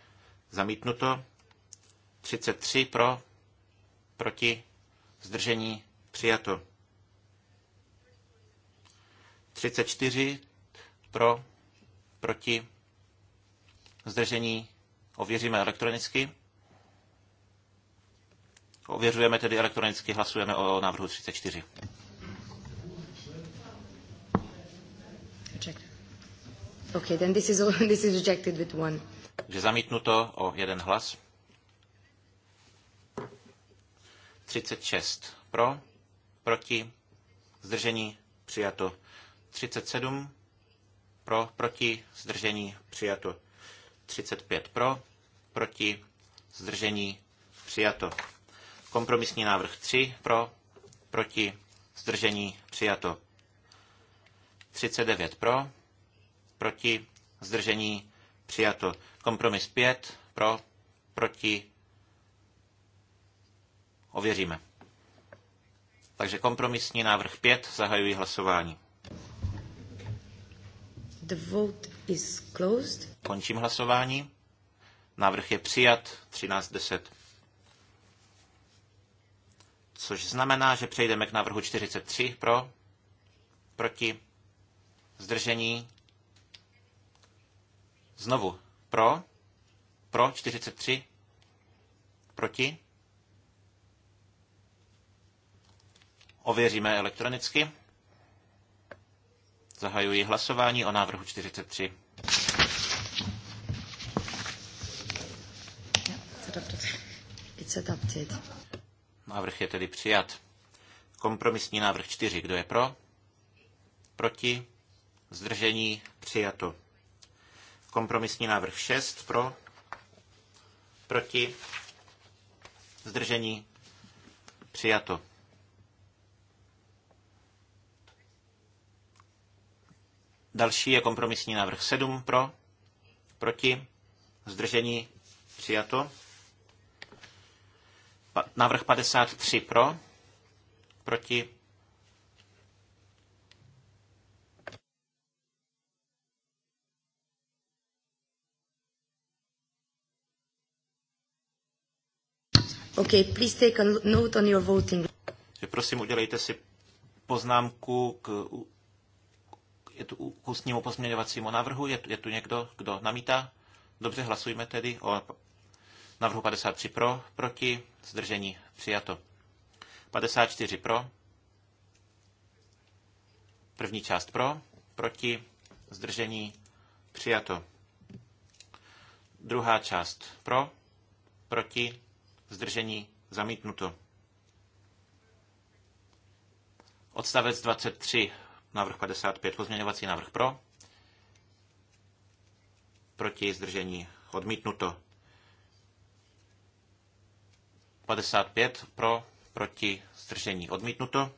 zamítnuto. 33 pro, proti, zdržení, přijato. 34 pro, proti, zdržení, ověříme elektronicky. Ověřujeme tedy elektronicky, hlasujeme o návrhu 34. Okay, then this is, all, this is rejected with one. Takže zamítnuto o jeden hlas. 36 pro, proti, zdržení, přijato. 37 pro, proti, zdržení, přijato. 35 pro, proti, zdržení, přijato. Kompromisní návrh 3 pro, proti, zdržení přijato. 39 pro, proti, zdržení přijato. Kompromis 5 pro, proti, ověříme. Takže kompromisní návrh 5, zahajuji hlasování. The vote is closed. Končím hlasování. Návrh je přijat 13.10 což znamená, že přejdeme k návrhu 43 pro, proti, zdržení, znovu pro, pro 43, proti, ověříme elektronicky. Zahajuji hlasování o návrhu 43. It's Návrh je tedy přijat. Kompromisní návrh 4. Kdo je pro? Proti? Zdržení? Přijato. Kompromisní návrh 6. Pro? Proti? Zdržení? Přijato. Další je kompromisní návrh 7 pro, proti, zdržení, přijato. Návrh 53 pro, proti. Okay, please take a note on your voting. Prosím, udělejte si poznámku k, je tu, k ústnímu pozměňovacímu návrhu. Je, je tu někdo, kdo namítá? Dobře, hlasujme tedy o Navrhu 53 pro, proti, zdržení přijato. 54 pro, první část pro, proti, zdržení přijato. Druhá část pro, proti, zdržení zamítnuto. Odstavec 23, návrh 55, pozměňovací návrh pro, proti zdržení odmítnuto. 55 pro, proti, zdržení odmítnuto.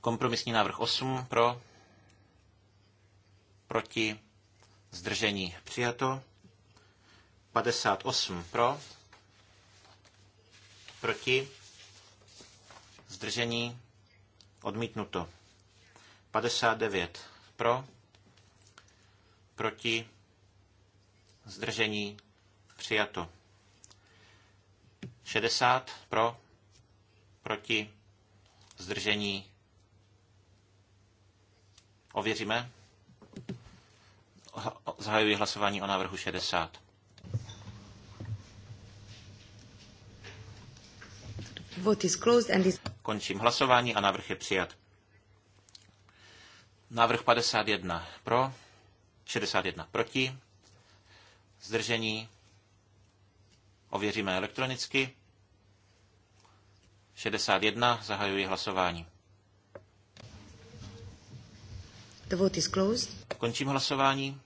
Kompromisní návrh 8 pro, proti, zdržení přijato. 58 pro, proti, zdržení odmítnuto. 59 pro, proti, zdržení přijato. 60 pro, proti, zdržení. Ověříme. Zahajuji hlasování o návrhu 60. Vote is closed and is... Končím hlasování a návrh je přijat. Návrh 51 pro, 61 proti, zdržení, ověříme elektronicky. 61. Zahajuji hlasování. The vote is closed. Končím hlasování.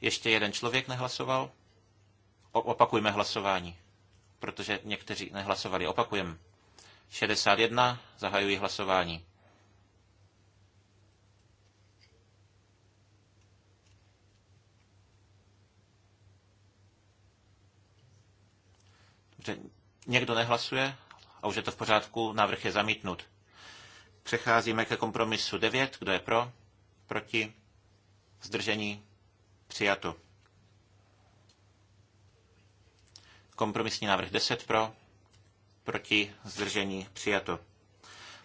Ještě jeden člověk nehlasoval. O- opakujme hlasování, protože někteří nehlasovali. Opakujeme. 61. Zahajuji hlasování. Dobře, Někdo nehlasuje? A už je to v pořádku, návrh je zamítnut. Přecházíme ke kompromisu 9. Kdo je pro? Proti? Zdržení? Přijato. Kompromisní návrh 10 pro? Proti? Zdržení? Přijato.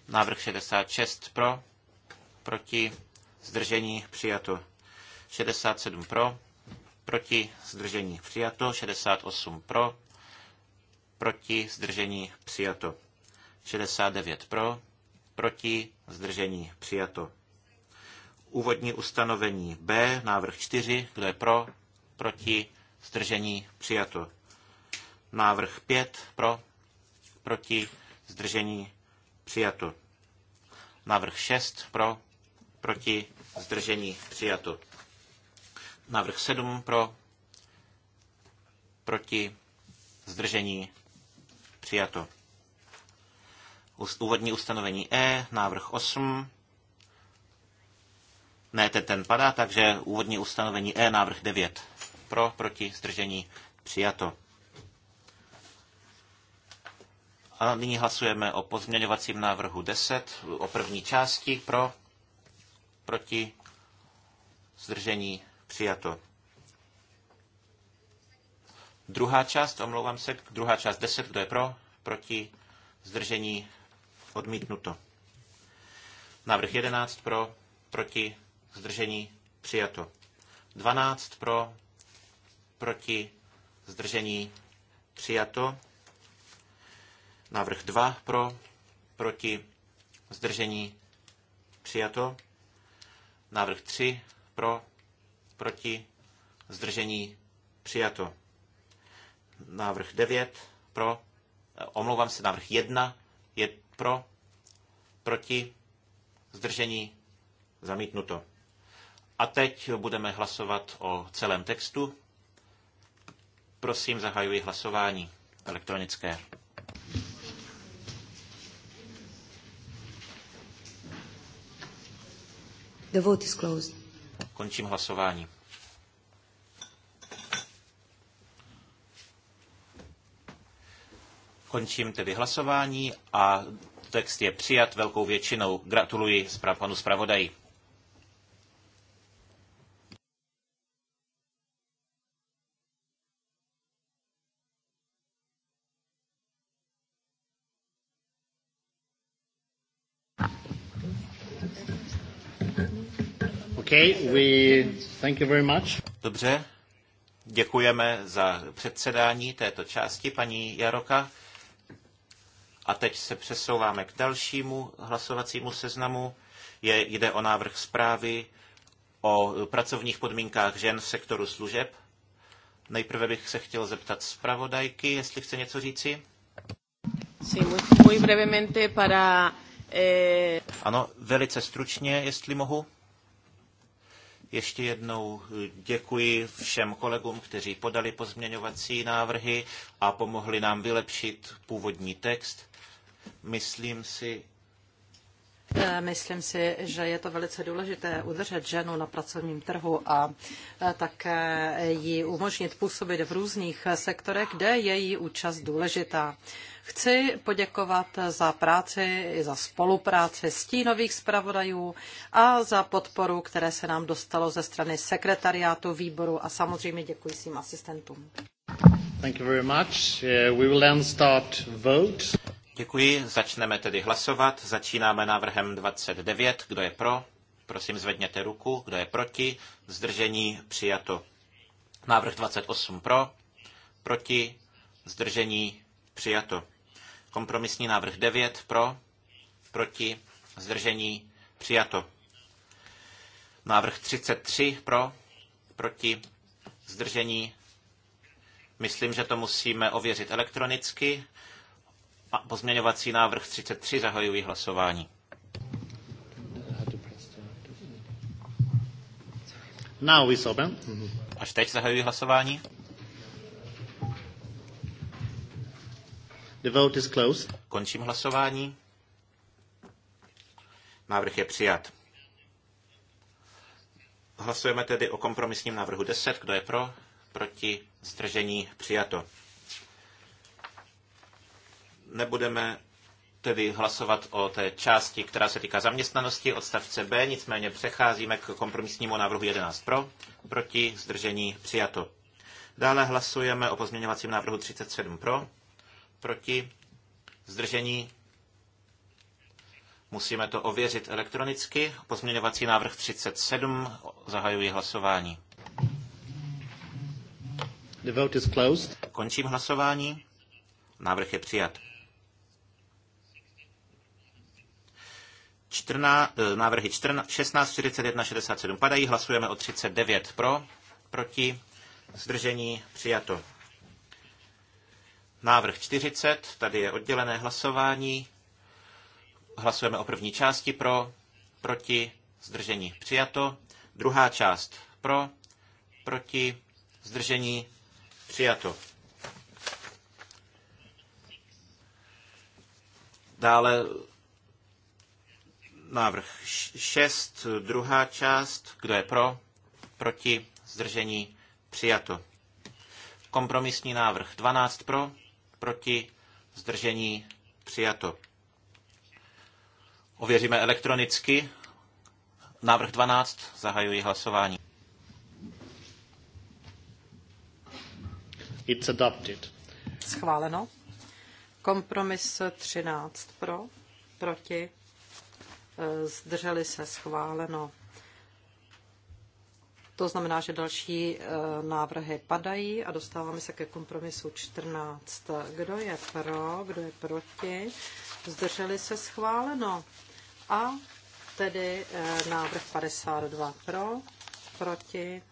Návrh 66 pro? Proti? Zdržení? Přijato. 67 pro? Proti? Zdržení? Přijato. 68 pro? proti, zdržení, přijato. 69 pro, proti, zdržení, přijato. Úvodní ustanovení B, návrh 4, kdo je pro, proti, zdržení, přijato. Návrh 5 pro, proti, zdržení, přijato. Návrh 6 pro, proti, zdržení, přijato. Návrh 7 pro, proti, zdržení, Přijato. Úvodní ustanovení E, návrh 8. Ne, ten, ten padá, takže úvodní ustanovení E, návrh 9. Pro, proti, zdržení, přijato. A nyní hlasujeme o pozměňovacím návrhu 10, o první části pro, proti, zdržení, přijato. Druhá část, omlouvám se, druhá část 10, kdo je pro, proti, zdržení, odmítnuto. Návrh 11 pro, proti, zdržení, přijato. 12 pro, proti, zdržení, přijato. Návrh 2 pro, proti, zdržení, přijato. Návrh 3 pro, proti, zdržení, přijato. Návrh 9 pro. Eh, omlouvám se, návrh 1 je pro. Proti. Zdržení. Zamítnuto. A teď budeme hlasovat o celém textu. Prosím, zahajuji hlasování elektronické. The vote is closed. Končím hlasování. Končím tedy hlasování a text je přijat velkou většinou. Gratuluji panu zpravodaji. Okay, we thank you very much. Dobře, děkujeme za předsedání této části paní Jaroka. A teď se přesouváme k dalšímu hlasovacímu seznamu. Je, jde o návrh zprávy o pracovních podmínkách žen v sektoru služeb. Nejprve bych se chtěl zeptat zpravodajky, jestli chce něco říci. Sí, muy, muy brevemente para, eh... Ano, velice stručně, jestli mohu. Ještě jednou děkuji všem kolegům, kteří podali pozměňovací návrhy a pomohli nám vylepšit původní text. Myslím si, eh, Myslím si, že je to velice důležité udržet ženu na pracovním trhu a eh, také ji umožnit působit v různých sektorech, kde je její účast důležitá. Chci poděkovat za práci, za spolupráci stínových zpravodajů a za podporu, které se nám dostalo ze strany sekretariátu výboru a samozřejmě děkuji svým asistentům. Thank you very much. Eh, we will then start vote. Děkuji, začneme tedy hlasovat. Začínáme návrhem 29. Kdo je pro? Prosím, zvedněte ruku. Kdo je proti? Zdržení přijato. Návrh 28 pro, proti, zdržení přijato. Kompromisní návrh 9 pro, proti, zdržení přijato. Návrh 33 pro, proti, zdržení. Myslím, že to musíme ověřit elektronicky pozměňovací návrh 33 zahajuji hlasování. Now is open. Až teď zahajuji hlasování. The vote is closed. Končím hlasování. Návrh je přijat. Hlasujeme tedy o kompromisním návrhu 10. Kdo je pro? Proti? Stržení? Přijato. Nebudeme tedy hlasovat o té části, která se týká zaměstnanosti, odstavce B, nicméně přecházíme k kompromisnímu návrhu 11 pro, proti, zdržení, přijato. Dále hlasujeme o pozměňovacím návrhu 37 pro, proti, zdržení, musíme to ověřit elektronicky. Pozměňovací návrh 37, zahajuji hlasování. The vote is closed. Končím hlasování. Návrh je přijat. 14, eh, návrhy 14, 16, 41, 67 padají. Hlasujeme o 39 pro, proti, zdržení přijato. Návrh 40, tady je oddělené hlasování. Hlasujeme o první části pro, proti, zdržení přijato. Druhá část pro, proti, zdržení přijato. Dále Návrh 6, druhá část, kdo je pro, proti, zdržení, přijato. Kompromisní návrh 12 pro, proti, zdržení, přijato. Ověříme elektronicky. Návrh 12, zahajuji hlasování. It's adopted. Schváleno. Kompromis 13 pro, proti, Eh, zdrželi se schváleno. To znamená, že další eh, návrhy padají a dostáváme se ke kompromisu 14. Kdo je pro, kdo je proti, zdrželi se schváleno. A tedy eh, návrh 52 pro, proti,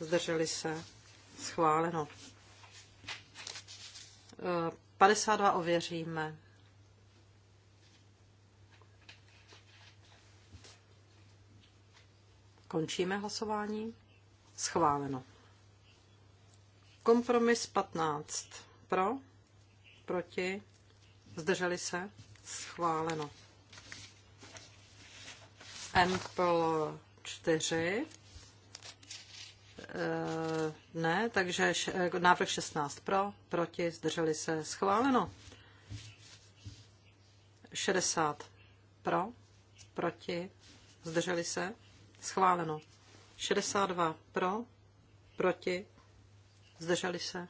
zdrželi se schváleno. 52 ověříme. Končíme hlasování. Schváleno. Kompromis 15. Pro, proti, zdrželi se, schváleno. Ample 4. E, Ne, takže š, eh, návrh 16 pro, proti, zdrželi se, schváleno. 60 pro, proti, zdrželi se, Schváleno. 62 pro, proti, zdrželi se.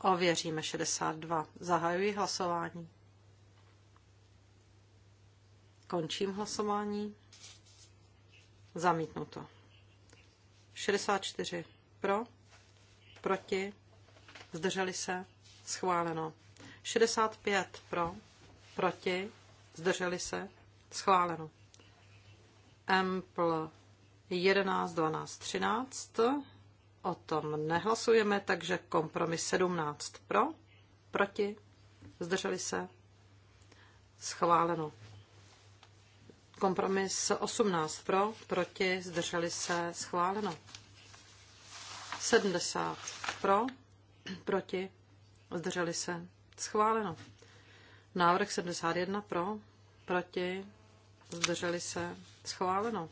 Ověříme 62. Zahajuji hlasování. Končím hlasování. Zamítnuto. 64 pro, proti, zdrželi se, schváleno. 65 pro, proti, zdrželi se, schváleno. Empl 11, 12, 13. O tom nehlasujeme, takže kompromis 17 pro, proti, zdrželi se, schváleno. Kompromis 18 pro, proti, zdrželi se, schváleno. 70 pro, proti, zdrželi se, schváleno. Návrh 71 pro, proti, zdrželi se, Schváleno.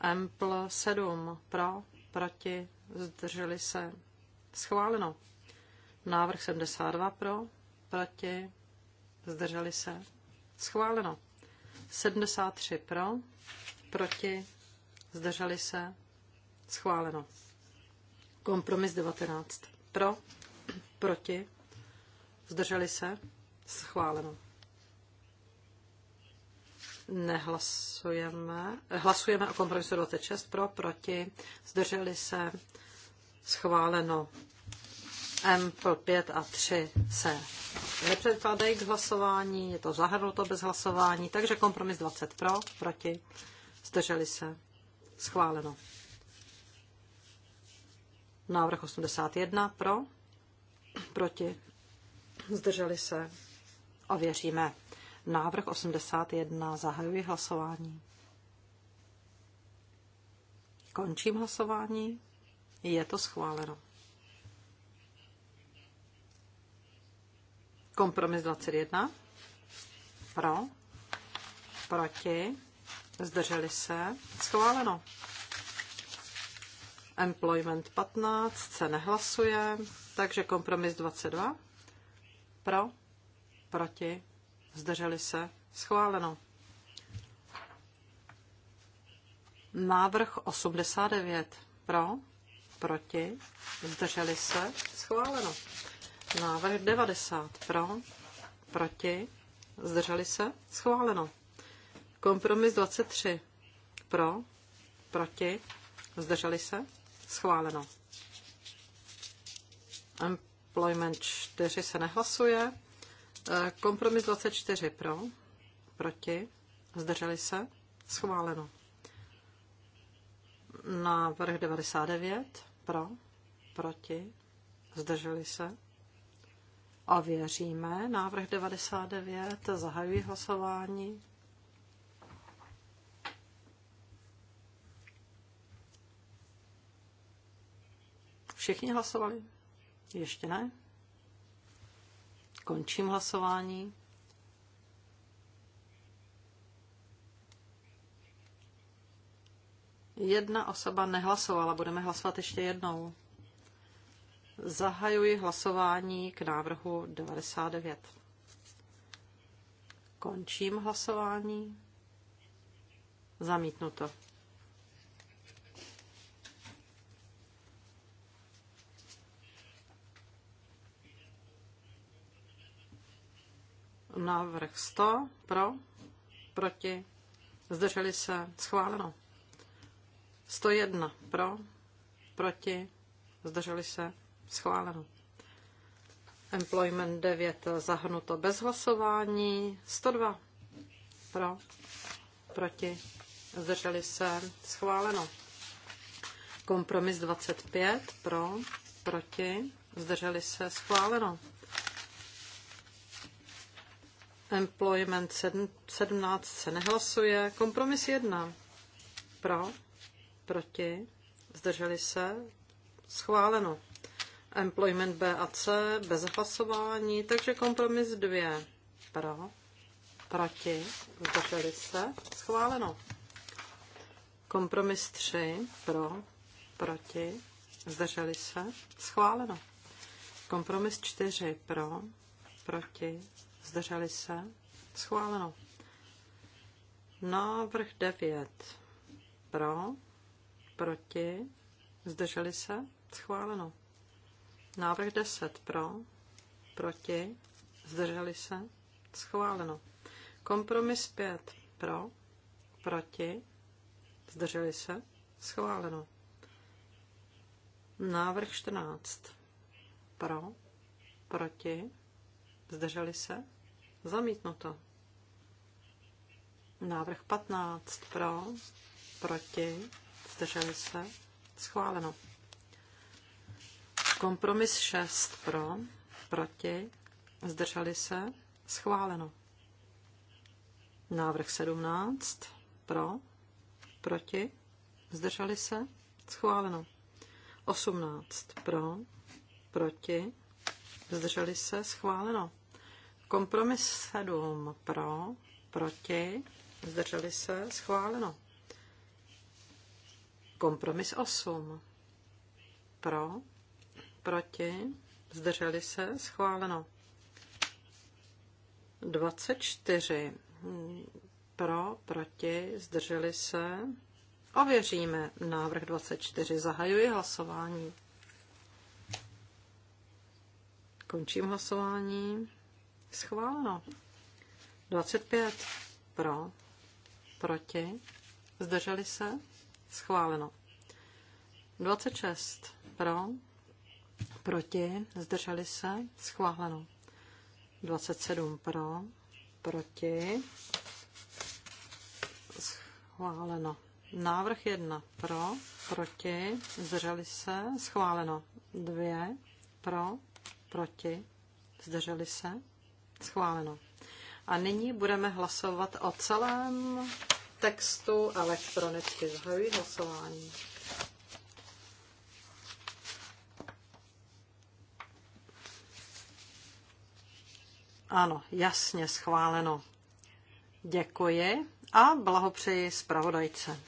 Empl 7 pro, proti, zdrželi se. Schváleno. Návrh 72 pro, proti, zdrželi se. Schváleno. 73 pro, proti, zdrželi se. Schváleno. Kompromis 19 pro, proti, zdrželi se. Schváleno. Nehlasujeme. Hlasujeme o kompromisu 26 pro, proti, zdrželi se, schváleno. MPL 5 a 3 se nepředkládají k hlasování, je to zahrnuto bez hlasování, takže kompromis 20 pro, proti, zdrželi se, schváleno. Návrh 81 pro, proti, zdrželi se, ověříme. Návrh 81. Zahajuji hlasování. Končím hlasování. Je to schváleno. Kompromis 21. Pro. Proti. Zdrželi se. Schváleno. Employment 15 se nehlasuje, takže kompromis 22. Pro, proti, zdrželi se, schváleno. Návrh 89 pro, proti, zdrželi se, schváleno. Návrh 90 pro, proti, zdrželi se, schváleno. Kompromis 23 pro, proti, zdrželi se, schváleno. Employment 4 se nehlasuje. Eh, kompromis 24 pro, proti, zdrželi se, schváleno. Návrh 99 pro, proti, zdrželi se. A věříme, návrh 99, zahajuji hlasování. Všichni hlasovali? Ještě ne? Končím hlasování. Jedna osoba nehlasovala, budeme hlasovat ještě jednou. Zahajuji hlasování k návrhu 99. Končím hlasování. Zamítnuto. Návrh 100 pro, proti, zdrželi se, schváleno. 101 pro, proti, zdrželi se, schváleno. Employment 9 zahrnuto bez hlasování, 102 pro, proti, zdrželi se, schváleno. Kompromis 25 pro, proti, zdrželi se, schváleno. Employment 17 se nehlasuje. Kompromis 1. Pro, proti, zdrželi se, schváleno. Employment B a C bez hlasování, takže kompromis 2. Pro, proti, zdrželi se, schváleno. Kompromis 3. Pro, proti, zdrželi se, schváleno. Kompromis 4. Pro, proti, zdrželi se, schváleno. Návrh 9 pro, proti, zdrželi se, schváleno. Návrh 10 pro, proti, zdrželi se, schváleno. Kompromis 5 pro, proti, zdrželi se, schváleno. Návrh 14 pro, proti, zdrželi se, Zamítnuto. Návrh 15 pro, proti, zdrželi se, schváleno. Kompromis 6 pro, proti, zdrželi se, schváleno. Návrh 17 pro, proti, zdrželi se, schváleno. 18 pro, proti, zdrželi se, schváleno. Kompromis 7 pro, proti, zdrželi se, schváleno. Kompromis 8 pro, proti, zdrželi se, schváleno. 24 pro, proti, zdrželi se. Ověříme návrh 24. Zahajuji hlasování. Končím hlasování. Schváleno. 25 pro, proti, zdrželi se, schváleno. 26 pro, proti, zdrželi se, schváleno. 27 pro, proti, schváleno. Návrh 1 pro, proti, zdrželi se, schváleno. 2 pro, proti, zdrželi se, Schváleno. A nyní budeme hlasovat o celém textu elektronicky. Zahajuji hlasování. Ano, jasně schváleno. Děkuji a blahopřeji zpravodajce.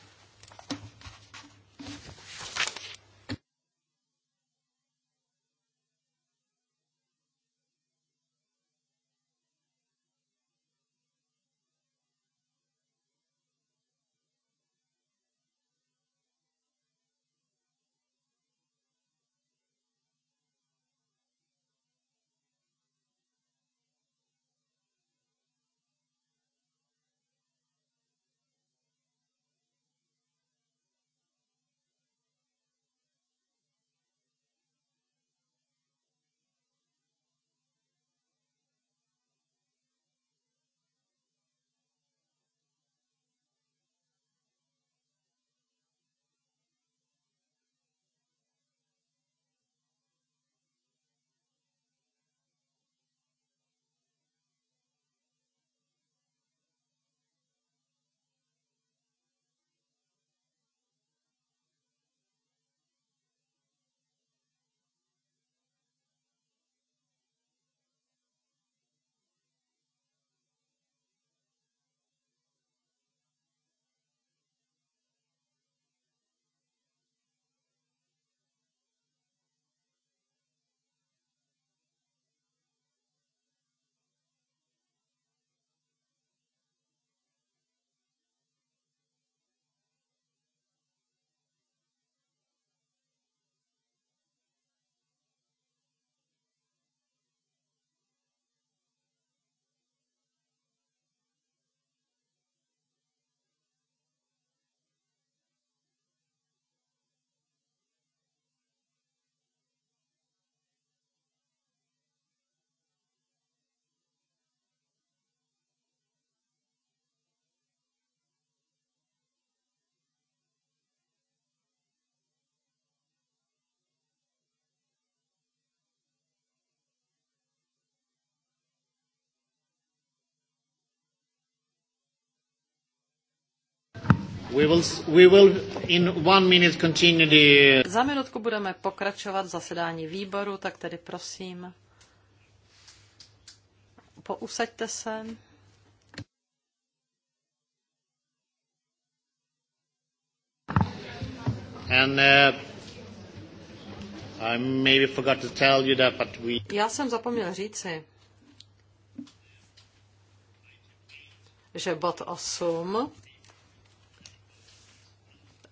Za minutku budeme pokračovat v zasedání výboru, tak tedy prosím, pousaďte se. And, uh, I maybe forgot to tell you that, but we... Já jsem zapomněl říci, že bod 8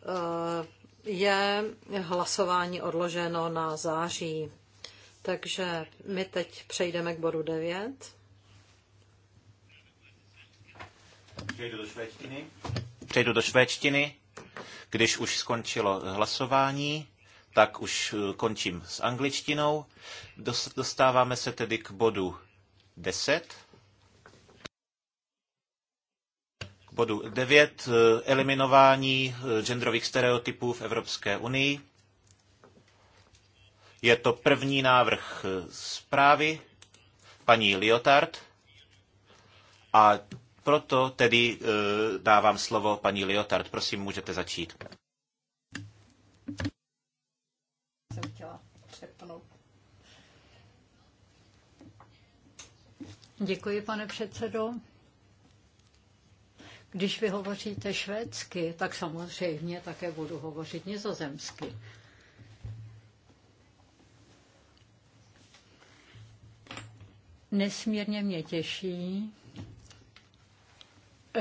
Eh, je hlasování odloženo na září. Takže my teď přejdeme k bodu 9. Přejdu do švédštiny. Přejdu do švédštiny. Když už skončilo hlasování, tak už eh, končím s angličtinou. Dostáváme se tedy k bodu 10. bodu 9, eh, eliminování eh, genderových stereotypů v Evropské unii. Je to první návrh eh, zprávy paní Liotard a proto tedy dávám slovo paní Liotard. Prosím, můžete začít. Děkuji, pane předsedo. Když vy hovoříte švédsky, tak samozřejmě také budu hovořit nizozemsky. Nesmírně mě těší,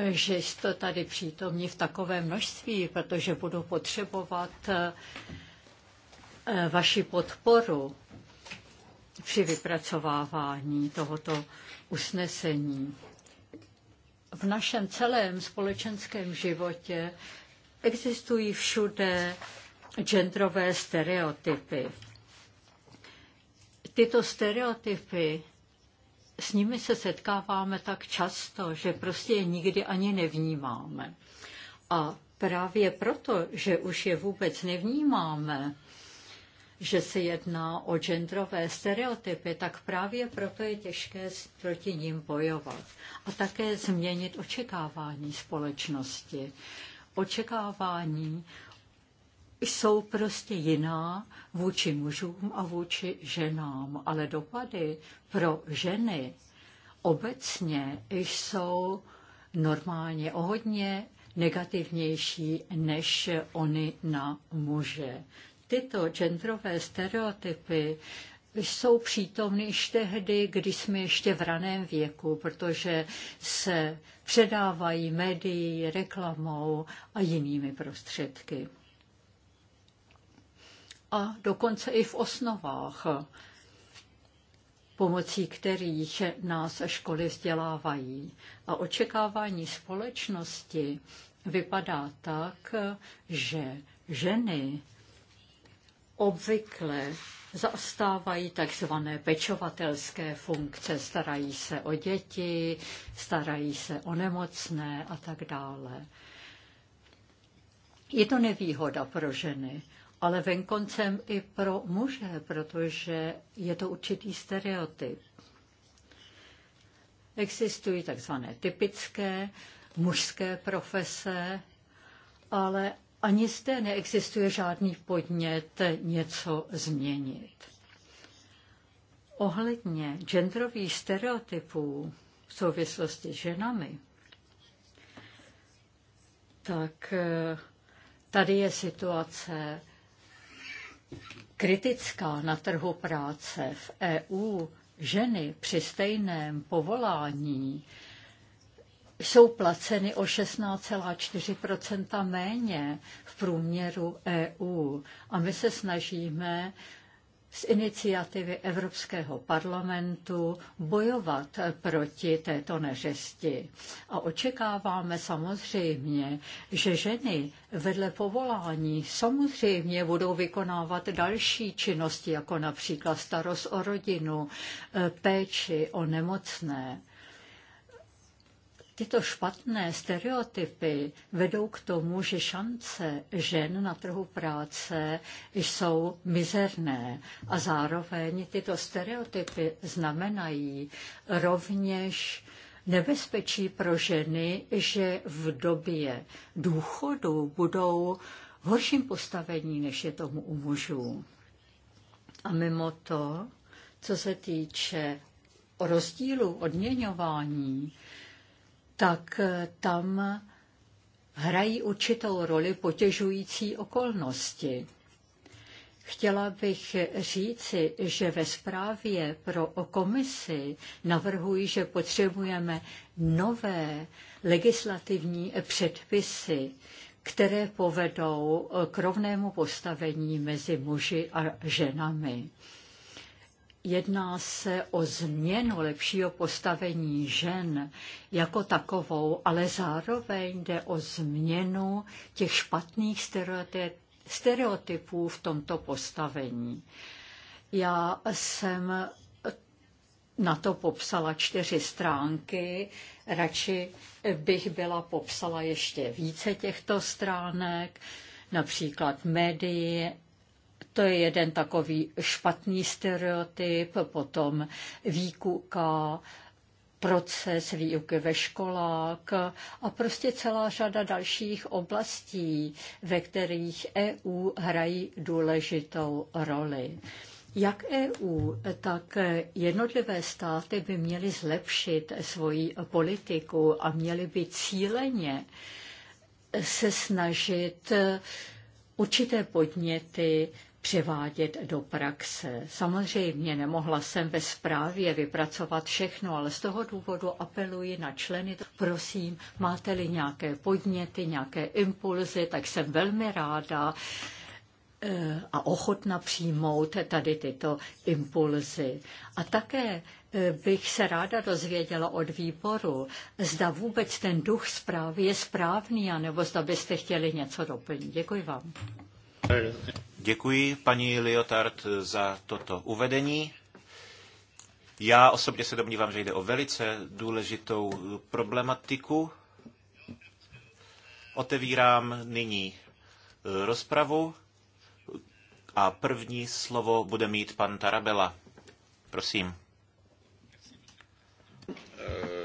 že jste tady přítomní v takovém množství, protože budu potřebovat eh, vaši podporu při vypracovávání tohoto usnesení v našem celém společenském životě existují všude genderové stereotypy. Tyto stereotypy, s nimi se setkáváme tak často, že prostě je nikdy ani nevnímáme. A právě proto, že už je vůbec nevnímáme, že se jedná o genderové stereotypy, tak právě proto je těžké proti ním bojovat a také změnit očekávání společnosti. Očekávání jsou prostě jiná vůči mužům a vůči ženám, ale dopady pro ženy obecně jsou normálně o hodně negativnější než oni na muže tyto genderové stereotypy jsou přítomny již tehdy, když jsme ještě v raném věku, protože se předávají médií, reklamou a jinými prostředky. A dokonce i v osnovách, pomocí kterých nás školy vzdělávají. A očekávání společnosti vypadá tak, že ženy obvykle zastávají takzvané pečovatelské funkce, starají se o děti, starají se o nemocné a tak dále. Je to nevýhoda pro ženy, ale venkoncem i pro muže, protože je to určitý stereotyp. Existují takzvané typické mužské profese, ale ani zde neexistuje žádný podnět něco změnit. Ohledně genderových stereotypů v souvislosti s ženami, tak eh, tady je situace kritická na trhu práce v EU. Ženy při stejném povolání jsou placeny o 16,4 méně v průměru EU. A my se snažíme z iniciativy Evropského parlamentu bojovat proti této neřesti. A očekáváme samozřejmě, že ženy vedle povolání samozřejmě budou vykonávat další činnosti, jako například starost o rodinu, e, péči o nemocné. Tyto špatné stereotypy vedou k tomu, že šance žen na trhu práce jsou mizerné a zároveň tyto stereotypy znamenají rovněž nebezpečí pro ženy, že v době důchodu budou v horším postavení, než je tomu u mužů. A mimo to, co se týče rozdílu odměňování, tak eh, tam hrají určitou roli potěžující okolnosti. Chtěla bych říci, že ve zprávě pro komisi navrhuji, že potřebujeme nové legislativní předpisy, které povedou k rovnému postavení mezi muži a ženami. Jedná se o změnu lepšího postavení žen jako takovou, ale zároveň jde o změnu těch špatných stereotypů v tomto postavení. Já jsem na to popsala čtyři stránky, radši bych byla popsala ještě více těchto stránek, například médii, to je jeden takový špatný stereotyp, potom výkuka, proces výuky ve školách a prostě celá řada dalších oblastí, ve kterých EU hrají důležitou roli. Jak EU, tak jednotlivé státy by měly zlepšit svoji politiku a měly by cíleně se snažit určité podněty převádět do praxe. Samozřejmě nemohla jsem ve zprávě vypracovat všechno, ale z toho důvodu apeluji na členy. Prosím, máte-li nějaké podněty, nějaké impulzy, tak jsem velmi ráda eh, a ochotna přijmout tady tyto impulzy. A také eh, bych se ráda dozvěděla od výboru, zda vůbec ten duch zprávy je správný, anebo zda byste chtěli něco doplnit. Děkuji vám. Děkuji paní Liotard za toto uvedení. Já osobně se domnívám, že jde o velice důležitou problematiku. Otevírám nyní eh, rozpravu a první slovo bude mít pan Tarabela. Prosím. Uh...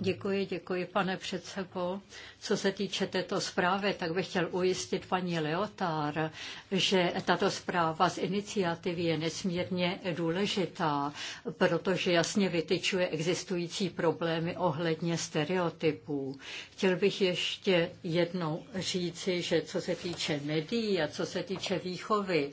Děkuji, děkuji, pane předsedo. Co se týče této zprávy, tak bych chtěl ujistit paní Leotár, že tato zpráva z iniciativy je nesmírně důležitá, protože jasně vytyčuje existující problémy ohledně stereotypů. Chtěl bych ještě jednou říci, že co se týče médií a co se týče výchovy,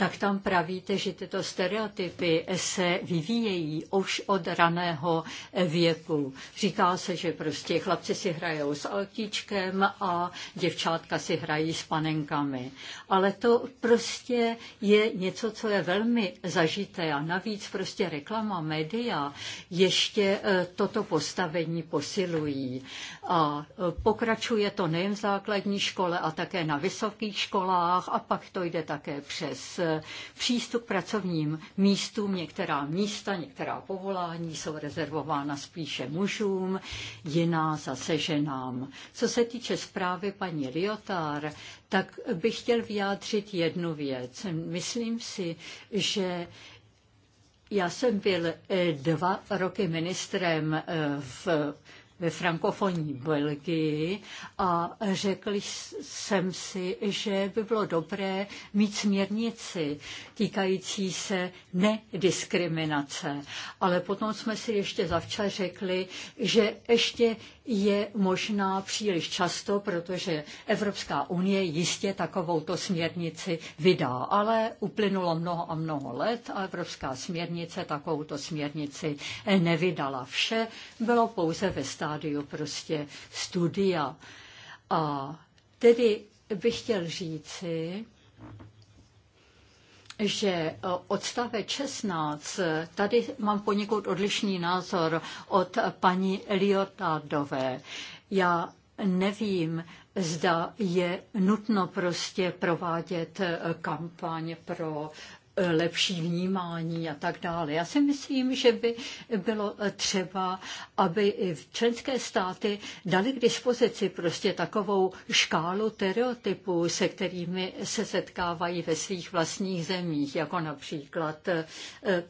tak tam pravíte, že tyto stereotypy se vyvíjejí už od raného věku. Říká se, že prostě chlapci si hrajou s altíčkem a děvčátka si hrají s panenkami. Ale to prostě je něco, co je velmi zažité a navíc prostě reklama, média ještě e, toto postavení posilují. A e, pokračuje to nejen v základní škole a také na vysokých školách a pak to jde také přes e, přístup k pracovním místům. Některá místa, některá povolání jsou rezervována spíše mužům, jiná zase ženám. Co se týče zprávy paní Liotár, tak bych chtěl vyjádřit jednu věc. Myslím si, že já jsem byl eh, dva roky ministrem eh, v ve frankofonní Belgii a řekl jsem si, že by bylo dobré mít směrnici týkající se nediskriminace. Ale potom jsme si ještě zavčas řekli, že ještě je možná příliš často, protože Evropská unie jistě takovouto směrnici vydá. Ale uplynulo mnoho a mnoho let a Evropská směrnice takovouto směrnici nevydala. Vše bylo pouze ve stále stádiu prostě studia. A tedy bych chtěl říci, že e, odstavec 16, e, tady mám poněkud odlišný názor od paní Liotardové. Já nevím, zda je nutno prostě provádět e, kampaň pro lepší vnímání a tak dále. Já si myslím, že by bylo třeba, aby i členské státy dali k dispozici prostě takovou škálu stereotypů, se kterými se setkávají ve svých vlastních zemích, jako například eh,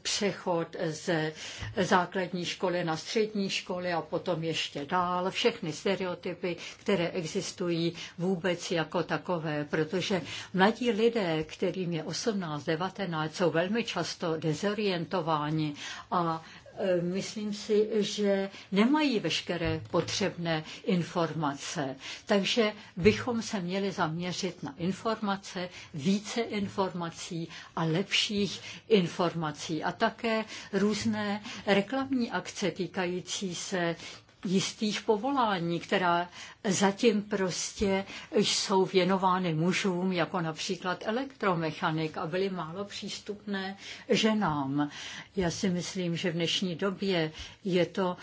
přechod ze základní školy na střední školy a potom ještě dál. Všechny stereotypy, které existují vůbec jako takové, protože mladí lidé, kterým je 18, 19, jsou velmi často dezorientováni a e, myslím si, že nemají veškeré potřebné informace. Takže bychom se měli zaměřit na informace, více informací a lepších informací. A také různé reklamní akce týkající se jistých povolání, která zatím prostě jsou věnovány mužům, jako například elektromechanik a byly málo přístupné ženám. Já si myslím, že v dnešní době je to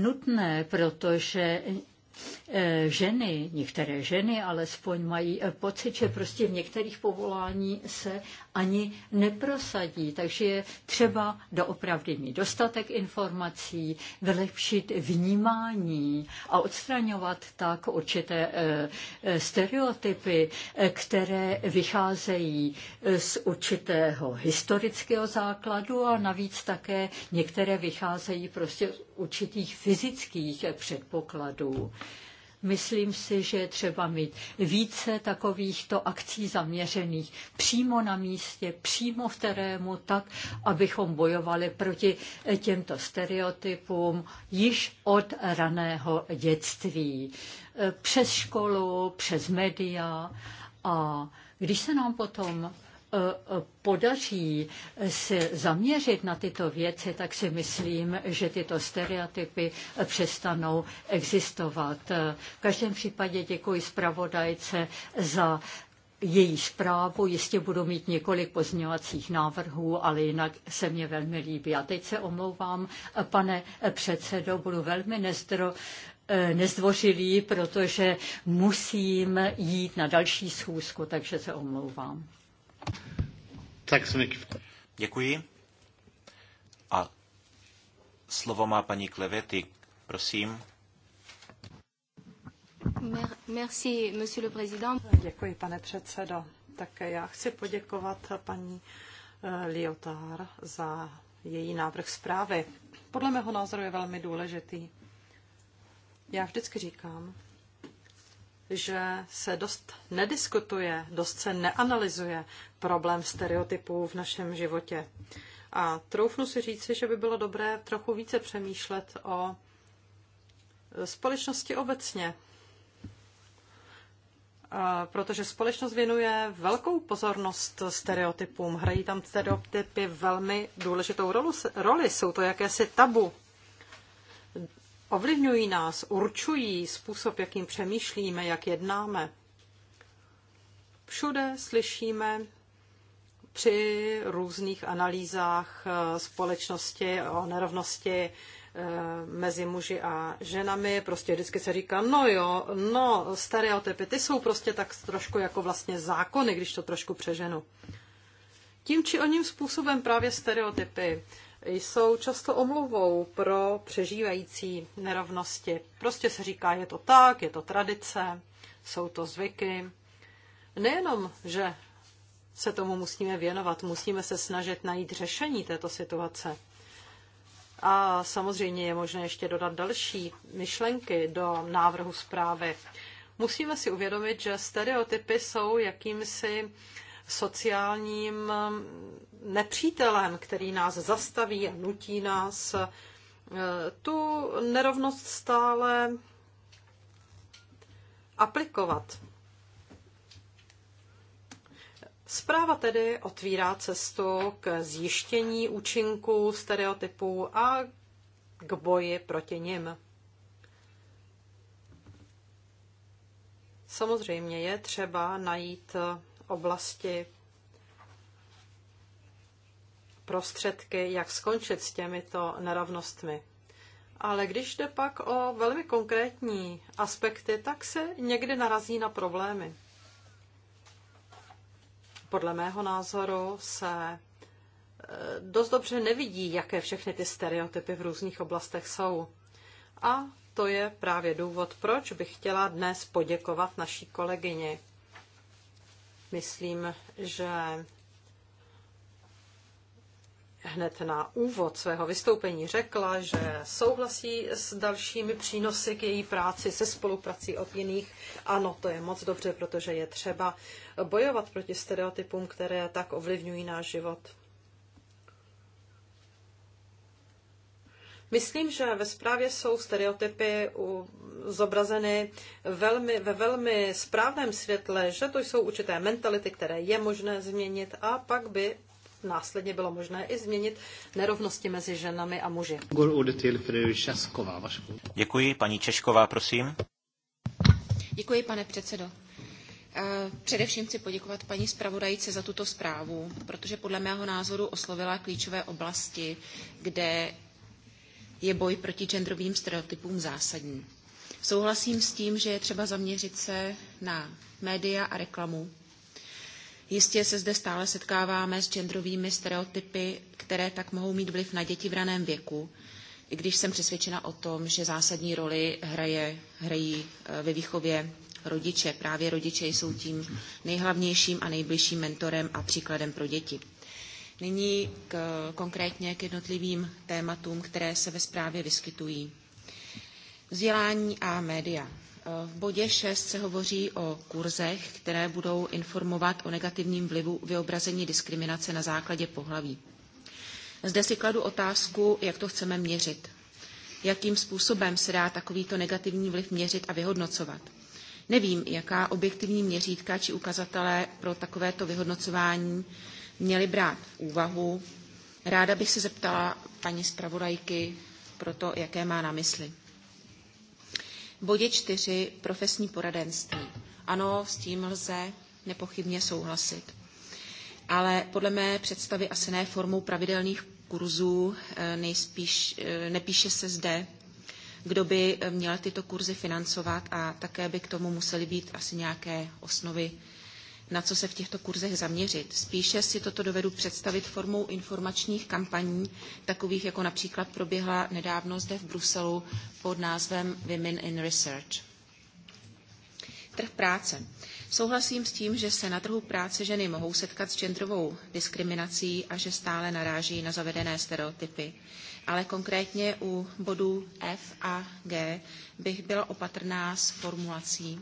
nutné, protože Eh, ženy, některé ženy alespoň mají eh, pocit, že prostě v některých povolání se ani neprosadí. Takže je třeba doopravdy mít dostatek informací, vylepšit vnímání a odstraňovat tak určité eh, stereotypy, které vycházejí z určitého historického základu a navíc také některé vycházejí prostě z určitých fyzických předpokladů. Myslím si, že je třeba mít více takovýchto akcí zaměřených přímo na místě, přímo v terénu, tak, abychom bojovali proti těmto stereotypům již od raného dětství. Přes školu, přes média a když se nám potom Eh, eh, podaří se zaměřit na tyto věci, tak si myslím, že tyto stereotypy přestanou existovat. V každém případě děkuji zpravodajce za její zprávu. Jistě budu mít několik pozměňovacích návrhů, ale jinak se mě velmi líbí. A teď se omlouvám, pane předsedo, budu velmi nezdro, eh, nezdvořilý, protože musím jít na další schůzku, takže se omlouvám. Tak se Děkuji. A slovo má paní Klevety. Prosím. Merci, monsieur le président. Děkuji, pane předsedo. Také já chci poděkovat paní eh, Liotár za její návrh zprávy. Podle mého názoru je velmi důležitý. Já vždycky říkám, že se dost nediskutuje, dost se neanalyzuje problém stereotypů v našem životě. A troufnu si říci, že by bylo dobré trochu více přemýšlet o společnosti obecně. Protože společnost věnuje velkou pozornost stereotypům. Hrají tam stereotypy velmi důležitou roli. Jsou to jakési tabu ovlivňují nás, určují způsob, jakým přemýšlíme, jak jednáme. Všude slyšíme při různých analýzách eh, společnosti o nerovnosti eh, mezi muži a ženami. Prostě vždycky se říká, no jo, no, stereotypy, ty jsou prostě tak trošku jako vlastně zákony, když to trošku přeženu. Tím či oním způsobem právě stereotypy jsou často omluvou pro přežívající nerovnosti. Prostě se říká, je to tak, je to tradice, jsou to zvyky. Nejenom, že se tomu musíme věnovat, musíme se snažit najít řešení této situace. A samozřejmě je možné ještě dodat další myšlenky do návrhu zprávy. Musíme si uvědomit, že stereotypy jsou jakýmsi sociálním nepřítelem, který nás zastaví a nutí nás eh, tu nerovnost stále aplikovat. Zpráva tedy otvírá cestu k zjištění účinků stereotypů a k boji proti nim. Samozřejmě je třeba najít oblasti prostředky, jak skončit s těmito nerovnostmi. Ale když jde pak o velmi konkrétní aspekty, tak se někdy narazí na problémy. Podle mého názoru se e, dost dobře nevidí, jaké všechny ty stereotypy v různých oblastech jsou. A to je právě důvod, proč bych chtěla dnes poděkovat naší kolegyni Myslím, že hned na úvod svého vystoupení řekla, že souhlasí s dalšími přínosy k její práci, se spoluprací od jiných. Ano, to je moc dobře, protože je třeba bojovat proti stereotypům, které tak ovlivňují náš život. Myslím, že ve zprávě jsou stereotypy zobrazeny velmi, ve velmi správném světle, že to jsou určité mentality, které je možné změnit a pak by následně bylo možné i změnit nerovnosti mezi ženami a muži. Děkuji, paní Češková, prosím. Děkuji, pane předsedo. Eh, především chci poděkovat paní zpravodajce za tuto zprávu, protože podle mého názoru oslovila klíčové oblasti, kde je boj proti genderovým stereotypům zásadní. Souhlasím s tím, že je třeba zaměřit se na média a reklamu. Jistě se zde stále setkáváme s genderovými stereotypy, které tak mohou mít vliv na děti v raném věku, i když jsem přesvědčena o tom, že zásadní roli hraje, hrají eh, ve výchově rodiče. Právě rodiče jsou tím nejhlavnějším a nejbližším mentorem a příkladem pro děti. Nyní k, konkrétně k jednotlivým tématům, které se ve zprávě vyskytují. Vzdělání a média. V bodě 6 se hovoří o kurzech, které budou informovat o negativním vlivu vyobrazení diskriminace na základě pohlaví. Zde si kladu otázku, jak to chceme měřit. Jakým způsobem se dá takovýto negativní vliv měřit a vyhodnocovat? Nevím, jaká objektivní měřítka či ukazatele pro takovéto vyhodnocování Měli brát v úvahu. Ráda bych se zeptala paní zpravodajky pro to, jaké má na mysli. V bodě čtyři profesní poradenství. Ano, s tím lze nepochybně souhlasit. Ale podle mé představy asi ne formou pravidelných kurzů, eh, nejspíš eh, nepíše se zde, kdo by eh, měl tyto kurzy financovat a také by k tomu musely být asi nějaké osnovy na co se v těchto kurzech zaměřit. Spíše si toto dovedu představit formou informačních kampaní, takových jako například proběhla nedávno zde v Bruselu pod názvem Women in Research. Trh práce. Souhlasím s tím, že se na trhu práce ženy mohou setkat s genderovou diskriminací a že stále naráží na zavedené stereotypy. Ale konkrétně u bodů F a G bych byla opatrná s formulací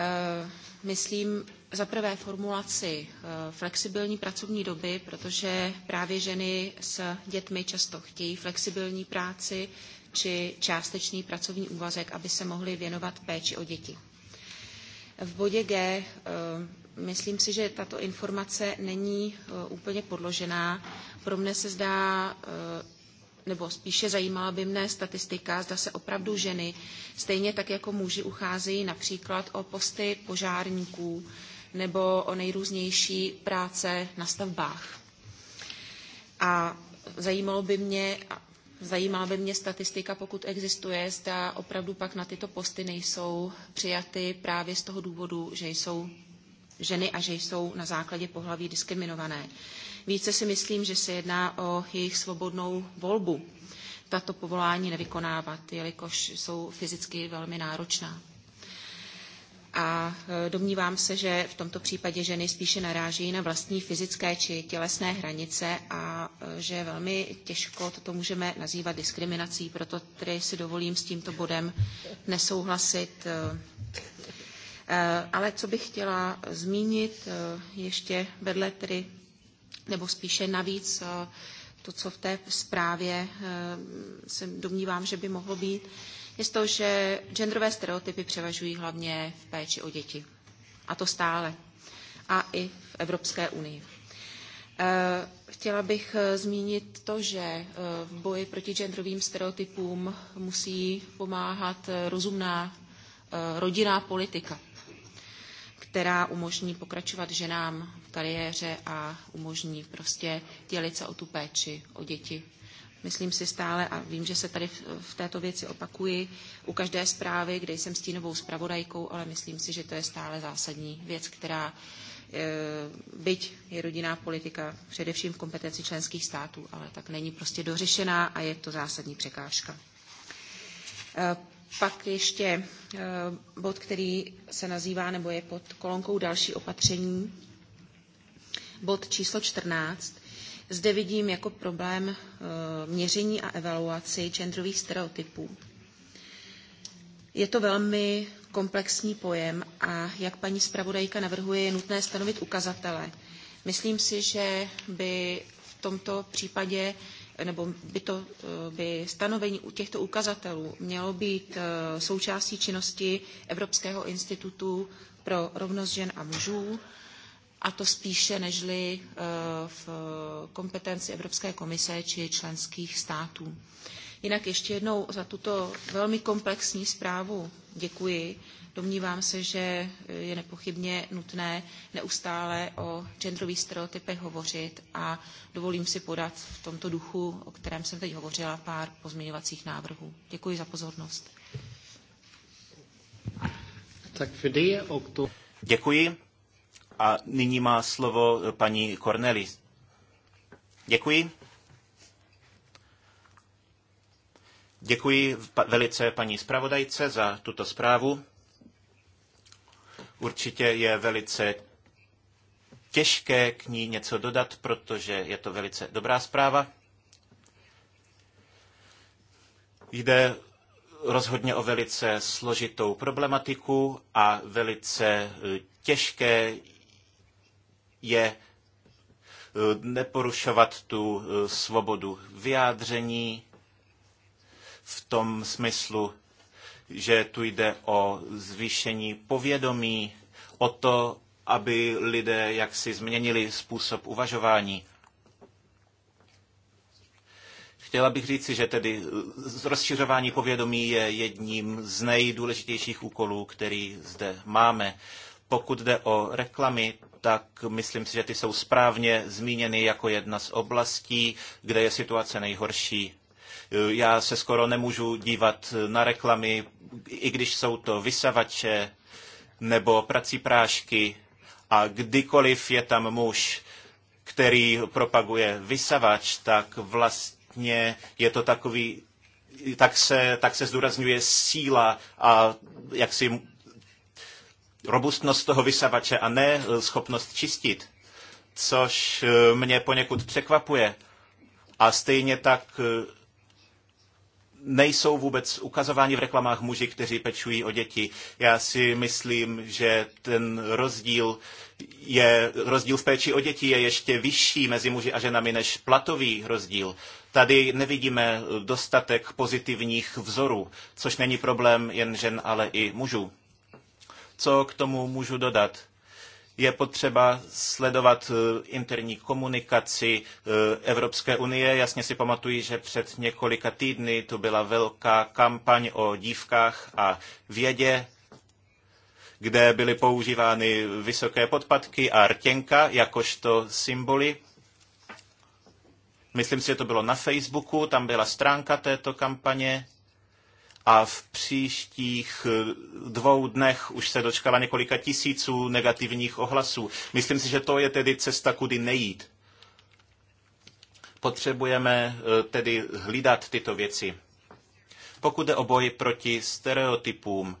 Eh, myslím za prvé formulaci eh, flexibilní pracovní doby, protože právě ženy s dětmi často chtějí flexibilní práci či částečný pracovní úvazek, aby se mohly věnovat péči o děti. V bodě G eh, myslím si, že tato informace není úplně podložená. Pro mne se zdá nebo spíše zajímala by mne statistika, zda se opravdu ženy, stejně tak jako muži, ucházejí například o posty požárníků nebo o nejrůznější práce na stavbách. A zajímalo by mě, zajímala by mě statistika, pokud existuje, zda opravdu pak na tyto posty nejsou přijaty právě z toho důvodu, že jsou ženy a že jsou na základě pohlaví diskriminované. Více si myslím, že se jedná o jejich svobodnou volbu tato povolání nevykonávat, jelikož jsou fyzicky velmi náročná. A e, domnívám se, že v tomto případě ženy spíše narážejí na vlastní fyzické či tělesné hranice a e, že velmi těžko toto můžeme nazývat diskriminací, proto tedy si dovolím s tímto bodem nesouhlasit. E, Eh, ale co bych chtěla zmínit eh, ještě vedle tedy, nebo spíše navíc, eh, to, co v té zprávě se domnívám, že by mohlo být, je to, že genderové stereotypy převažují hlavně v péči o děti. A to stále. A i v Evropské unii. Chtěla bych zmínit to, že v boji proti genderovým stereotypům musí pomáhat rozumná rodinná politika která umožní pokračovat ženám v kariéře a umožní prostě dělit se o tu péči, o děti. Myslím si stále, a vím, že se tady v, v této věci opakuji, u každé zprávy, kde jsem stínovou zpravodajkou, ale myslím si, že to je stále zásadní věc, která e, byť je rodinná politika především v kompetenci členských států, ale tak není prostě dořešená a je to zásadní překážka. E, pak ještě eh, bod, který se nazývá nebo je pod kolonkou další opatření, bod číslo 14. Zde vidím jako problém eh, měření a evaluaci genderových stereotypů. Je to velmi komplexní pojem a jak paní zpravodajka navrhuje, je nutné stanovit ukazatele. Myslím si, že by v tomto případě nebo by, to, eh, by stanovení těchto ukazatelů mělo být eh, součástí činnosti Evropského institutu pro rovnost žen a mužů, a to spíše nežli eh, v kompetenci Evropské komise či členských států. Jinak ještě jednou za tuto velmi komplexní zprávu děkuji. Domnívám se, že je nepochybně nutné neustále o genderových stereotypech hovořit a dovolím si podat v tomto duchu, o kterém jsem teď hovořila, pár pozměňovacích návrhů. Děkuji za pozornost. Děkuji. A nyní má slovo paní Cornelis. Děkuji. Děkuji velice paní zpravodajce za tuto zprávu. Určitě je velice těžké k ní něco dodat, protože je to velice dobrá zpráva. Jde rozhodně o velice složitou problematiku a velice e, těžké je e, neporušovat tu e, svobodu vyjádření v tom smyslu, že tu jde o zvýšení povědomí, o to, aby lidé jaksi změnili způsob uvažování. Chtěla bych říci, že tedy rozšiřování povědomí je jedním z nejdůležitějších úkolů, který zde máme. Pokud jde o reklamy, tak myslím si, že ty jsou správně zmíněny jako jedna z oblastí, kde je situace nejhorší. Já se skoro nemůžu dívat na reklamy, i když jsou to vysavače nebo prací prášky a kdykoliv je tam muž, který propaguje vysavač, tak vlastně je to takový, tak se, tak se zdůrazňuje síla a jak si robustnost toho vysavače a ne eh, schopnost čistit, což eh, mě poněkud překvapuje. A stejně tak eh, nejsou vůbec ukazováni v reklamách muži, kteří pečují o děti. Já si myslím, že ten rozdíl je, rozdíl v péči o děti je ještě vyšší mezi muži a ženami než platový rozdíl. Tady nevidíme dostatek pozitivních vzorů, což není problém jen žen, ale i mužů. Co k tomu můžu dodat? Je potřeba sledovat eh, interní komunikaci eh, Evropské unie. Jasně si pamatuji, že před několika týdny tu byla velká kampaň o dívkách a vědě, kde byly používány vysoké podpatky a rtěnka jakožto symboly. Myslím si, že to bylo na Facebooku, tam byla stránka této kampaně a v příštích eh, dvou dnech už se dočkala několika tisíců negativních ohlasů. Myslím si, že to je tedy cesta, kudy nejít. Potřebujeme eh, tedy hlídat tyto věci. Pokud jde o boj proti stereotypům,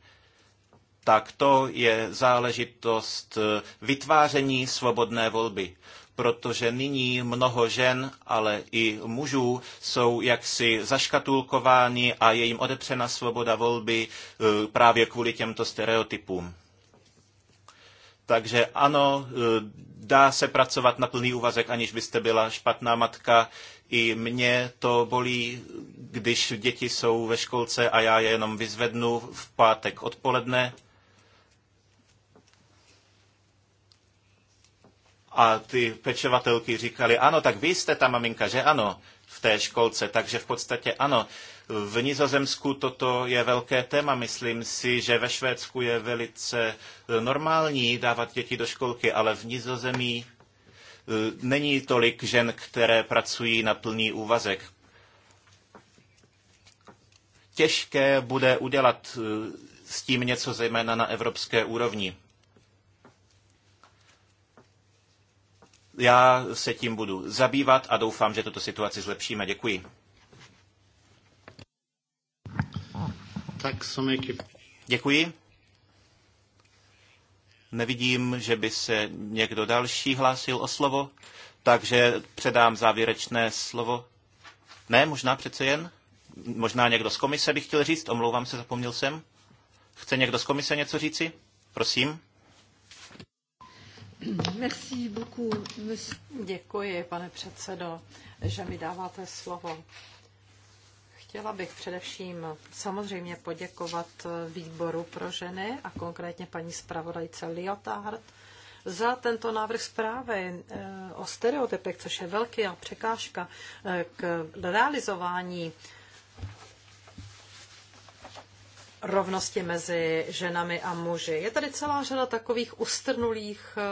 tak to je záležitost eh, vytváření svobodné volby protože nyní mnoho žen, ale i mužů jsou jaksi zaškatulkováni a je jim odepřena svoboda volby e, právě kvůli těmto stereotypům. Takže ano, e, dá se pracovat na plný úvazek, aniž byste byla špatná matka. I mě to bolí, když děti jsou ve školce a já je jenom vyzvednu v pátek odpoledne a ty pečovatelky říkali, ano, tak vy jste ta maminka, že ano, v té školce, takže v podstatě ano. V Nizozemsku toto je velké téma. Myslím si, že ve Švédsku je velice eh, normální dávat děti do školky, ale v Nizozemí eh, není tolik žen, které pracují na plný úvazek. Těžké bude udělat eh, s tím něco zejména na evropské úrovni. Já se tím budu zabývat a doufám, že tuto situaci zlepšíme. Děkuji. Tak Děkuji. Nevidím, že by se někdo další hlásil o slovo, takže předám závěrečné slovo. Ne, možná přece jen? Možná někdo z komise by chtěl říct, omlouvám se, zapomněl jsem. Chce někdo z komise něco říci? Prosím. Merci beaucoup, monsieur. Děkuji, pane předsedo, že mi dáváte slovo. Chtěla bych především samozřejmě poděkovat výboru pro ženy a konkrétně paní zpravodajce Liotard za tento návrh zprávy eh, o stereotypech, což je velká překážka eh, k realizování rovnosti mezi ženami a muži. Je tady celá řada takových ustrnulých eh,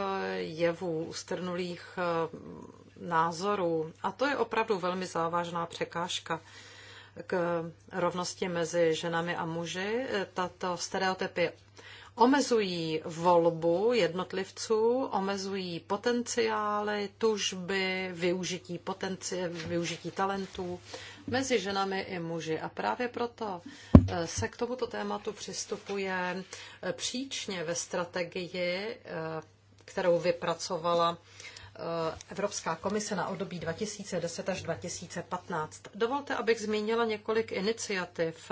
jevů, ustrnulých eh, názorů a to je opravdu velmi závažná překážka k rovnosti mezi ženami a muži. Eh, tato stereotypy omezují volbu jednotlivců, omezují potenciály, tužby, využití, potenci- využití talentů mezi ženami i muži. A právě proto eh, se k tomuto tématu přistupuje eh, příčně ve strategii, eh, kterou vypracovala Evropská komise na období 2010 až 2015. Dovolte, abych zmínila několik iniciativ,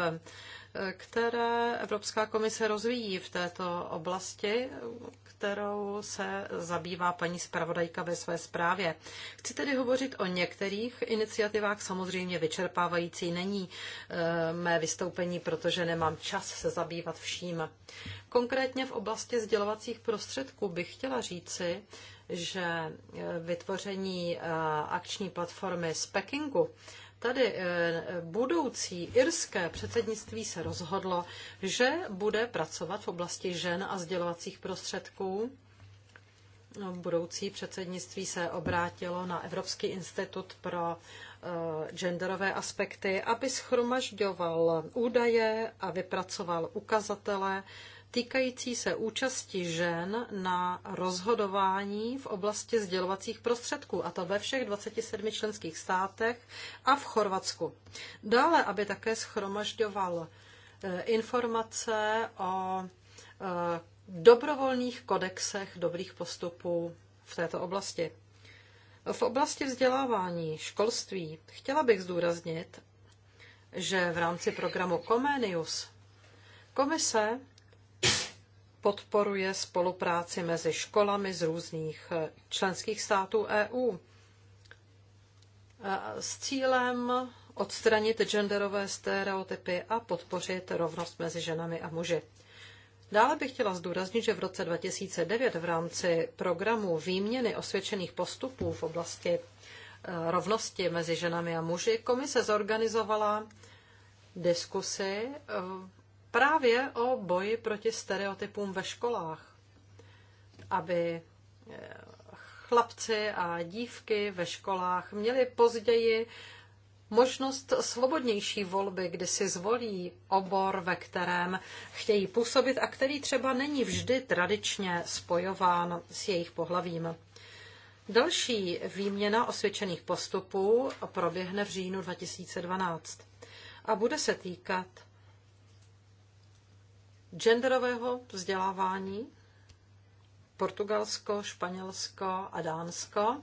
které Evropská komise rozvíjí v této oblasti, kterou se zabývá paní zpravodajka ve své zprávě. Chci tedy hovořit o některých iniciativách, samozřejmě vyčerpávající není eh, mé vystoupení, protože nemám čas se zabývat vším. Konkrétně v oblasti sdělovacích prostředků bych chtěla říci, že eh, vytvoření eh, akční platformy z Pekingu tady eh, budoucí irské předsednictví se rozhodlo, že bude pracovat v oblasti žen a sdělovacích prostředků. Budoucí předsednictví se obrátilo na Evropský institut pro eh, genderové aspekty, aby schromažďoval údaje a vypracoval ukazatele týkající se účasti žen na rozhodování v oblasti sdělovacích prostředků, a to ve všech 27 členských státech a v Chorvatsku. Dále, aby také schromažďoval e, informace o e, dobrovolných kodexech dobrých postupů v této oblasti. V oblasti vzdělávání, školství chtěla bych zdůraznit, že v rámci programu Comenius komise podporuje spolupráci mezi školami z různých eh, členských států EU eh, s cílem odstranit genderové stereotypy a podpořit rovnost mezi ženami a muži. Dále bych chtěla zdůraznit, že v roce 2009 v rámci programu výměny osvědčených postupů v oblasti eh, rovnosti mezi ženami a muži komise zorganizovala diskusy právě o boji proti stereotypům ve školách, aby eh, chlapci a dívky ve školách měli později možnost svobodnější volby, kdy si zvolí obor, ve kterém chtějí působit a který třeba není vždy tradičně spojován s jejich pohlavím. Další výměna osvědčených postupů proběhne v říjnu 2012 a bude se týkat genderového vzdělávání Portugalsko, Španělsko a Dánsko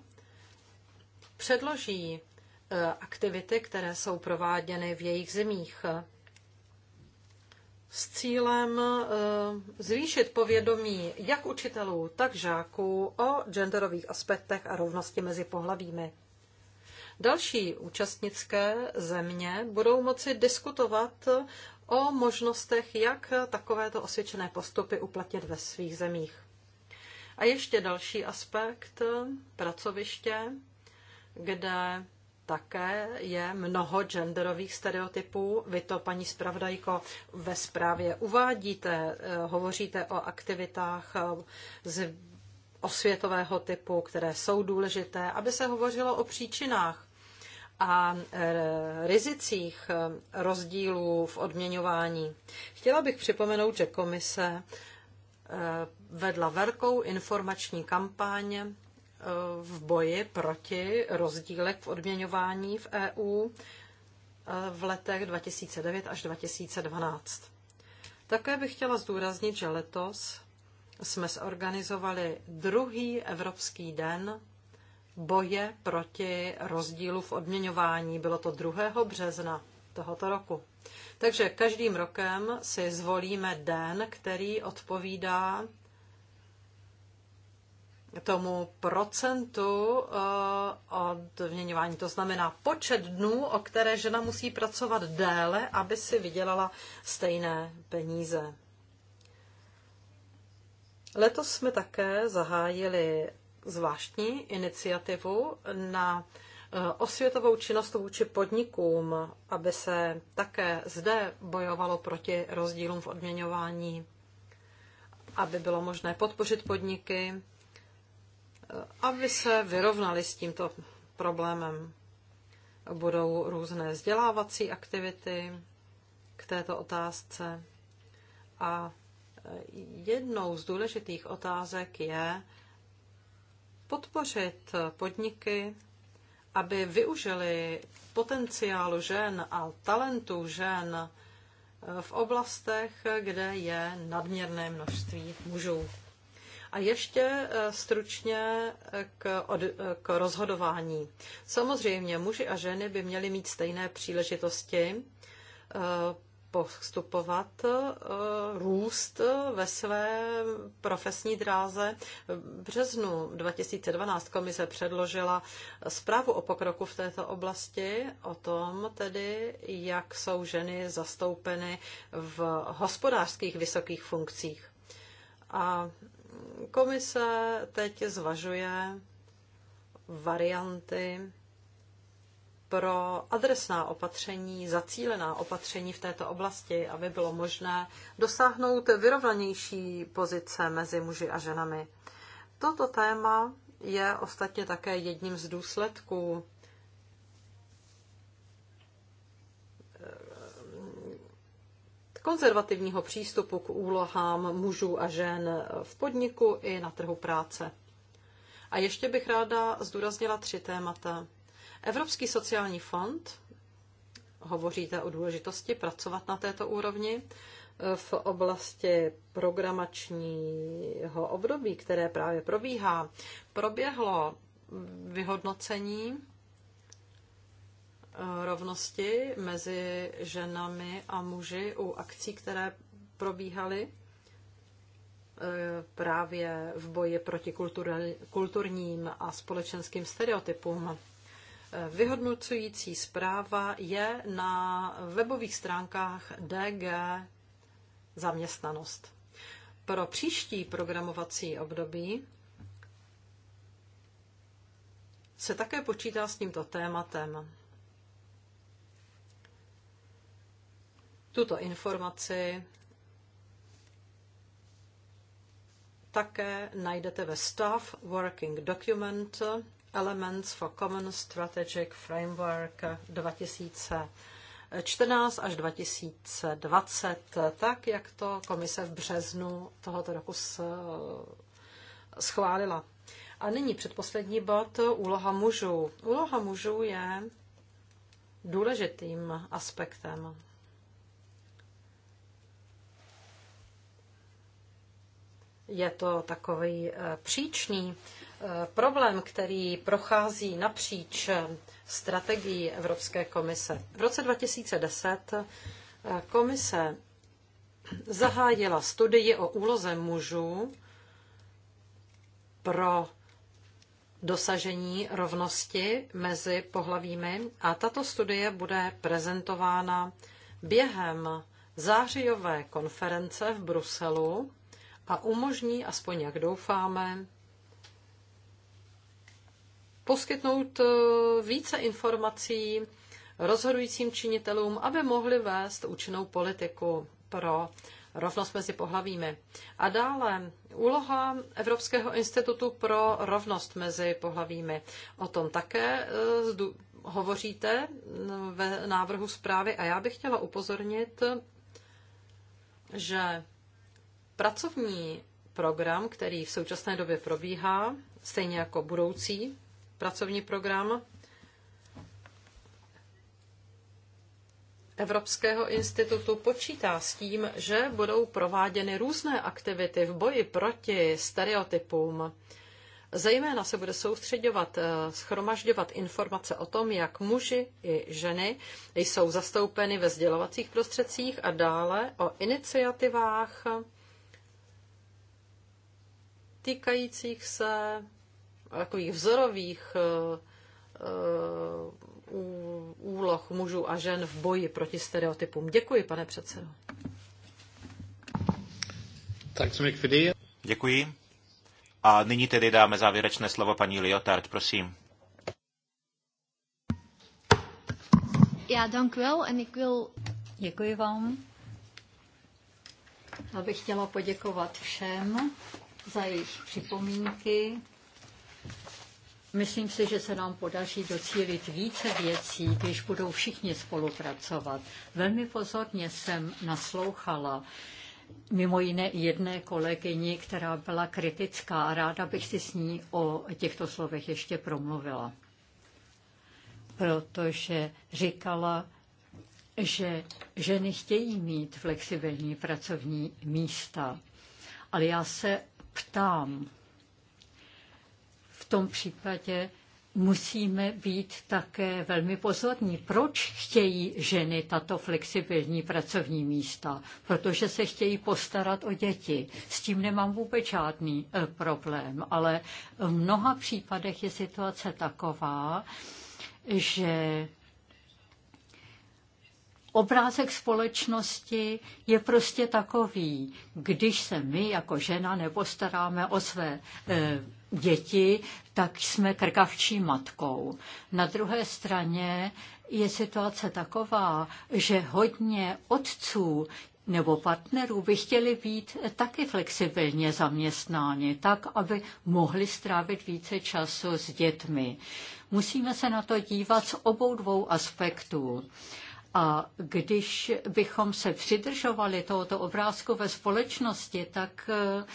předloží e, aktivity, které jsou prováděny v jejich zemích s cílem e, zvýšit povědomí jak učitelů, tak žáků o genderových aspektech a rovnosti mezi pohlavími. Další účastnické země budou moci diskutovat o možnostech, jak takovéto osvědčené postupy uplatnit ve svých zemích. A ještě další aspekt pracoviště, kde také je mnoho genderových stereotypů. Vy to, paní Spravdajko, ve zprávě uvádíte, eh, hovoříte o aktivitách eh, z osvětového typu, které jsou důležité, aby se hovořilo o příčinách a e, rizicích e, rozdílů v odměňování. Chtěla bych připomenout, že komise e, vedla velkou informační kampaň v boji proti rozdílek v odměňování v EU v letech 2009 až 2012. Také bych chtěla zdůraznit, že letos jsme zorganizovali druhý Evropský den boje proti rozdílu v odměňování. Bylo to 2. března tohoto roku. Takže každým rokem si zvolíme den, který odpovídá tomu procentu eh, odměňování. To znamená počet dnů, o které žena musí pracovat déle, aby si vydělala stejné peníze. Letos jsme také zahájili zvláštní iniciativu na eh, osvětovou činnost vůči podnikům, aby se také zde bojovalo proti rozdílům v odměňování, aby bylo možné podpořit podniky, eh, aby se vyrovnali s tímto problémem. Budou různé vzdělávací aktivity k této otázce. A eh, jednou z důležitých otázek je, podpořit podniky, aby využili potenciálu žen a talentů žen eh, v oblastech, kde je nadměrné množství mužů. A ještě eh, stručně eh, k, od, k rozhodování. Samozřejmě muži a ženy by měli mít stejné příležitosti postupovat, eh, růst ve své profesní dráze. V březnu 2012 komise předložila zprávu o pokroku v této oblasti, o tom tedy, jak jsou ženy zastoupeny v hospodářských vysokých funkcích. A komise teď zvažuje varianty pro adresná opatření, zacílená opatření v této oblasti, aby bylo možné dosáhnout vyrovnanější pozice mezi muži a ženami. Toto téma je ostatně také jedním z důsledků eh, konzervativního přístupu k úlohám mužů a žen v podniku i na trhu práce. A ještě bych ráda zdůraznila tři témata. Evropský sociální fond, hovoříte o důležitosti pracovat na této úrovni, v oblasti programačního období, které právě probíhá, proběhlo vyhodnocení eh, rovnosti mezi ženami a muži u akcí, které probíhaly eh, právě v boji proti kulturním a společenským stereotypům. Vyhodnocující zpráva je na webových stránkách DG zaměstnanost. Pro příští programovací období se také počítá s tímto tématem. Tuto informaci také najdete ve Staff Working Document Elements for Common Strategic Framework 2014 až 2020, tak jak to komise v březnu tohoto roku schválila. A nyní předposlední bod, úloha mužů. Úloha mužů je důležitým aspektem. Je to takový eh, příčný Eh, problém, který prochází napříč eh, strategií Evropské komise. V roce 2010 eh, komise zahájila studii o úloze mužů pro dosažení rovnosti mezi pohlavími a tato studie bude prezentována během zářijové konference v Bruselu a umožní, aspoň jak doufáme, poskytnout eh, více informací rozhodujícím činitelům, aby mohli vést účinnou politiku pro rovnost mezi pohlavími. A dále úloha Evropského institutu pro rovnost mezi pohlavími. O tom také eh, hovoříte eh, ve návrhu zprávy a já bych chtěla upozornit, že pracovní program, který v současné době probíhá, stejně jako budoucí pracovní program Evropského institutu počítá s tím, že budou prováděny různé aktivity v boji proti stereotypům. Zejména se bude soustředovat, eh, schromažďovat informace o tom, jak muži i ženy jsou zastoupeny ve sdělovacích prostředcích a dále o iniciativách týkajících se takových vzorových eh, eh, úloh mužů a žen v boji proti stereotypům. Děkuji, pane předsedo. Tak jsme kdy. Děkuji. A nyní tedy dáme závěrečné slovo paní Liotard, prosím. Já Děkuji vám. Já bych chtěla poděkovat všem za jejich připomínky, Myslím si, že se nám podaří docílit více věcí, když budou všichni spolupracovat. Velmi pozorně jsem naslouchala mimo jiné jedné kolegyni, která byla kritická a ráda bych si s ní o těchto slovech ještě promluvila. Protože říkala, že ženy chtějí mít flexibilní pracovní místa. Ale já se ptám, tom případě musíme být také velmi pozorní. Proč chtějí ženy tato flexibilní pracovní místa? Protože se chtějí postarat o děti. S tím nemám vůbec žádný e, problém, ale v mnoha případech je situace taková, že obrázek společnosti je prostě takový, když se my jako žena nepostaráme o své e, děti, tak jsme krkavčí matkou. Na druhé straně je situace taková, že hodně otců nebo partnerů by chtěli být taky flexibilně zaměstnáni, tak, aby mohli strávit více času s dětmi. Musíme se na to dívat z obou dvou aspektů. A když bychom se přidržovali tohoto obrázku ve společnosti, tak eh,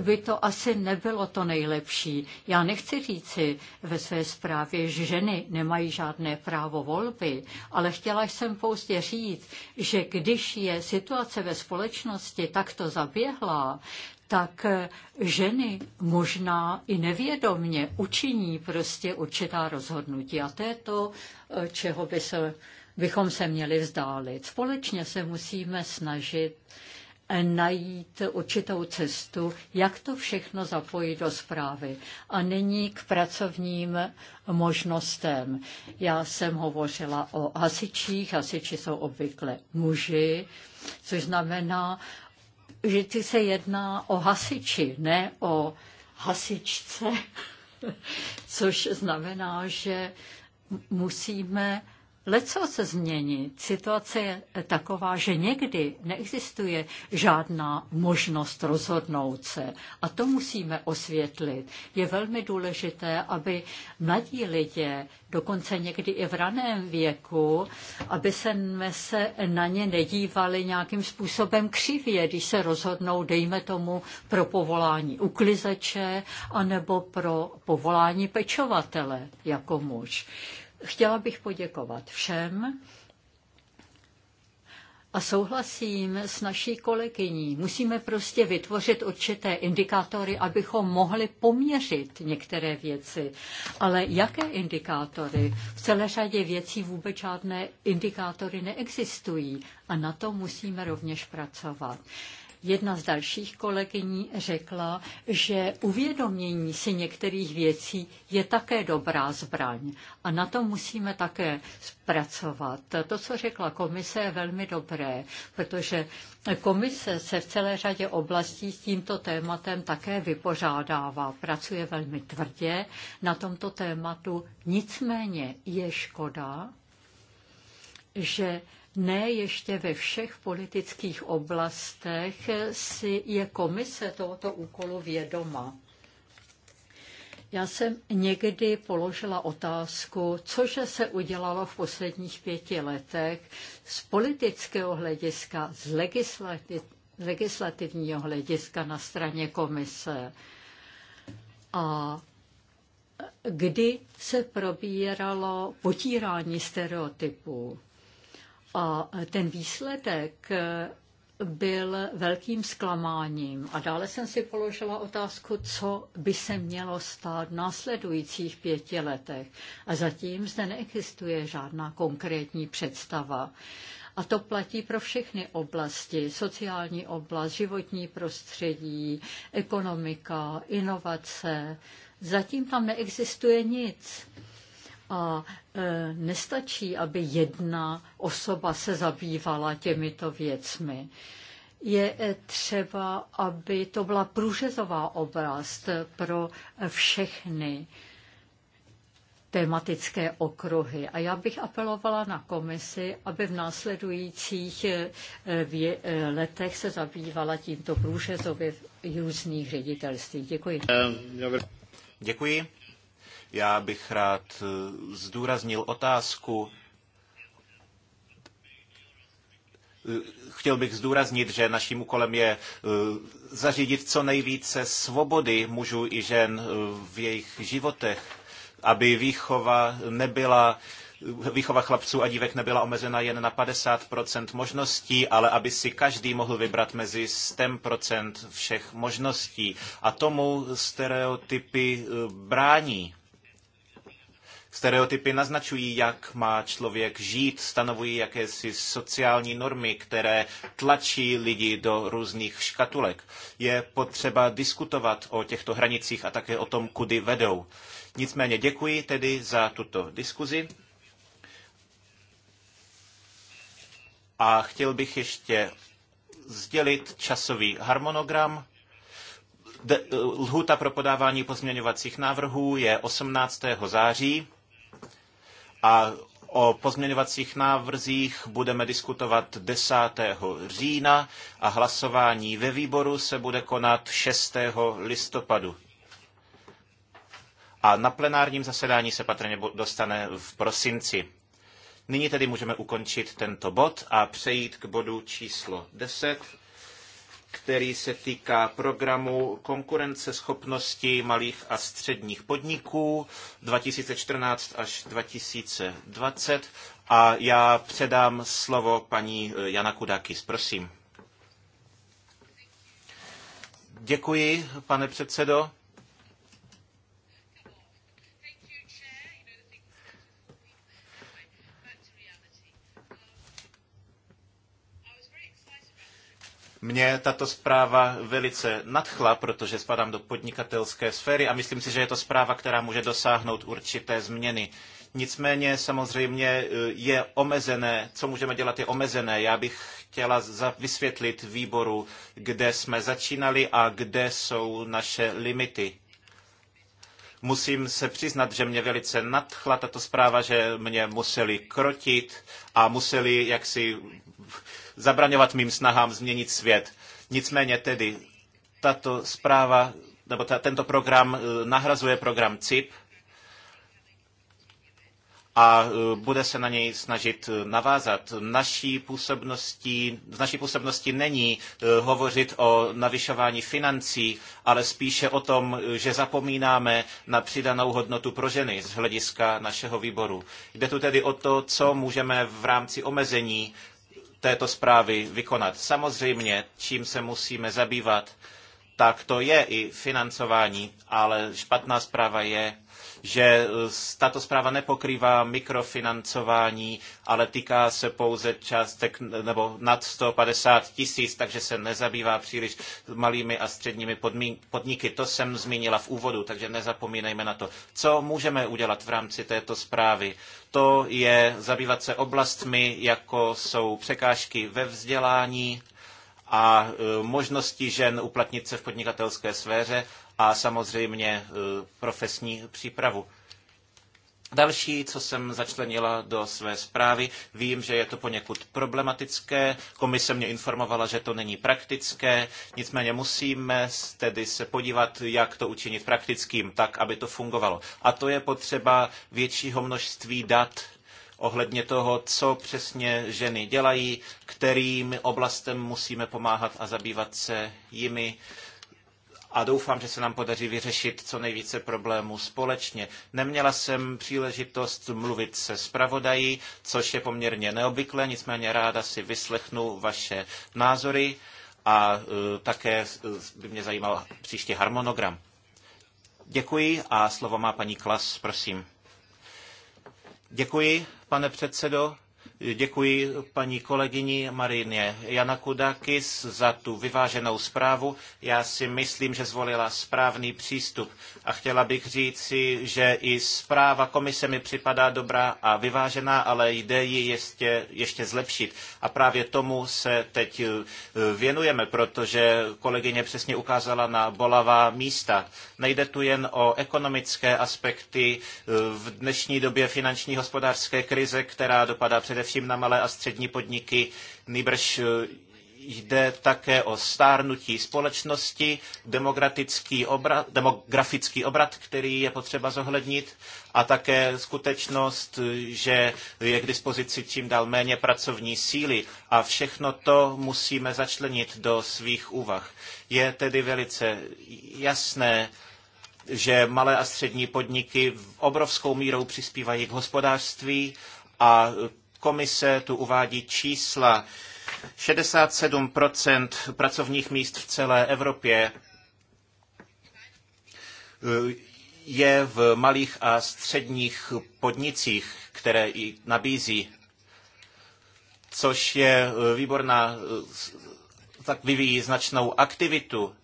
by to asi nebylo to nejlepší. Já nechci říci ve své zprávě, že ženy nemají žádné právo volby, ale chtěla jsem pouze říct, že když je situace ve společnosti takto zaběhlá, tak eh, ženy možná i nevědomně učiní prostě určitá rozhodnutí. A to je to, eh, čeho by se, bychom se měli vzdálit. Společně se musíme snažit najít určitou cestu, jak to všechno zapojit do zprávy. A nyní k pracovním možnostem. Já jsem hovořila o hasičích. Hasiči jsou obvykle muži, což znamená, že ty se jedná o hasiči, ne o hasičce, což znamená, že musíme Leco se změnit. Situace je taková, že někdy neexistuje žádná možnost rozhodnout se. A to musíme osvětlit. Je velmi důležité, aby mladí lidé, dokonce někdy i v raném věku, aby se, se na ně nedívali nějakým způsobem křivě, když se rozhodnou, dejme tomu, pro povolání uklizeče anebo pro povolání pečovatele jako muž Chtěla bych poděkovat všem a souhlasím s naší kolegyní. Musíme prostě vytvořit určité indikátory, abychom mohli poměřit některé věci. Ale jaké indikátory? V celé řadě věcí vůbec žádné indikátory neexistují a na to musíme rovněž pracovat. Jedna z dalších kolegyní řekla, že uvědomění si některých věcí je také dobrá zbraň a na to musíme také zpracovat. To, co řekla komise, je velmi dobré, protože komise se v celé řadě oblastí s tímto tématem také vypořádává. Pracuje velmi tvrdě na tomto tématu. Nicméně je škoda, že ne ještě ve všech politických oblastech si je komise tohoto úkolu vědoma. Já jsem někdy položila otázku, cože se udělalo v posledních pěti letech z politického hlediska, z legislativ, legislativního hlediska na straně komise. A kdy se probíralo potírání stereotypů. A ten výsledek byl velkým zklamáním. A dále jsem si položila otázku, co by se mělo stát v následujících pěti letech. A zatím zde neexistuje žádná konkrétní představa. A to platí pro všechny oblasti, sociální oblast, životní prostředí, ekonomika, inovace. Zatím tam neexistuje nic. A e, nestačí, aby jedna osoba se zabývala těmito věcmi. Je e, třeba, aby to byla průřezová oblast pro všechny tematické okruhy. A já bych apelovala na komisi, aby v následujících e, e, letech se zabývala tímto průřezově různých ředitelství. Děkuji. Děkuji. Já bych rád eh, zdůraznil otázku eh, chtěl bych zdůraznit, že naším úkolem je eh, zařídit co nejvíce svobody mužů i žen v jejich životech, aby výchova nebyla výchova chlapců a dívek nebyla omezena jen na 50% možností, ale aby si každý mohl vybrat mezi 100% všech možností. A tomu stereotypy brání. Stereotypy naznačují, jak má člověk žít, stanovují jakési sociální normy, které tlačí lidi do různých škatulek. Je potřeba diskutovat o těchto hranicích a také o tom, kudy vedou. Nicméně děkuji tedy za tuto diskuzi. A chtěl bych ještě sdělit časový harmonogram. Lhuta pro podávání pozměňovacích návrhů je 18. září a o pozměňovacích návrzích budeme diskutovat 10. října a hlasování ve výboru se bude konat 6. listopadu. A na plenárním zasedání se patrně dostane v prosinci. Nyní tedy můžeme ukončit tento bod a přejít k bodu číslo 10 který se týká programu konkurenceschopnosti malých a středních podniků 2014 až 2020. A já předám slovo paní eh, Jana Kudakis. Prosím. Děkuji, pane předsedo. Mě tato zpráva velice nadchla, protože spadám do podnikatelské sféry a myslím si, že je to zpráva, která může dosáhnout určité změny. Nicméně samozřejmě eh, je omezené, co můžeme dělat je omezené. Já bych chtěla vysvětlit výboru, kde jsme začínali a kde jsou naše limity. Musím se přiznat, že mě velice nadchla tato zpráva, že mě museli krotit a museli jaksi zabraňovat mým snahám změnit svět. Nicméně tedy tato zpráva, nebo ta, tento program eh, nahrazuje program CIP a eh, bude se na něj snažit eh, navázat. Naší působností, v naší působnosti není hovořit o navyšování financí, ale spíše o tom, že zapomínáme na přidanou hodnotu pro ženy z hlediska našeho výboru. Jde tu tedy o to, co můžeme v rámci omezení této zprávy vykonat. Samozřejmě, čím se musíme zabývat, tak to je i financování, ale špatná zpráva je, že eh, tato zpráva nepokrývá mikrofinancování, ale týká se pouze částek nebo nad 150 tisíc, takže se nezabývá příliš malými a středními podniky. To jsem zmínila v úvodu, takže nezapomínejme na to. Co můžeme udělat v rámci této zprávy? To je zabývat se oblastmi, jako jsou překážky ve vzdělání, a eh, možnosti žen uplatnit se v podnikatelské sféře a samozřejmě e, profesní přípravu. Další, co jsem začlenila do své zprávy, vím, že je to poněkud problematické. Komise mě informovala, že to není praktické, nicméně musíme tedy se podívat, jak to učinit praktickým, tak, aby to fungovalo. A to je potřeba většího množství dat ohledně toho, co přesně ženy dělají, kterým oblastem musíme pomáhat a zabývat se jimi. Uh, a doufám, že se nám podaří vyřešit co nejvíce problémů společně. Neměla jsem příležitost mluvit se zpravodají, což je poměrně neobvyklé, nicméně ráda si vyslechnu vaše názory a e, také e, by mě zajímal příště harmonogram. Děkuji a slovo má paní Klas, prosím. Děkuji, pane předsedo. Děkuji paní kolegyni Marině Janakudakis za tu vyváženou zprávu. Já si myslím, že zvolila správný přístup a chtěla bych říci, že i zpráva komise mi připadá dobrá a vyvážená, ale jde ji ještě, ještě zlepšit. A právě tomu se teď eh, věnujeme, protože kolegyně přesně ukázala na bolavá místa. Nejde tu jen o ekonomické aspekty eh, v dnešní době finanční hospodářské krize, která dopadá především především na malé a střední podniky, nýbrž eh, jde také o stárnutí společnosti, demokratický obrat, demografický obrat, který je potřeba zohlednit a také skutečnost, eh, že je k dispozici čím dál méně pracovní síly a všechno to musíme začlenit do svých úvah. Je tedy velice jasné, že malé a střední podniky obrovskou mírou přispívají k hospodářství a komise tu uvádí čísla. 67% pracovních míst v celé Evropě eh, je v malých a středních podnicích, které i nabízí, což je eh, výborná, eh, tak vyvíjí značnou aktivitu.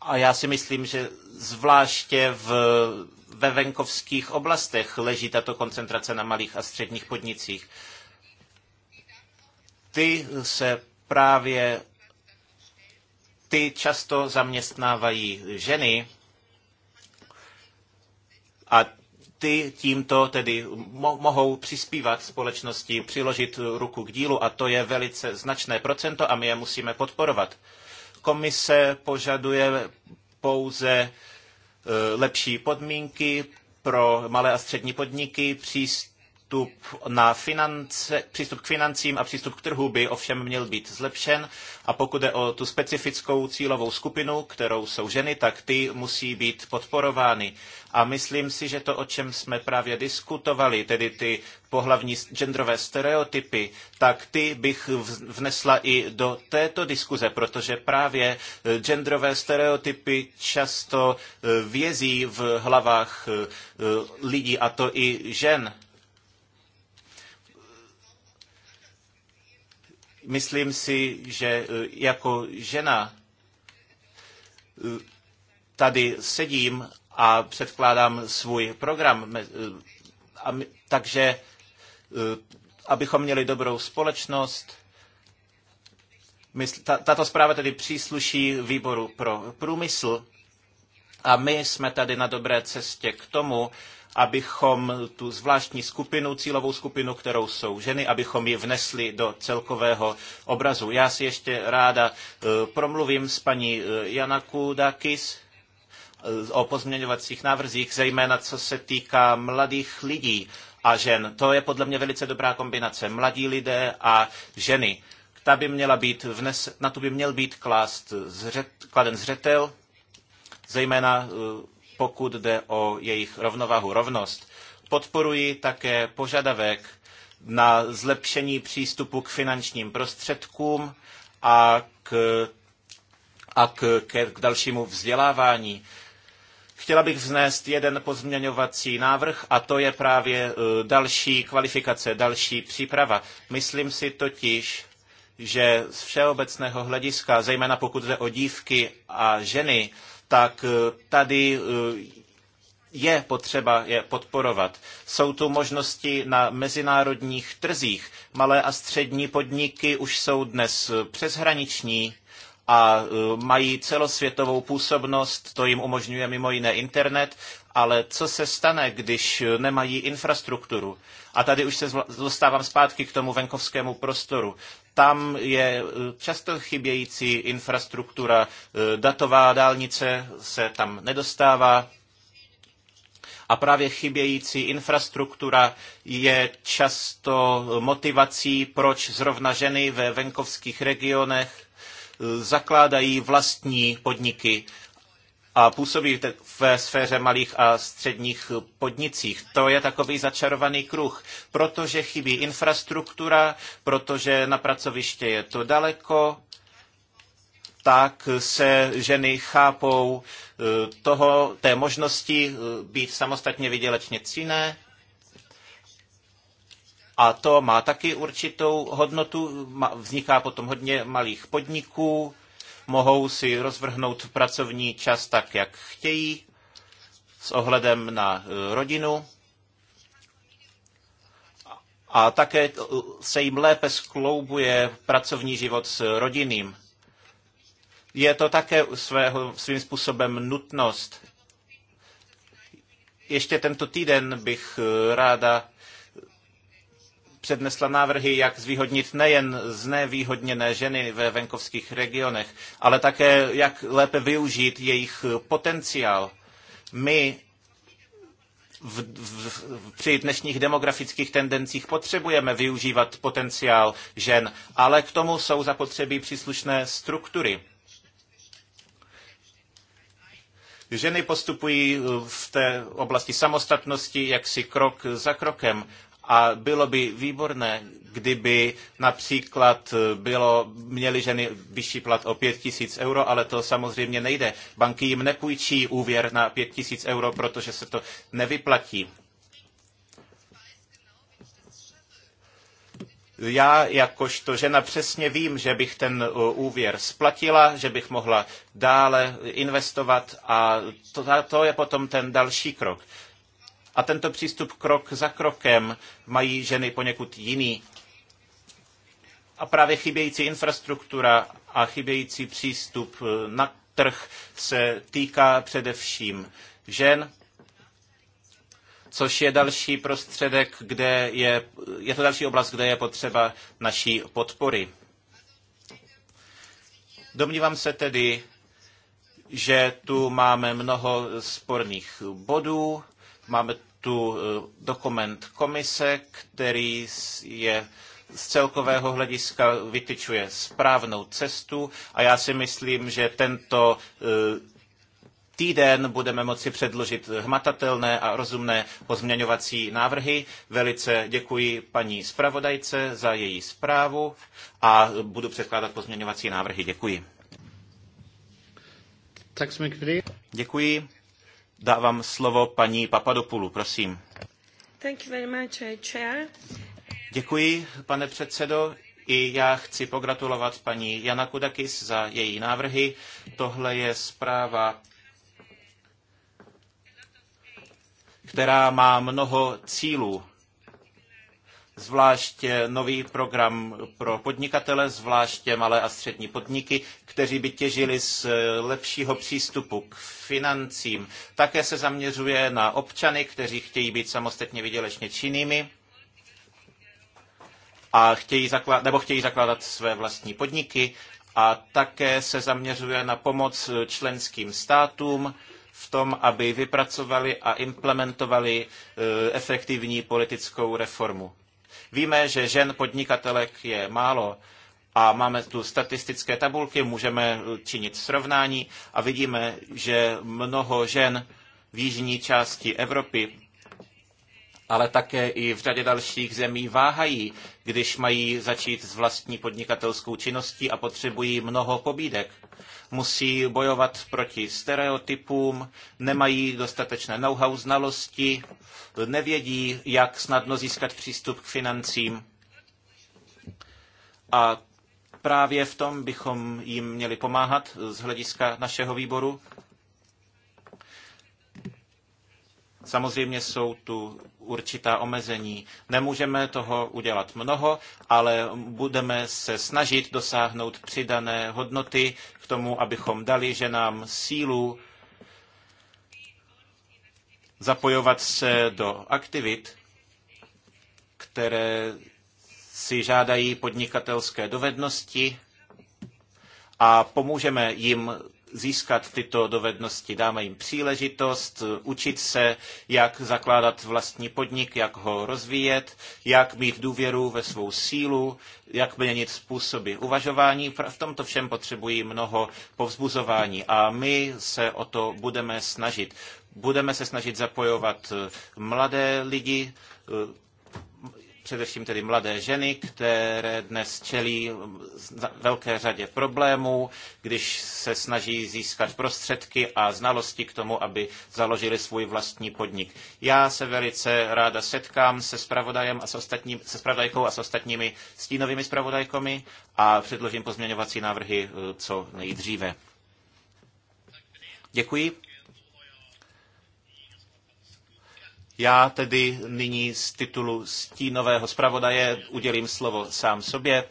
A já si myslím, že zvláště v ve venkovských oblastech leží tato koncentrace na malých a středních podnicích. Ty se právě ty často zaměstnávají ženy a ty tímto tedy mohou přispívat společnosti, přiložit ruku k dílu a to je velice značné procento a my je musíme podporovat. Komise požaduje pouze lepší podmínky pro malé a střední podniky, přístup přístup, na finance, přístup k financím a přístup k trhu by ovšem měl být zlepšen a pokud je o tu specifickou cílovou skupinu, kterou jsou ženy, tak ty musí být podporovány. A myslím si, že to, o čem jsme právě diskutovali, tedy ty pohlavní genderové stereotypy, tak ty bych vnesla i do této diskuze, protože právě e, genderové stereotypy často e, vězí v hlavách e, lidí, a to i žen. Myslím si, že e, jako žena e, tady sedím a předkládám svůj program. E, takže abychom měli dobrou společnost, tato zpráva tedy přísluší výboru pro průmysl a my jsme tady na dobré cestě k tomu, abychom tu zvláštní skupinu, cílovou skupinu, kterou jsou ženy, abychom ji vnesli do celkového obrazu. Já si ještě ráda e, promluvím s paní e, Jana Kudakis e, o pozměňovacích návrzích, zejména co se týká mladých lidí a žen. To je podle mě velice dobrá kombinace. Mladí lidé a ženy. Ta by měla být vnes, na to by měl být klást zřet, kladen zřetel, zejména pokud jde o jejich rovnováhu, rovnost. Podporuji také požadavek na zlepšení přístupu k finančním prostředkům a k, a k, k dalšímu vzdělávání. Chtěla bych vznést jeden pozměňovací návrh a to je právě e, další kvalifikace, další příprava. Myslím si totiž, že z všeobecného hlediska, zejména pokud jde o dívky a ženy, tak eh, tady eh, je potřeba je podporovat. Jsou tu možnosti na mezinárodních trzích. Malé a střední podniky už jsou dnes eh, přeshraniční a mají celosvětovou působnost, to jim umožňuje mimo jiné internet, ale co se stane, když nemají infrastrukturu? A tady už se dostávám zpátky k tomu venkovskému prostoru. Tam je e, často chybějící infrastruktura, e, datová dálnice se tam nedostává, a právě chybějící infrastruktura je často motivací, proč zrovna ženy ve venkovských regionech e, zakládají vlastní podniky a působí ve sféře malých a středních podnicích. To je takový začarovaný kruh, protože chybí infrastruktura, protože na pracoviště je to daleko, tak se ženy chápou e, toho, té možnosti e, být samostatně vydělečně cíné. A to má taky určitou hodnotu, vzniká potom hodně malých podniků, mohou si rozvrhnout pracovní čas tak, jak chtějí, s ohledem na eh, rodinu. A také eh, se jim lépe skloubuje pracovní život s rodinným. Je to také svého, svým způsobem nutnost. Ještě tento týden bych eh, ráda přednesla návrhy, jak zvýhodnit nejen znevýhodněné ženy ve venkovských regionech, ale také jak lépe využít jejich potenciál. My v, v, v, při dnešních demografických tendencích potřebujeme využívat potenciál žen, ale k tomu jsou zapotřebí příslušné struktury. Ženy postupují v té oblasti samostatnosti jaksi krok za krokem a bylo by výborné, kdyby například eh, bylo, měly ženy vyšší plat o 5 tisíc euro, ale to samozřejmě nejde. Banky jim nepůjčí úvěr na 5 tisíc euro, protože se to nevyplatí. já jakožto žena přesně vím, že bych ten eh, úvěr splatila, že bych mohla dále investovat a to, to je potom ten další krok. A tento přístup krok za krokem mají ženy poněkud jiný. A právě chybějící infrastruktura a chybějící přístup eh, na trh se týká především žen, což je další prostředek, kde je, je to další oblast, kde je potřeba naší podpory. Domnívám se tedy, že tu máme mnoho sporných bodů, máme tu eh, dokument komise, který je z celkového hlediska vytyčuje správnou cestu a já si myslím, že tento eh, týden budeme moci předložit hmatatelné a rozumné pozměňovací návrhy. Velice děkuji paní zpravodajce za její zprávu a budu předkládat pozměňovací návrhy. Děkuji. Děkuji. Dávám slovo paní Papadopoulou, prosím. Thank you very much, eh, chair. Děkuji, pane předsedo. I já chci pogratulovat paní Jana Kudakis za její návrhy. Tohle je zpráva, která má mnoho cílů zvláště nový program pro podnikatele, zvláště malé a střední podniky, kteří by těžili z eh, lepšího přístupu k financím. Také se zaměřuje na občany, kteří chtějí být samostatně vydělečně činnými a chtějí zakládat, nebo chtějí zakládat své vlastní podniky a také se zaměřuje na pomoc eh, členským státům, v tom, aby vypracovali a implementovali eh, efektivní politickou reformu. Víme, že žen podnikatelek je málo a máme tu statistické tabulky, můžeme činit srovnání a vidíme, že mnoho žen v jižní části Evropy ale také i v řadě dalších zemí váhají, když mají začít s vlastní podnikatelskou činností a potřebují mnoho pobídek. Musí bojovat proti stereotypům, nemají dostatečné know-how znalosti, nevědí, jak snadno získat přístup k financím. A právě v tom bychom jim měli pomáhat z hlediska našeho výboru. Samozřejmě jsou tu určitá omezení. Nemůžeme toho udělat mnoho, ale budeme se snažit dosáhnout přidané hodnoty k tomu, abychom dali ženám sílu zapojovat se do aktivit, které si žádají podnikatelské dovednosti a pomůžeme jim získat tyto dovednosti. Dáme jim příležitost eh, učit se, jak zakládat vlastní podnik, jak ho rozvíjet, jak mít důvěru ve svou sílu, jak měnit způsoby uvažování. V tomto všem potřebují mnoho povzbuzování a my se o to budeme snažit. Budeme se snažit zapojovat eh, mladé lidi, eh, především tedy mladé ženy, které dnes čelí velké řadě problémů, když se snaží získat prostředky a znalosti k tomu, aby založili svůj vlastní podnik. Já se velice ráda setkám se spravodajem a s ostatním, se spravodajkou a s ostatními stínovými spravodajkami a předložím pozměňovací návrhy eh, co nejdříve. Děkuji. Já tedy nyní z titulu stínového zpravodaje udělím slovo sám sobě.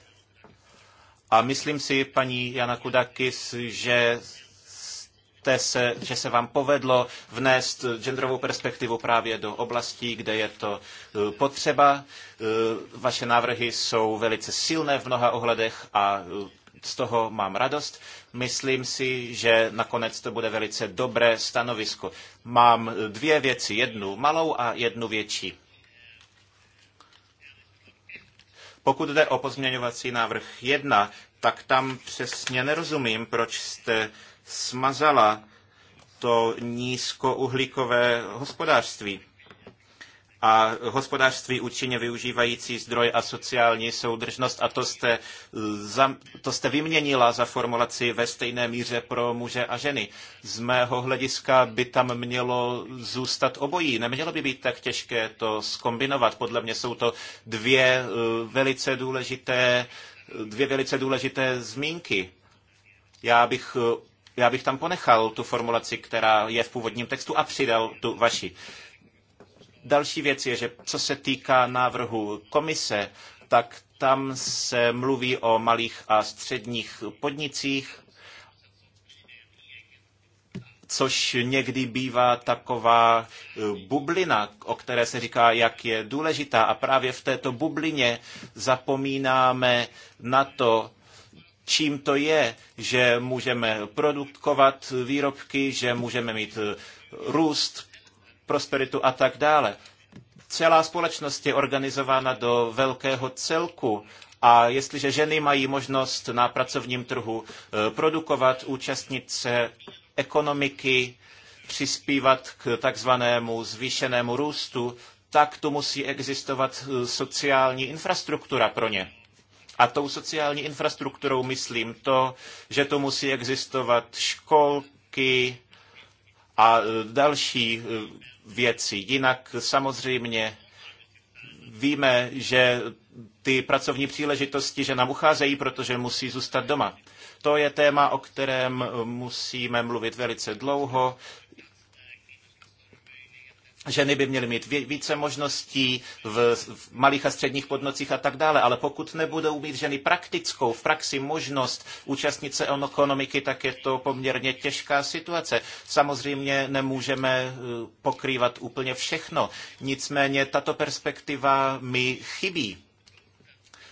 A myslím si, paní Jana Kudakis, že, jste se, že se vám povedlo vnést genderovou perspektivu právě do oblastí, kde je to e, potřeba. E, vaše návrhy jsou velice silné v mnoha ohledech a e, z toho mám radost. Myslím si, že nakonec to bude velice dobré stanovisko. Mám dvě věci, jednu malou a jednu větší. Pokud jde o pozměňovací návrh 1, tak tam přesně nerozumím, proč jste smazala to nízkouhlíkové hospodářství a hospodářství účinně využívající zdroj a sociální soudržnost a to jste, eh, za, to jste vyměnila za formulaci ve stejné míře pro muže a ženy. Z mého hlediska by tam mělo zůstat obojí. Nemělo by být tak těžké to skombinovat. Podle mě jsou to dvě eh, velice důležité, dvě velice důležité zmínky. Já bych, eh, já bych tam ponechal tu formulaci, která je v původním textu a přidal tu vaši. Další věc je, že co se týká návrhu komise, tak tam se mluví o malých a středních podnicích, což někdy bývá taková eh, bublina, o které se říká, jak je důležitá. A právě v této bublině zapomínáme na to, čím to je, že můžeme produkovat výrobky, že můžeme mít eh, růst, prosperitu a tak dále. Celá společnost je organizována do velkého celku a jestliže ženy mají možnost na pracovním trhu eh, produkovat, účastnit se ekonomiky, přispívat k takzvanému zvýšenému růstu, tak tu musí existovat eh, sociální infrastruktura pro ně. A tou sociální infrastrukturou myslím to, že tu musí existovat školky a eh, další věci. Jinak samozřejmě víme, že ty pracovní příležitosti, že nám ucházejí, protože musí zůstat doma. To je téma, o kterém musíme mluvit velice dlouho, ženy by měly mít více možností v, v malých a středních podnocích a tak dále, ale pokud nebudou mít ženy praktickou, v praxi možnost účastnit se ekonomiky, tak je to poměrně těžká situace. Samozřejmě nemůžeme eh, pokrývat úplně všechno, nicméně tato perspektiva mi chybí,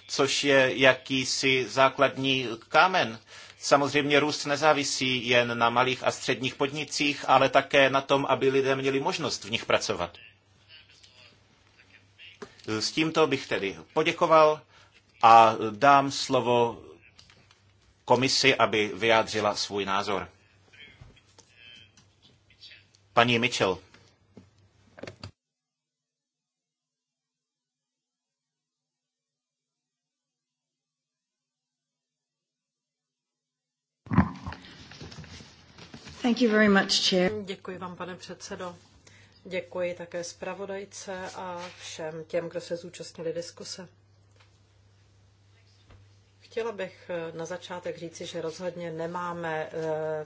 což je jakýsi základní kámen Samozřejmě růst nezávisí jen na malých a středních podnicích, ale také na tom, aby lidé měli možnost v nich pracovat. S tímto bych tedy poděkoval a dám slovo komisi, aby vyjádřila svůj názor. Paní Mitchell. Thank you very much, Chair. Děkuji vám, pane předsedo. Děkuji také zpravodajce a všem těm, kdo se zúčastnili diskuse. Chtěla bych eh, na začátek říci, že rozhodně nemáme eh,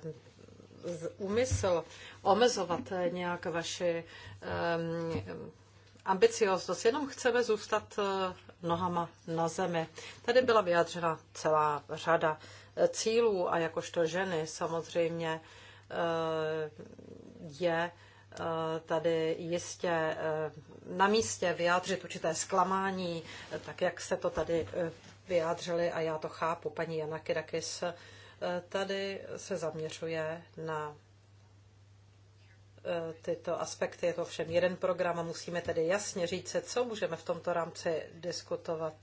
úmysl omezovat eh, nějak vaši ambicioznost, jenom chceme zůstat nohama na zemi. Tady byla vyjádřena celá řada cílů a jakožto ženy samozřejmě Eh, je eh, tady jistě eh, na místě vyjádřit určité zklamání, tak jak se to tady vyjádřili a já to chápu. Paní Jana Kirakis tady se zaměřuje na tyto aspekty. Je to všem jeden program a musíme tedy jasně říct, co můžeme v tomto rámci diskutovat.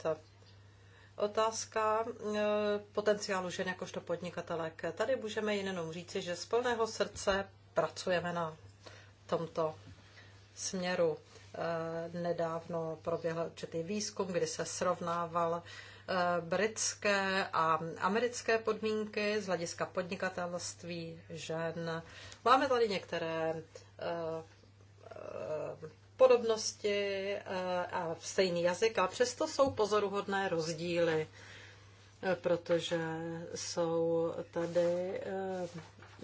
Otázka e, potenciálu žen jakožto podnikatelek. Tady můžeme jenom říci, že z plného srdce pracujeme na tomto směru. E, nedávno proběhl určitý výzkum, kdy se srovnával e, britské a americké podmínky z hlediska podnikatelství žen. Máme tady některé podobnosti eh, a stejný jazyk, a přesto jsou pozoruhodné rozdíly, eh, protože jsou tady eh,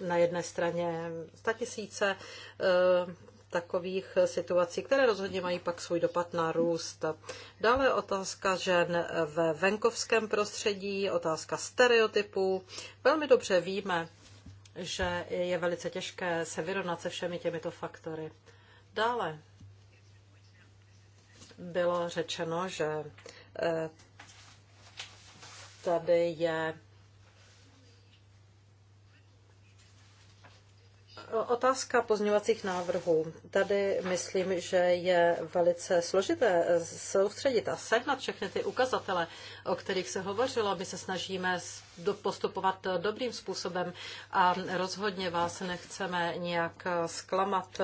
na jedné straně statisíce takových situací, které rozhodně mají pak svůj dopad na růst. Dále otázka žen ve venkovském prostředí, otázka stereotypů. Velmi dobře víme, že je velice těžké se vyrovnat se všemi těmito faktory. Dále bylo řečeno, že eh, tady je Otázka pozňovacích návrhů. Tady myslím, že je velice složité eh, soustředit a sehnat všechny ty ukazatele, o kterých se hovořilo. My se snažíme postupovat eh, dobrým způsobem a rozhodně vás nechceme nějak zklamat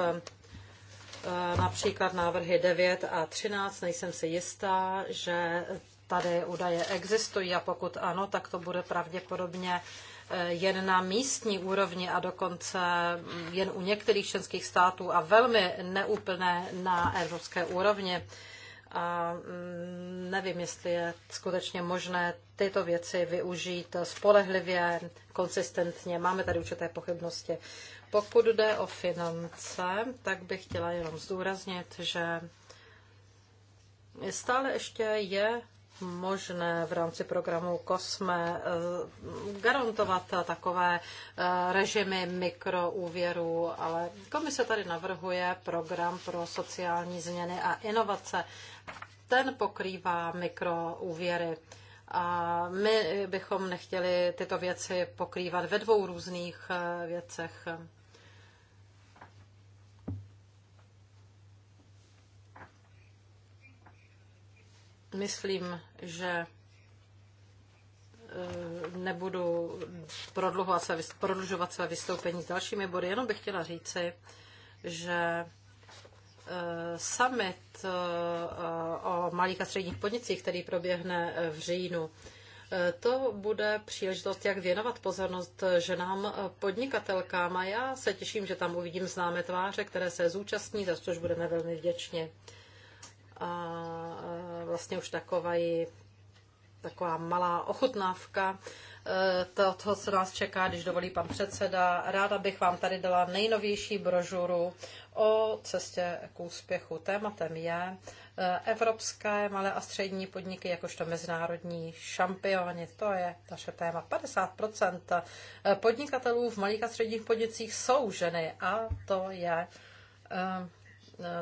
Eh, například návrhy 9 a 13, nejsem si jistá, že tady údaje existují a pokud ano, tak to bude pravděpodobně eh, jen na místní úrovni a dokonce mm, jen u některých členských států a velmi neúplné na evropské úrovni. A mm, nevím, jestli je skutečně možné tyto věci využít spolehlivě, konsistentně. Máme tady určité pochybnosti. Pokud jde o finance, tak bych chtěla jenom zdůraznit, že stále ještě je možné v rámci programu COSME eh, garantovat takové eh, režimy mikroúvěrů, ale komise tady navrhuje program pro sociální změny a inovace. Ten pokrývá mikroúvěry. A my bychom nechtěli tyto věci pokrývat ve dvou různých eh, věcech. Myslím, že eh, nebudu prodlužovat své, prodlužovat své vystoupení s dalšími body, jenom bych chtěla říci, že eh, summit eh, o malých a středních podnicích, který proběhne v říjnu, to bude příležitost, jak věnovat pozornost ženám podnikatelkám a já se těším, že tam uvidím známé tváře, které se zúčastní, za což budeme velmi vděční a vlastně už takový, taková malá ochutnávka e, toho, co nás čeká, když dovolí pan předseda. Ráda bych vám tady dala nejnovější brožuru o cestě k úspěchu. Tématem je e, evropské malé a střední podniky jakožto mezinárodní šampioni. To je naše téma. 50% e, podnikatelů v malých a středních podnicích jsou ženy a to je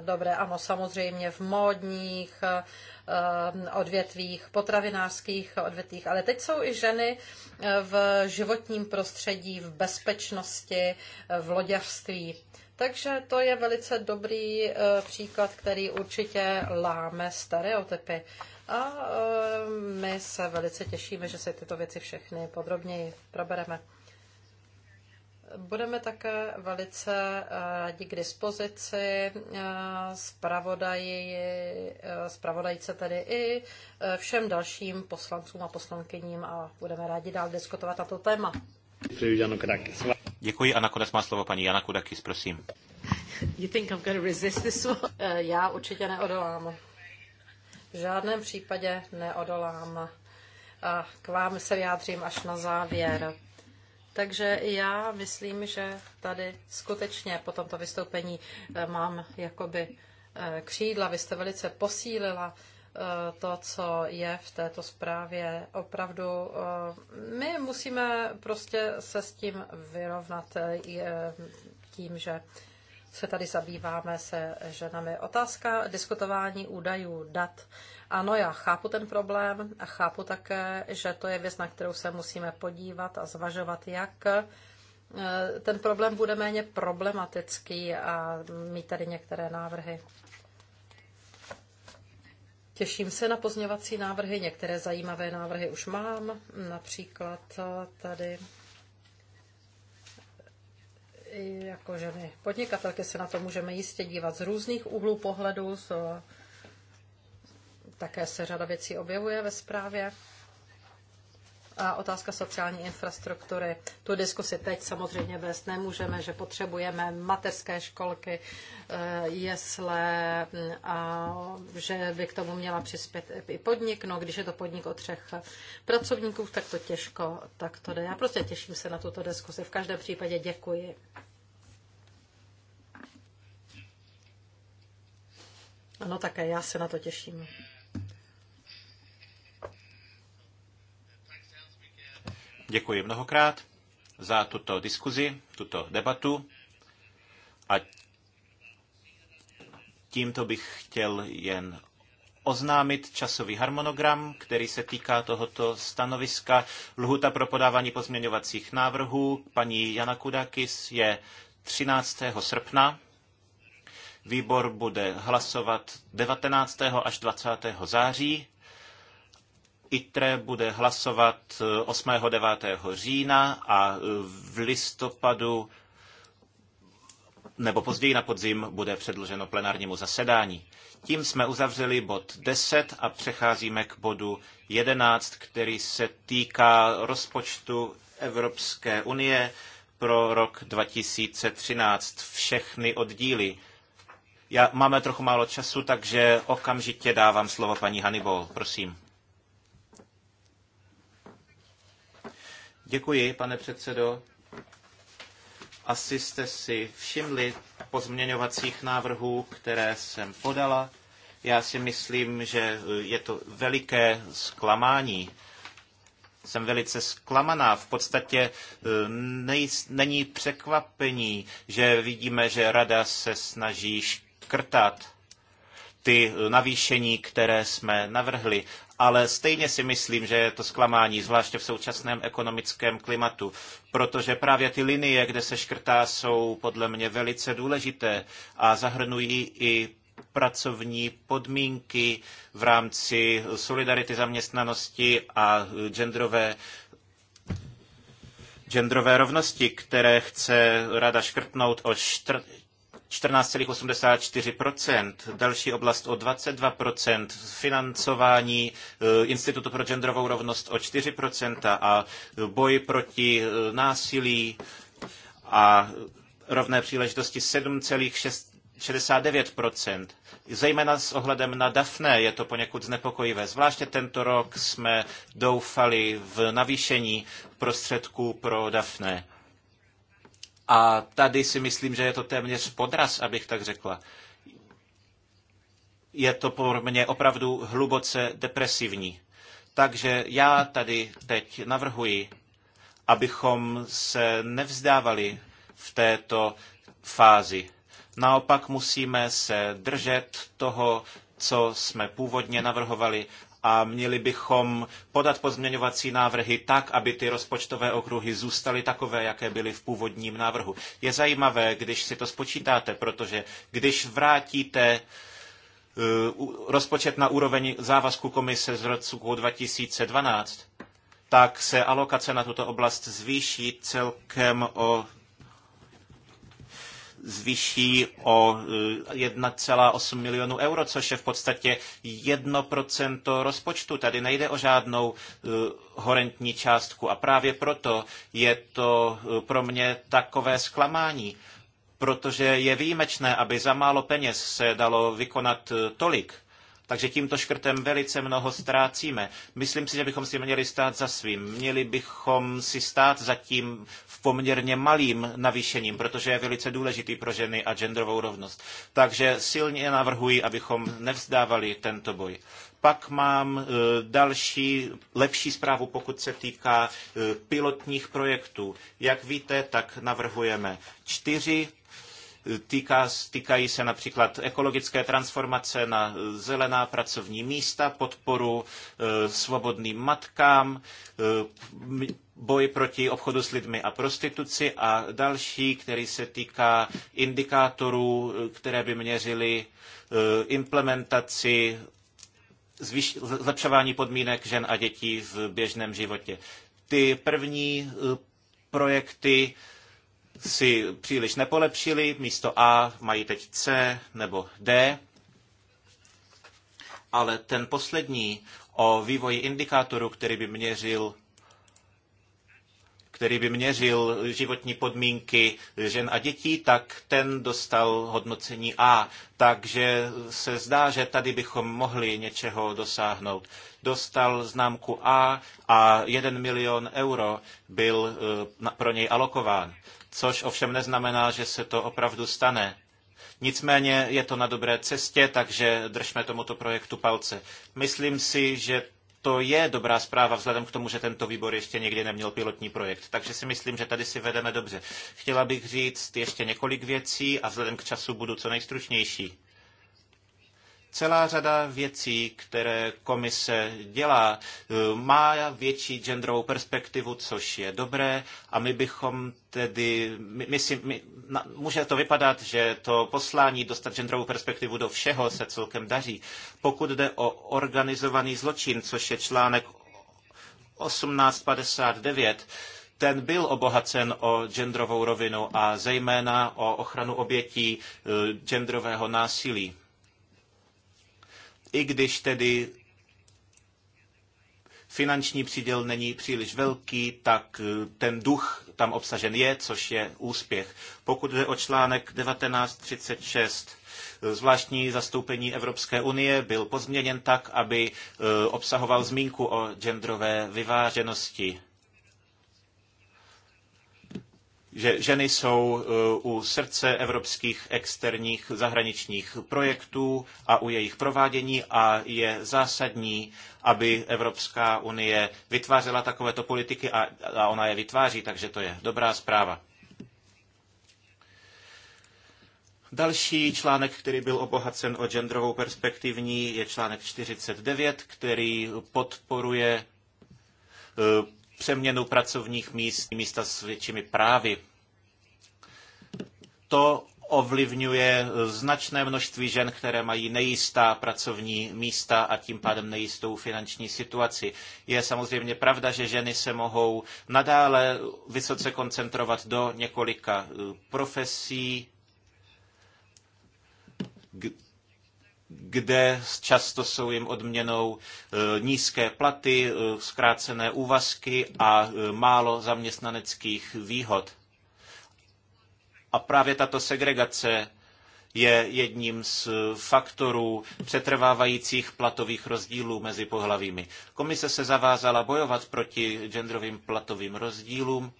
Dobré, ano, samozřejmě v módních eh, odvětvích, potravinářských odvětvích, ale teď jsou i ženy eh, v životním prostředí, v bezpečnosti, eh, v loďařství. Takže to je velice dobrý příklad, který určitě láme stereotypy. A my se velice těšíme, že se tyto věci všechny podrobněji probereme. Budeme také velice eh, rádi k dispozici eh, zpravodaji, eh, zpravodajce tedy i všem dalším poslancům a poslankyním a budeme rádi dál diskutovat na to téma. Děkuji a nakonec má slovo paní Jana Kudakis, prosím. You think I'm gonna resist this one? Já určitě neodolám. V žádném případě neodolám. A k vám se vyjádřím až na závěr. Takže já myslím, že tady skutečně po tomto vystoupení eh, mám jakoby eh, křídla. Vy jste velice posílila eh, to, co je v této zprávě. Opravdu my musíme prostě se s tím vyrovnat tím, že se tady zabýváme se ženami. Otázka diskutování údajů, dat. Ano, já chápu ten problém a chápu také, že to je věc, na kterou se musíme podívat a zvažovat, jak eh, ten problém bude méně problematický a mít tady některé návrhy. Těším se na pozněvací návrhy, některé zajímavé návrhy už mám, například eh, tady jako ženy podnikatelky se na to můžeme jistě dívat z různých úhlů pohledu. Z, také se řada věcí objevuje ve zprávě a otázka sociální infrastruktury. Tu diskusi teď samozřejmě vést nemůžeme, že potřebujeme mateřské školky, eh, jesle mm, a že by k tomu měla přispět i podnik. No, když je to podnik o třech pracovníků, tak to těžko, tak to jde. Já prostě těším se na tuto diskusi. V každém případě děkuji. Ano, také já se na to těším. Děkuji mnohokrát za tuto diskuzi, tuto debatu a tímto bych chtěl jen oznámit časový harmonogram, který se týká tohoto stanoviska. Lhuta pro podávání pozměňovacích návrhů paní Jana Kudakis je 13. srpna. Výbor bude hlasovat 19. až 20. září ITRE bude hlasovat 8. Eh, 9. října a eh, v listopadu nebo později na podzim bude předloženo plenárnímu zasedání. Tím jsme uzavřeli bod 10 a přecházíme k bodu 11, který se týká rozpočtu Evropské unie pro rok 2013. Všechny oddíly. Já, máme trochu málo času, takže okamžitě dávám slovo paní Hannibal. Prosím. Děkuji, pane předsedo. Asi jste si všimli pozměňovacích návrhů, které jsem podala. Já si myslím, že je to veliké zklamání. Jsem velice zklamaná. V podstatě e, nej, není překvapení, že vidíme, že rada se snaží škrtat ty navýšení, které jsme navrhli. Ale stejně si myslím, že je to zklamání, zvláště v současném ekonomickém klimatu, protože právě ty linie, kde se škrtá, jsou podle mě velice důležité a zahrnují i pracovní podmínky v rámci solidarity zaměstnanosti a genderové genderové rovnosti, které chce rada škrtnout o 14,84%, další oblast o 22%, financování eh, Institutu pro genderovou rovnost o 4% a eh, boj proti eh, násilí a rovné příležitosti 7,69%. Zejména s ohledem na Dafne je to poněkud znepokojivé. Zvláště tento rok jsme doufali v navýšení prostředků pro Dafne. A tady si myslím, že je to téměř podraz, abych tak řekla. Je to pro mě opravdu hluboce depresivní. Takže já tady teď navrhuji, abychom se nevzdávali v této fázi. Naopak musíme se držet toho, co jsme původně navrhovali a měli bychom podat pozměňovací návrhy tak, aby ty rozpočtové okruhy zůstaly takové, jaké byly v původním návrhu. Je zajímavé, když si to spočítáte, protože když vrátíte eh, rozpočet na úroveň závazku komise z roku 2012, tak se alokace na tuto oblast zvýší celkem o zvyší o 1,8 e, milionu euro, což je v podstatě 1% rozpočtu. Tady nejde o žádnou e, horentní částku a právě proto je to e, pro mě takové zklamání, protože je výjimečné, aby za málo peněz se dalo vykonat tolik. Takže tímto škrtem velice mnoho ztrácíme. Myslím si, že bychom si měli stát za svým. Měli bychom si stát za tím v poměrně malým navýšením, protože je velice důležitý pro ženy a genderovou rovnost. Takže silně navrhuji, abychom nevzdávali tento boj. Pak mám e, další lepší zprávu, pokud se týká e, pilotních projektů. Jak víte, tak navrhujeme čtyři Týká, týkají se například ekologické transformace na zelená pracovní místa, podporu e, svobodným matkám, e, boj proti obchodu s lidmi a prostituci a další, který se týká indikátorů, e, které by měřily implementaci zlepšování podmínek žen a dětí v běžném životě. Ty první projekty si příliš nepolepšili, místo A mají teď C nebo D, ale ten poslední o vývoji indikátoru, který by měřil který by měřil životní podmínky žen a dětí, tak ten dostal hodnocení A. Takže se zdá, že tady bychom mohli něčeho dosáhnout. Dostal známku A a 1 milion euro byl eh, pro něj alokován, což ovšem neznamená, že se to opravdu stane. Nicméně je to na dobré cestě, takže držme tomuto projektu palce. Myslím si, že to je dobrá zpráva vzhledem k tomu, že tento výbor ještě nikdy neměl pilotní projekt. Takže si myslím, že tady si vedeme dobře. Chtěla bych říct ještě několik věcí a vzhledem k času budu co nejstručnější celá řada věcí, které komise dělá, eh, má větší genderovou perspektivu, což je dobré a my bychom tedy, my, my si, my, na, může to vypadat, že to poslání dostat genderovou perspektivu do všeho se celkem daří. Pokud jde o organizovaný zločin, což je článek 1859, ten byl obohacen o genderovou rovinu a zejména o ochranu obětí eh, genderového násilí i když tedy finanční příděl není příliš velký, tak eh, ten duch tam obsažen je, což je úspěch. Pokud jde o článek 1936, eh, zvláštní zastoupení Evropské unie byl pozměněn tak, aby eh, obsahoval zmínku o genderové vyváženosti. že ženy jsou eh, u srdce evropských externích zahraničních projektů a u jejich provádění a je zásadní, aby Evropská unie vytvářela takovéto politiky a, ona je vytváří, takže to je dobrá zpráva. Další článek, který byl obohacen o genderovou perspektivní, je článek 49, který podporuje eh, přeměnu pracovních míst, místa s většími právy to ovlivňuje značné množství žen, které mají nejistá pracovní místa a tím pádem nejistou finanční situaci. Je samozřejmě pravda, že ženy se mohou nadále vysoce koncentrovat do několika eh, profesí, kde často jsou jim odměnou eh, nízké platy, eh, zkrácené úvazky a málo zaměstnaneckých výhod. A právě tato segregace je jedním z faktorů přetrvávajících platových rozdílů mezi pohlavími. Komise se zavázala bojovat proti genderovým platovým rozdílům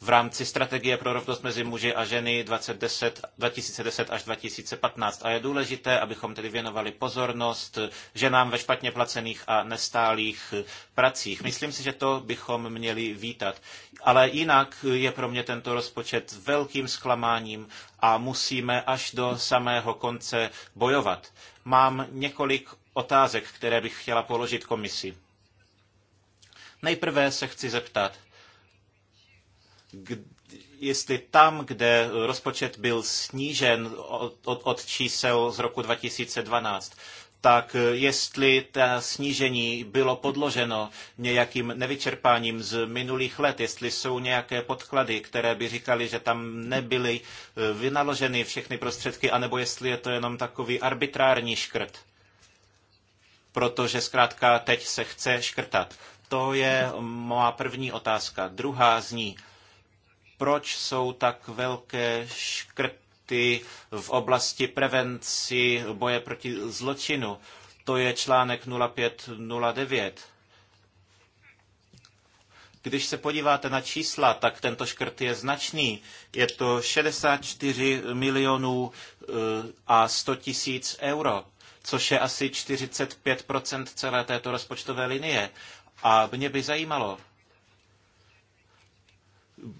v rámci strategie pro rovnost mezi muži a ženy 2010, 2010 až 2015. A je důležité, abychom tedy věnovali pozornost ženám ve špatně placených a nestálých pracích. Myslím si, že to bychom měli vítat. Ale jinak je pro mě tento rozpočet velkým zklamáním a musíme až do samého konce bojovat. Mám několik otázek, které bych chtěla položit komisi. Nejprve se chci zeptat, jestli tam, kde rozpočet byl snížen od, od, od čísel z roku 2012, tak jestli ta snížení bylo podloženo nějakým nevyčerpáním z minulých let, jestli jsou nějaké podklady, které by říkali, že tam nebyly eh, vynaloženy všechny prostředky, anebo jestli je to jenom takový arbitrární škrt. Protože zkrátka teď se chce škrtat. To je má první otázka. Druhá zní, proč jsou tak velké škrty v oblasti prevenci boje proti zločinu. To je článek 0509. Když se podíváte na čísla, tak tento škrt je značný. Je to 64 milionů eh, a 100 tisíc euro, což je asi 45 celé této rozpočtové linie. A mě by zajímalo,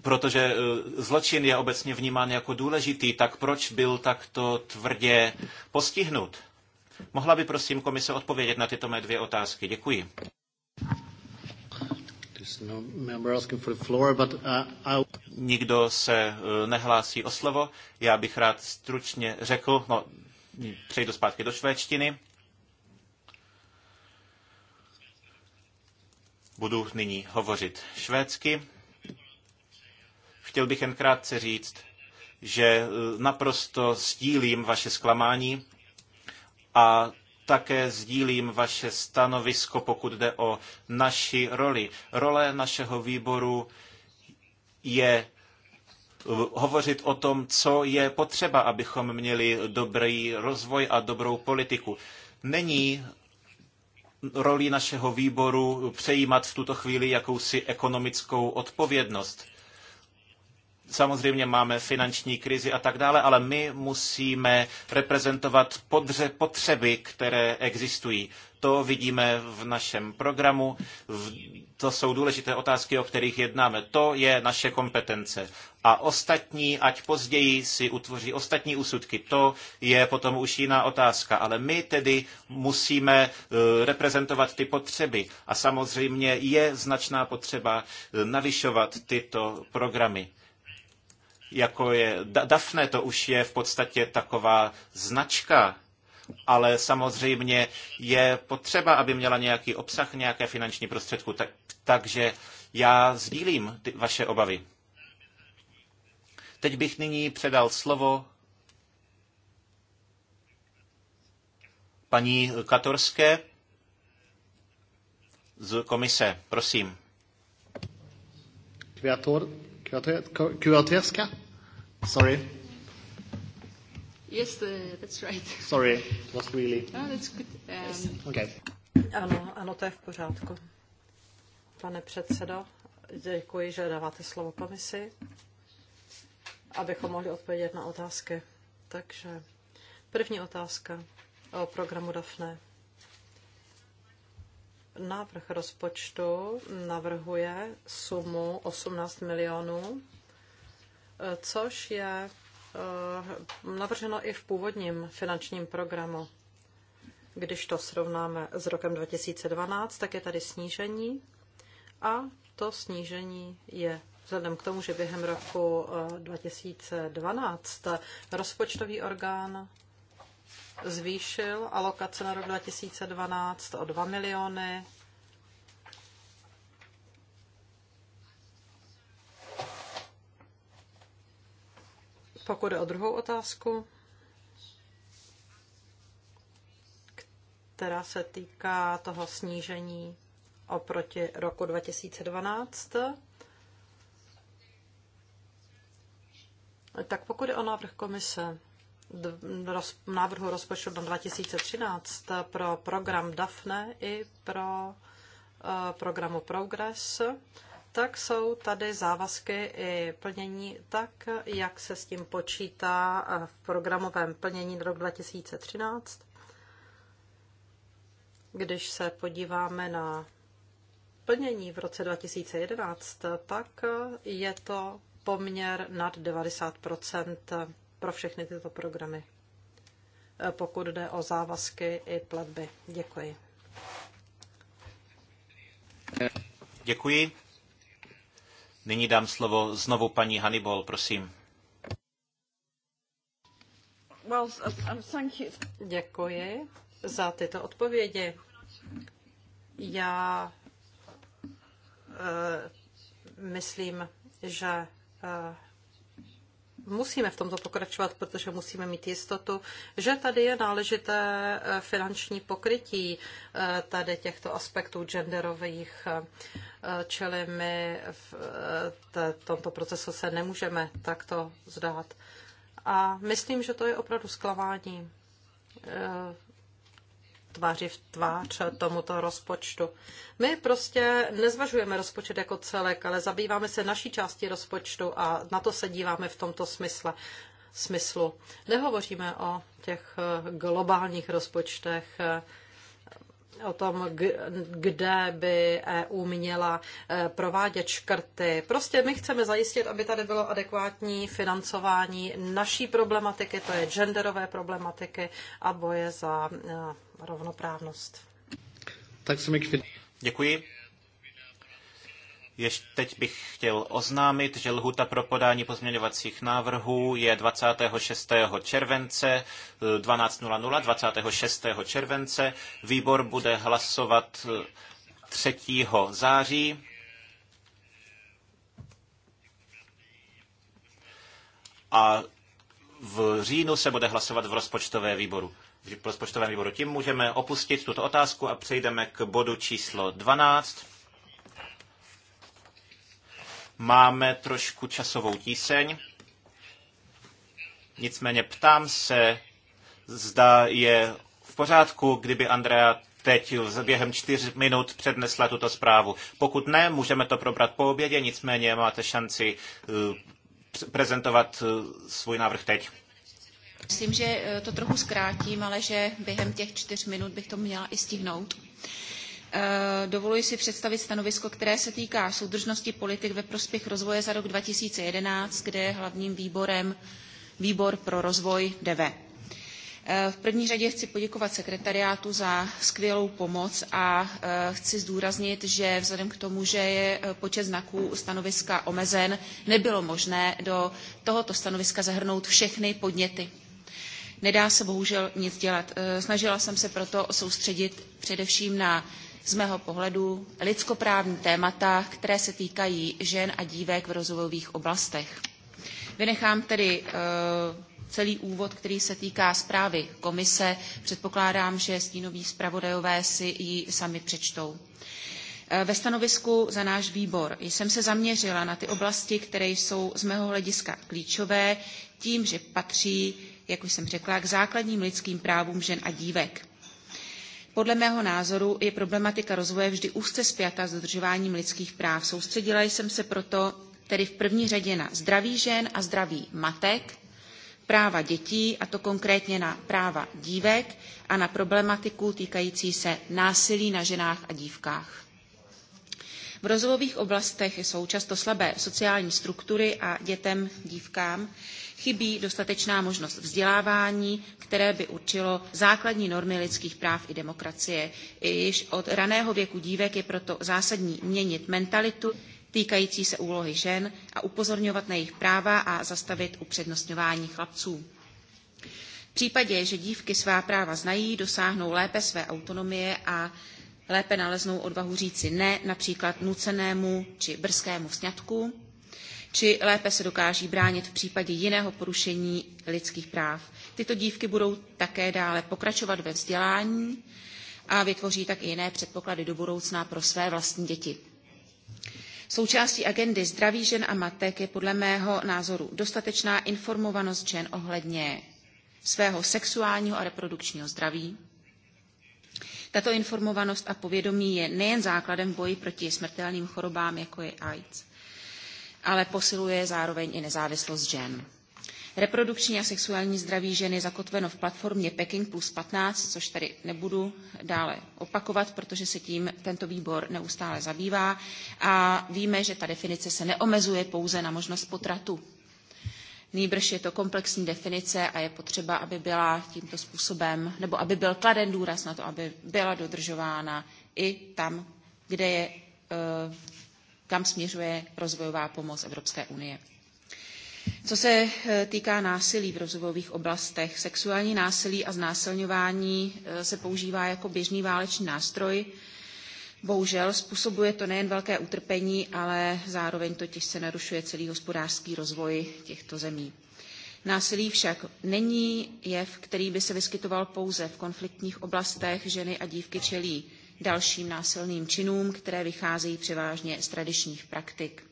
protože eh, zločin je obecně vnímán jako důležitý, tak proč byl takto tvrdě postihnut? Mohla by prosím komise odpovědět na tyto mé dvě otázky? Děkuji. No uh, Nikdo se eh, nehlásí o slovo. Já bych rád stručně řekl, no, přejdu zpátky do švédštiny. Budu nyní hovořit švédsky. Chtěl bych jen krátce říct, že e, naprosto sdílím vaše zklamání a také sdílím vaše stanovisko, pokud jde o naši roli. Role našeho výboru je e, hovořit o tom, co je potřeba, abychom měli dobrý rozvoj a dobrou politiku. Není roli našeho výboru přejímat v tuto chvíli jakousi ekonomickou odpovědnost. Samozřejmě máme finanční krizi a tak dále, ale my musíme reprezentovat podře, potřeby, které existují. To vidíme v našem programu. to jsou důležité otázky, o kterých jednáme. To je naše kompetence. A ostatní, ať později si utvoří ostatní úsudky, to je potom už jiná otázka. Ale my tedy musíme e, reprezentovat ty potřeby. A samozřejmě je značná potřeba e, navyšovat tyto programy jako je Dafne, to už je v podstatě taková značka, ale samozřejmě je potřeba, aby měla nějaký obsah, nějaké finanční prostředky. Tak, takže já sdílím ty vaše obavy. Teď bych nyní předal slovo paní Katorské z komise. Prosím. Kreator Kwiatkowska? Sorry. Yes, uh, that's right. Sorry, it was really... No, that's good. Um... Okay. Ano, ano, to je v pořádku. Pane předsedo, děkuji, že dáváte slovo komisi, abychom mohli odpovědět na otázky. Takže první otázka o programu DAFNE. Návrh rozpočtu navrhuje sumu 18 milionů, eh, což je eh, navrženo i v původním finančním programu. Když to srovnáme s rokem 2012, tak je tady snížení a to snížení je vzhledem k tomu, že během roku 2012 eh, rozpočtový orgán zvýšil alokace na rok 2012 o 2 miliony. Pokud je o druhou otázku, která se týká toho snížení oproti roku 2012, tak pokud je o návrh komise, návrhu rozpočtu na 2013 pro program DAFNE i pro eh, programu Progress, tak jsou tady závazky i plnění tak, jak se s tím počítá eh, v programovém plnění na rok 2013. Když se podíváme na plnění v roce 2011, tak eh, je to poměr nad 90 pro všechny tyto programy, eh, pokud jde o závazky i platby. Děkuji. Děkuji. Nyní dám slovo znovu paní Hannibal, prosím. Um, um, Děkuji za tyto odpovědi. Já eh, myslím, že eh, musíme v tomto pokračovat, protože musíme mít jistotu, že tady je náležité eh, finanční pokrytí eh, tady těchto aspektů genderových, eh, čili my v tomto procesu se nemůžeme takto zdát. A myslím, že to je opravdu zklamání tváři v tvář tomuto rozpočtu. My prostě nezvažujeme rozpočet jako celek, ale zabýváme se naší části rozpočtu a na to se díváme v tomto smysle, smyslu. Nehovoříme o těch globálních rozpočtech, o tom, kde by EU měla eh, provádět škrty. Prostě my chceme zajistit, aby tady bylo adekvátní financování naší problematiky, to je genderové problematiky a boje za eh, rovnoprávnost. Tak se mi Děkuji. Ještě teď bych chtěl oznámit, že lhuta pro podání pozměňovacích návrhů je 26. července 12.00, 26. července. Výbor bude hlasovat 3. Eh, září. A v říjnu se bude hlasovat v rozpočtové výboru. V rozpočtovém výboru. Tím můžeme opustit tuto otázku a přejdeme k bodu číslo 12 Máme trošku časovou tíseň. Nicméně ptám se, zda je v pořádku, kdyby Andrea teď během čtyř minut přednesla tuto zprávu. Pokud ne, můžeme to probrat po obědě, nicméně máte šanci eh, prezentovat eh, svůj návrh teď. Myslím, že eh, to trochu zkrátím, ale že během těch čtyř minut bych to měla i stihnout. Eh, dovoluji si představit stanovisko, které se týká soudržnosti politik ve prospěch rozvoje za rok 2011, kde je hlavním výborem výbor pro rozvoj DEVE. Eh, v první řadě chci poděkovat sekretariátu za skvělou pomoc a eh, chci zdůraznit, že vzhledem k tomu, že je počet znaků stanoviska omezen, nebylo možné do tohoto stanoviska zahrnout všechny podněty. Nedá se bohužel nic dělat. Snažila jsem se proto soustředit především na z mého pohledu lidskoprávní témata, které se týkají žen a dívek v rozvojových oblastech. Vynechám tedy eh, celý úvod, který se týká zprávy komise. Předpokládám, že stínoví zpravodajové si ji sami přečtou. Eh, ve stanovisku za náš výbor jsem se zaměřila na ty oblasti, které jsou z mého hlediska klíčové, tím, že patří, jak už jsem řekla, k základním lidským právům žen a dívek. Podle mého názoru je problematika rozvoje vždy úzce spjata s dodržováním lidských práv. Soustředila jsem se proto tedy v první řadě na zdraví žen a zdraví matek, práva dětí, a to konkrétně na práva dívek a na problematiku týkající se násilí na ženách a dívkách. V rozvojových oblastech jsou často slabé sociální struktury a dětem, dívkám Chybí dostatečná možnost vzdělávání, které by určilo základní normy lidských práv i demokracie. Již od raného věku dívek je proto zásadní měnit mentalitu týkající se úlohy žen a upozorňovat na jejich práva a zastavit upřednostňování chlapců. V případě, že dívky svá práva znají, dosáhnou lépe své autonomie a lépe naleznou odvahu říci ne například nucenému či brzkému sňatku, či lépe se dokáží bránit v případě jiného porušení lidských práv. Tyto dívky budou také dále pokračovat ve vzdělání a vytvoří tak i jiné předpoklady do budoucna pro své vlastní děti. Součástí agendy zdraví žen a matek je podle mého názoru dostatečná informovanost žen ohledně svého sexuálního a reprodukčního zdraví. Tato informovanost a povědomí je nejen základem boji proti smrtelným chorobám, jako je AIDS, ale posiluje zároveň i nezávislost žen. Reprodukční a sexuální zdraví žen je zakotveno v platformě Peking plus 15, což tady nebudu dále opakovat, protože se tím tento výbor neustále zabývá. A víme, že ta definice se neomezuje pouze na možnost potratu. Nýbrž je to komplexní definice a je potřeba, aby byla tímto způsobem, nebo aby byl kladen důraz na to, aby byla dodržována i tam, kde je eh, kam směřuje rozvojová pomoc Evropské unie. Co se eh, týká násilí v rozvojových oblastech, sexuální násilí a znásilňování eh, se používá jako běžný válečný nástroj. Bohužel způsobuje to nejen velké utrpení, ale zároveň to těžce narušuje celý hospodářský rozvoj těchto zemí. Násilí však není jev, který by se vyskytoval pouze v konfliktních oblastech. Ženy a dívky čelí dalším násilným činům, které vycházejí převážně z tradičních praktik.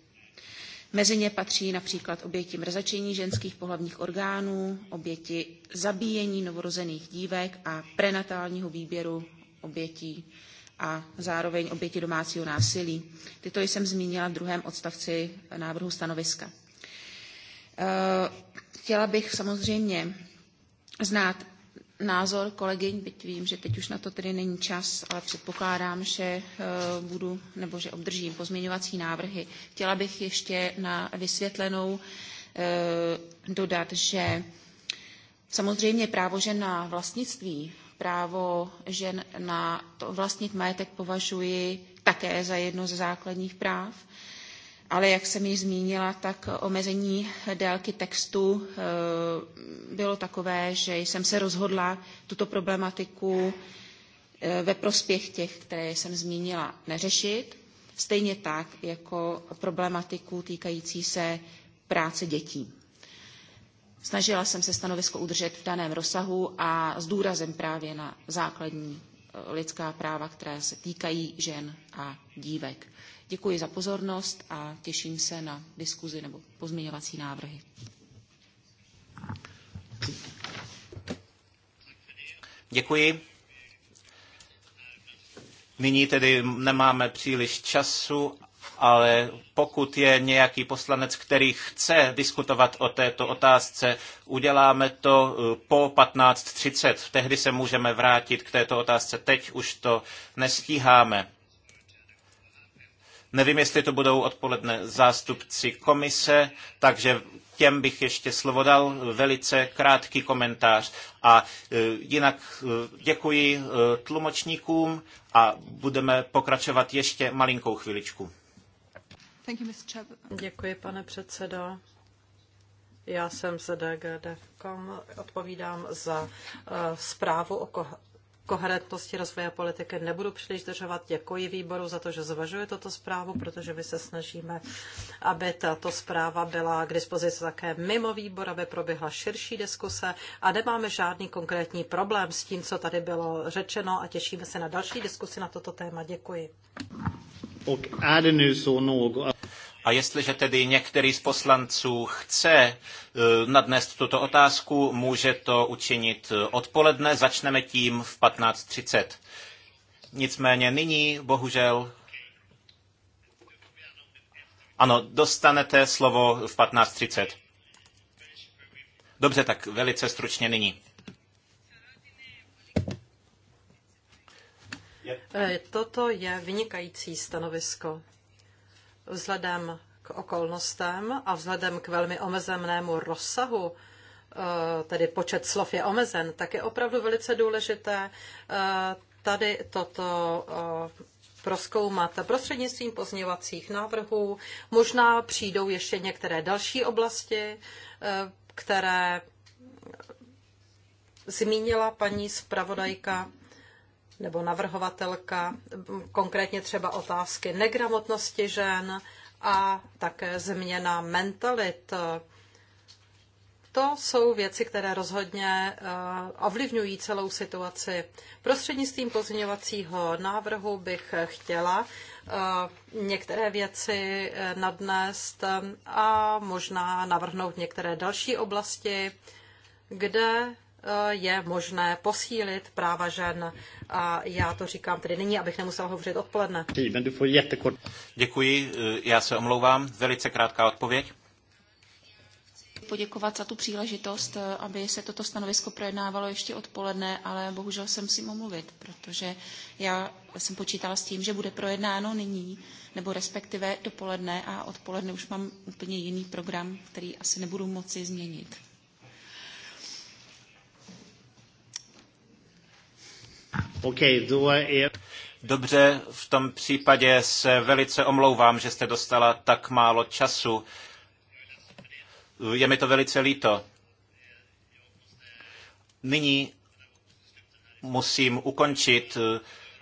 Mezi ně patří například oběti mrzačení ženských pohlavních orgánů, oběti zabíjení novorozených dívek a prenatálního výběru obětí a zároveň oběti domácího násilí. Tyto jsem zmínila v druhém odstavci návrhu stanoviska. Eh, chtěla bych samozřejmě znát názor kolegyň, byť vím, že teď už na to tedy není čas, ale předpokládám, že eh, budu nebo že obdržím pozměňovací návrhy. Chtěla bych ještě na vysvětlenou eh, dodat, že samozřejmě právo žen na vlastnictví, právo žen na to vlastnit majetek považuji také za jedno ze základních práv ale jak jsem již zmínila, tak omezení délky textu eh, bylo takové, že jsem se rozhodla tuto problematiku eh, ve prospěch těch, které jsem zmínila, neřešit, stejně tak jako problematiku týkající se práce dětí. Snažila jsem se stanovisko udržet v daném rozsahu a s důrazem právě na základní eh, lidská práva, která se týkají žen a dívek. Děkuji za pozornost a těším se na diskuzi nebo pozměňovací návrhy. Děkuji. Nyní tedy nemáme příliš času, ale pokud je nějaký poslanec, který chce diskutovat o této otázce, uděláme to eh, po 15.30. Tehdy se můžeme vrátit k této otázce. Teď už to nestíháme. Nevím, jestli to budou odpoledne zástupci komise, takže těm bych ještě slovo dal velice krátký komentář. A e, jinak e, děkuji e, tlumočníkům a budeme pokračovat ještě malinkou chviličku. Děkuji, pane předsedo. Já jsem z DGDFCOM, odpovídám za zprávu o koherentnosti rozvoje politiky nebudu příliš držovat. Děkuji výboru za to, že zvažuje toto zprávu, protože my se snažíme, aby tato zpráva byla k dispozici také mimo výbor, aby proběhla širší diskuse a nemáme žádný konkrétní problém s tím, co tady bylo řečeno a těšíme se na další diskusi na toto téma. Děkuji. A jestliže tedy některý z poslanců chce e, nadnést tuto otázku, může to učinit e, odpoledne, začneme tím v 15.30. Nicméně nyní, bohužel, ano, dostanete slovo v 15.30. Dobře, tak velice stručně nyní. E, toto je vynikající stanovisko vzhledem k okolnostem a vzhledem k velmi omezenému rozsahu, eh, tedy počet slov je omezen, tak je opravdu velice důležité eh, tady toto eh, proskoumat prostřednictvím pozměňovacích návrhů. Možná přijdou ještě některé další oblasti, které zmínila paní zpravodajka nebo navrhovatelka, konkrétně třeba otázky negramotnosti žen a také změna mentalit. To jsou věci, které rozhodně eh, ovlivňují celou situaci. Prostřednictvím pozměňovacího návrhu bych chtěla eh, některé věci eh, nadnést a možná navrhnout některé další oblasti, kde je možné posílit práva žen. A já to říkám tedy nyní, abych nemusel hovořit odpoledne. Jako- Děkuji, e, já se omlouvám. Velice krátká odpověď poděkovat za tu příležitost, e, aby se toto stanovisko projednávalo ještě odpoledne, ale bohužel jsem si omluvit, protože já jsem počítala s tím, že bude projednáno nyní, nebo respektive dopoledne a odpoledne už mám úplně jiný program, který asi nebudu moci změnit. Dobře, v tom případě se velice omlouvám, že jste dostala tak málo času. Je mi to velice líto. Nyní musím ukončit eh,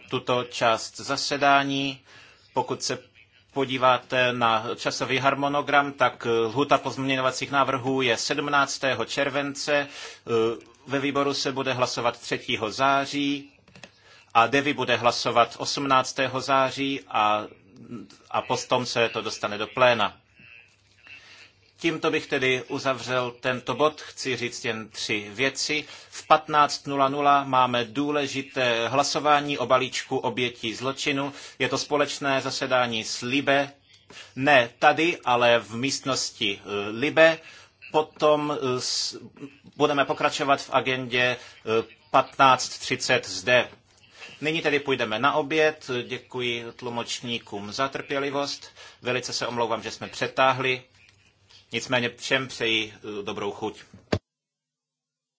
tuto část zasedání. Pokud se podíváte na časový harmonogram, tak eh, lhuta pozměňovacích návrhů je 17. července. Eh, ve výboru se bude hlasovat 3. září a Devi bude hlasovat 18. září a, a potom se to dostane do pléna. Tímto bych tedy uzavřel tento bod. Chci říct jen tři věci. V 15.00 máme důležité hlasování o balíčku obětí zločinu. Je to společné zasedání s Libe. Ne tady, ale v místnosti eh, Libe. Potom eh, budeme pokračovat v agendě 15.30 eh, zde. Nyní tedy půjdeme na oběd. Děkuji tlumočníkům za trpělivost. Velice se omlouvám, že jsme přetáhli. Nicméně všem přeji eh, dobrou chuť.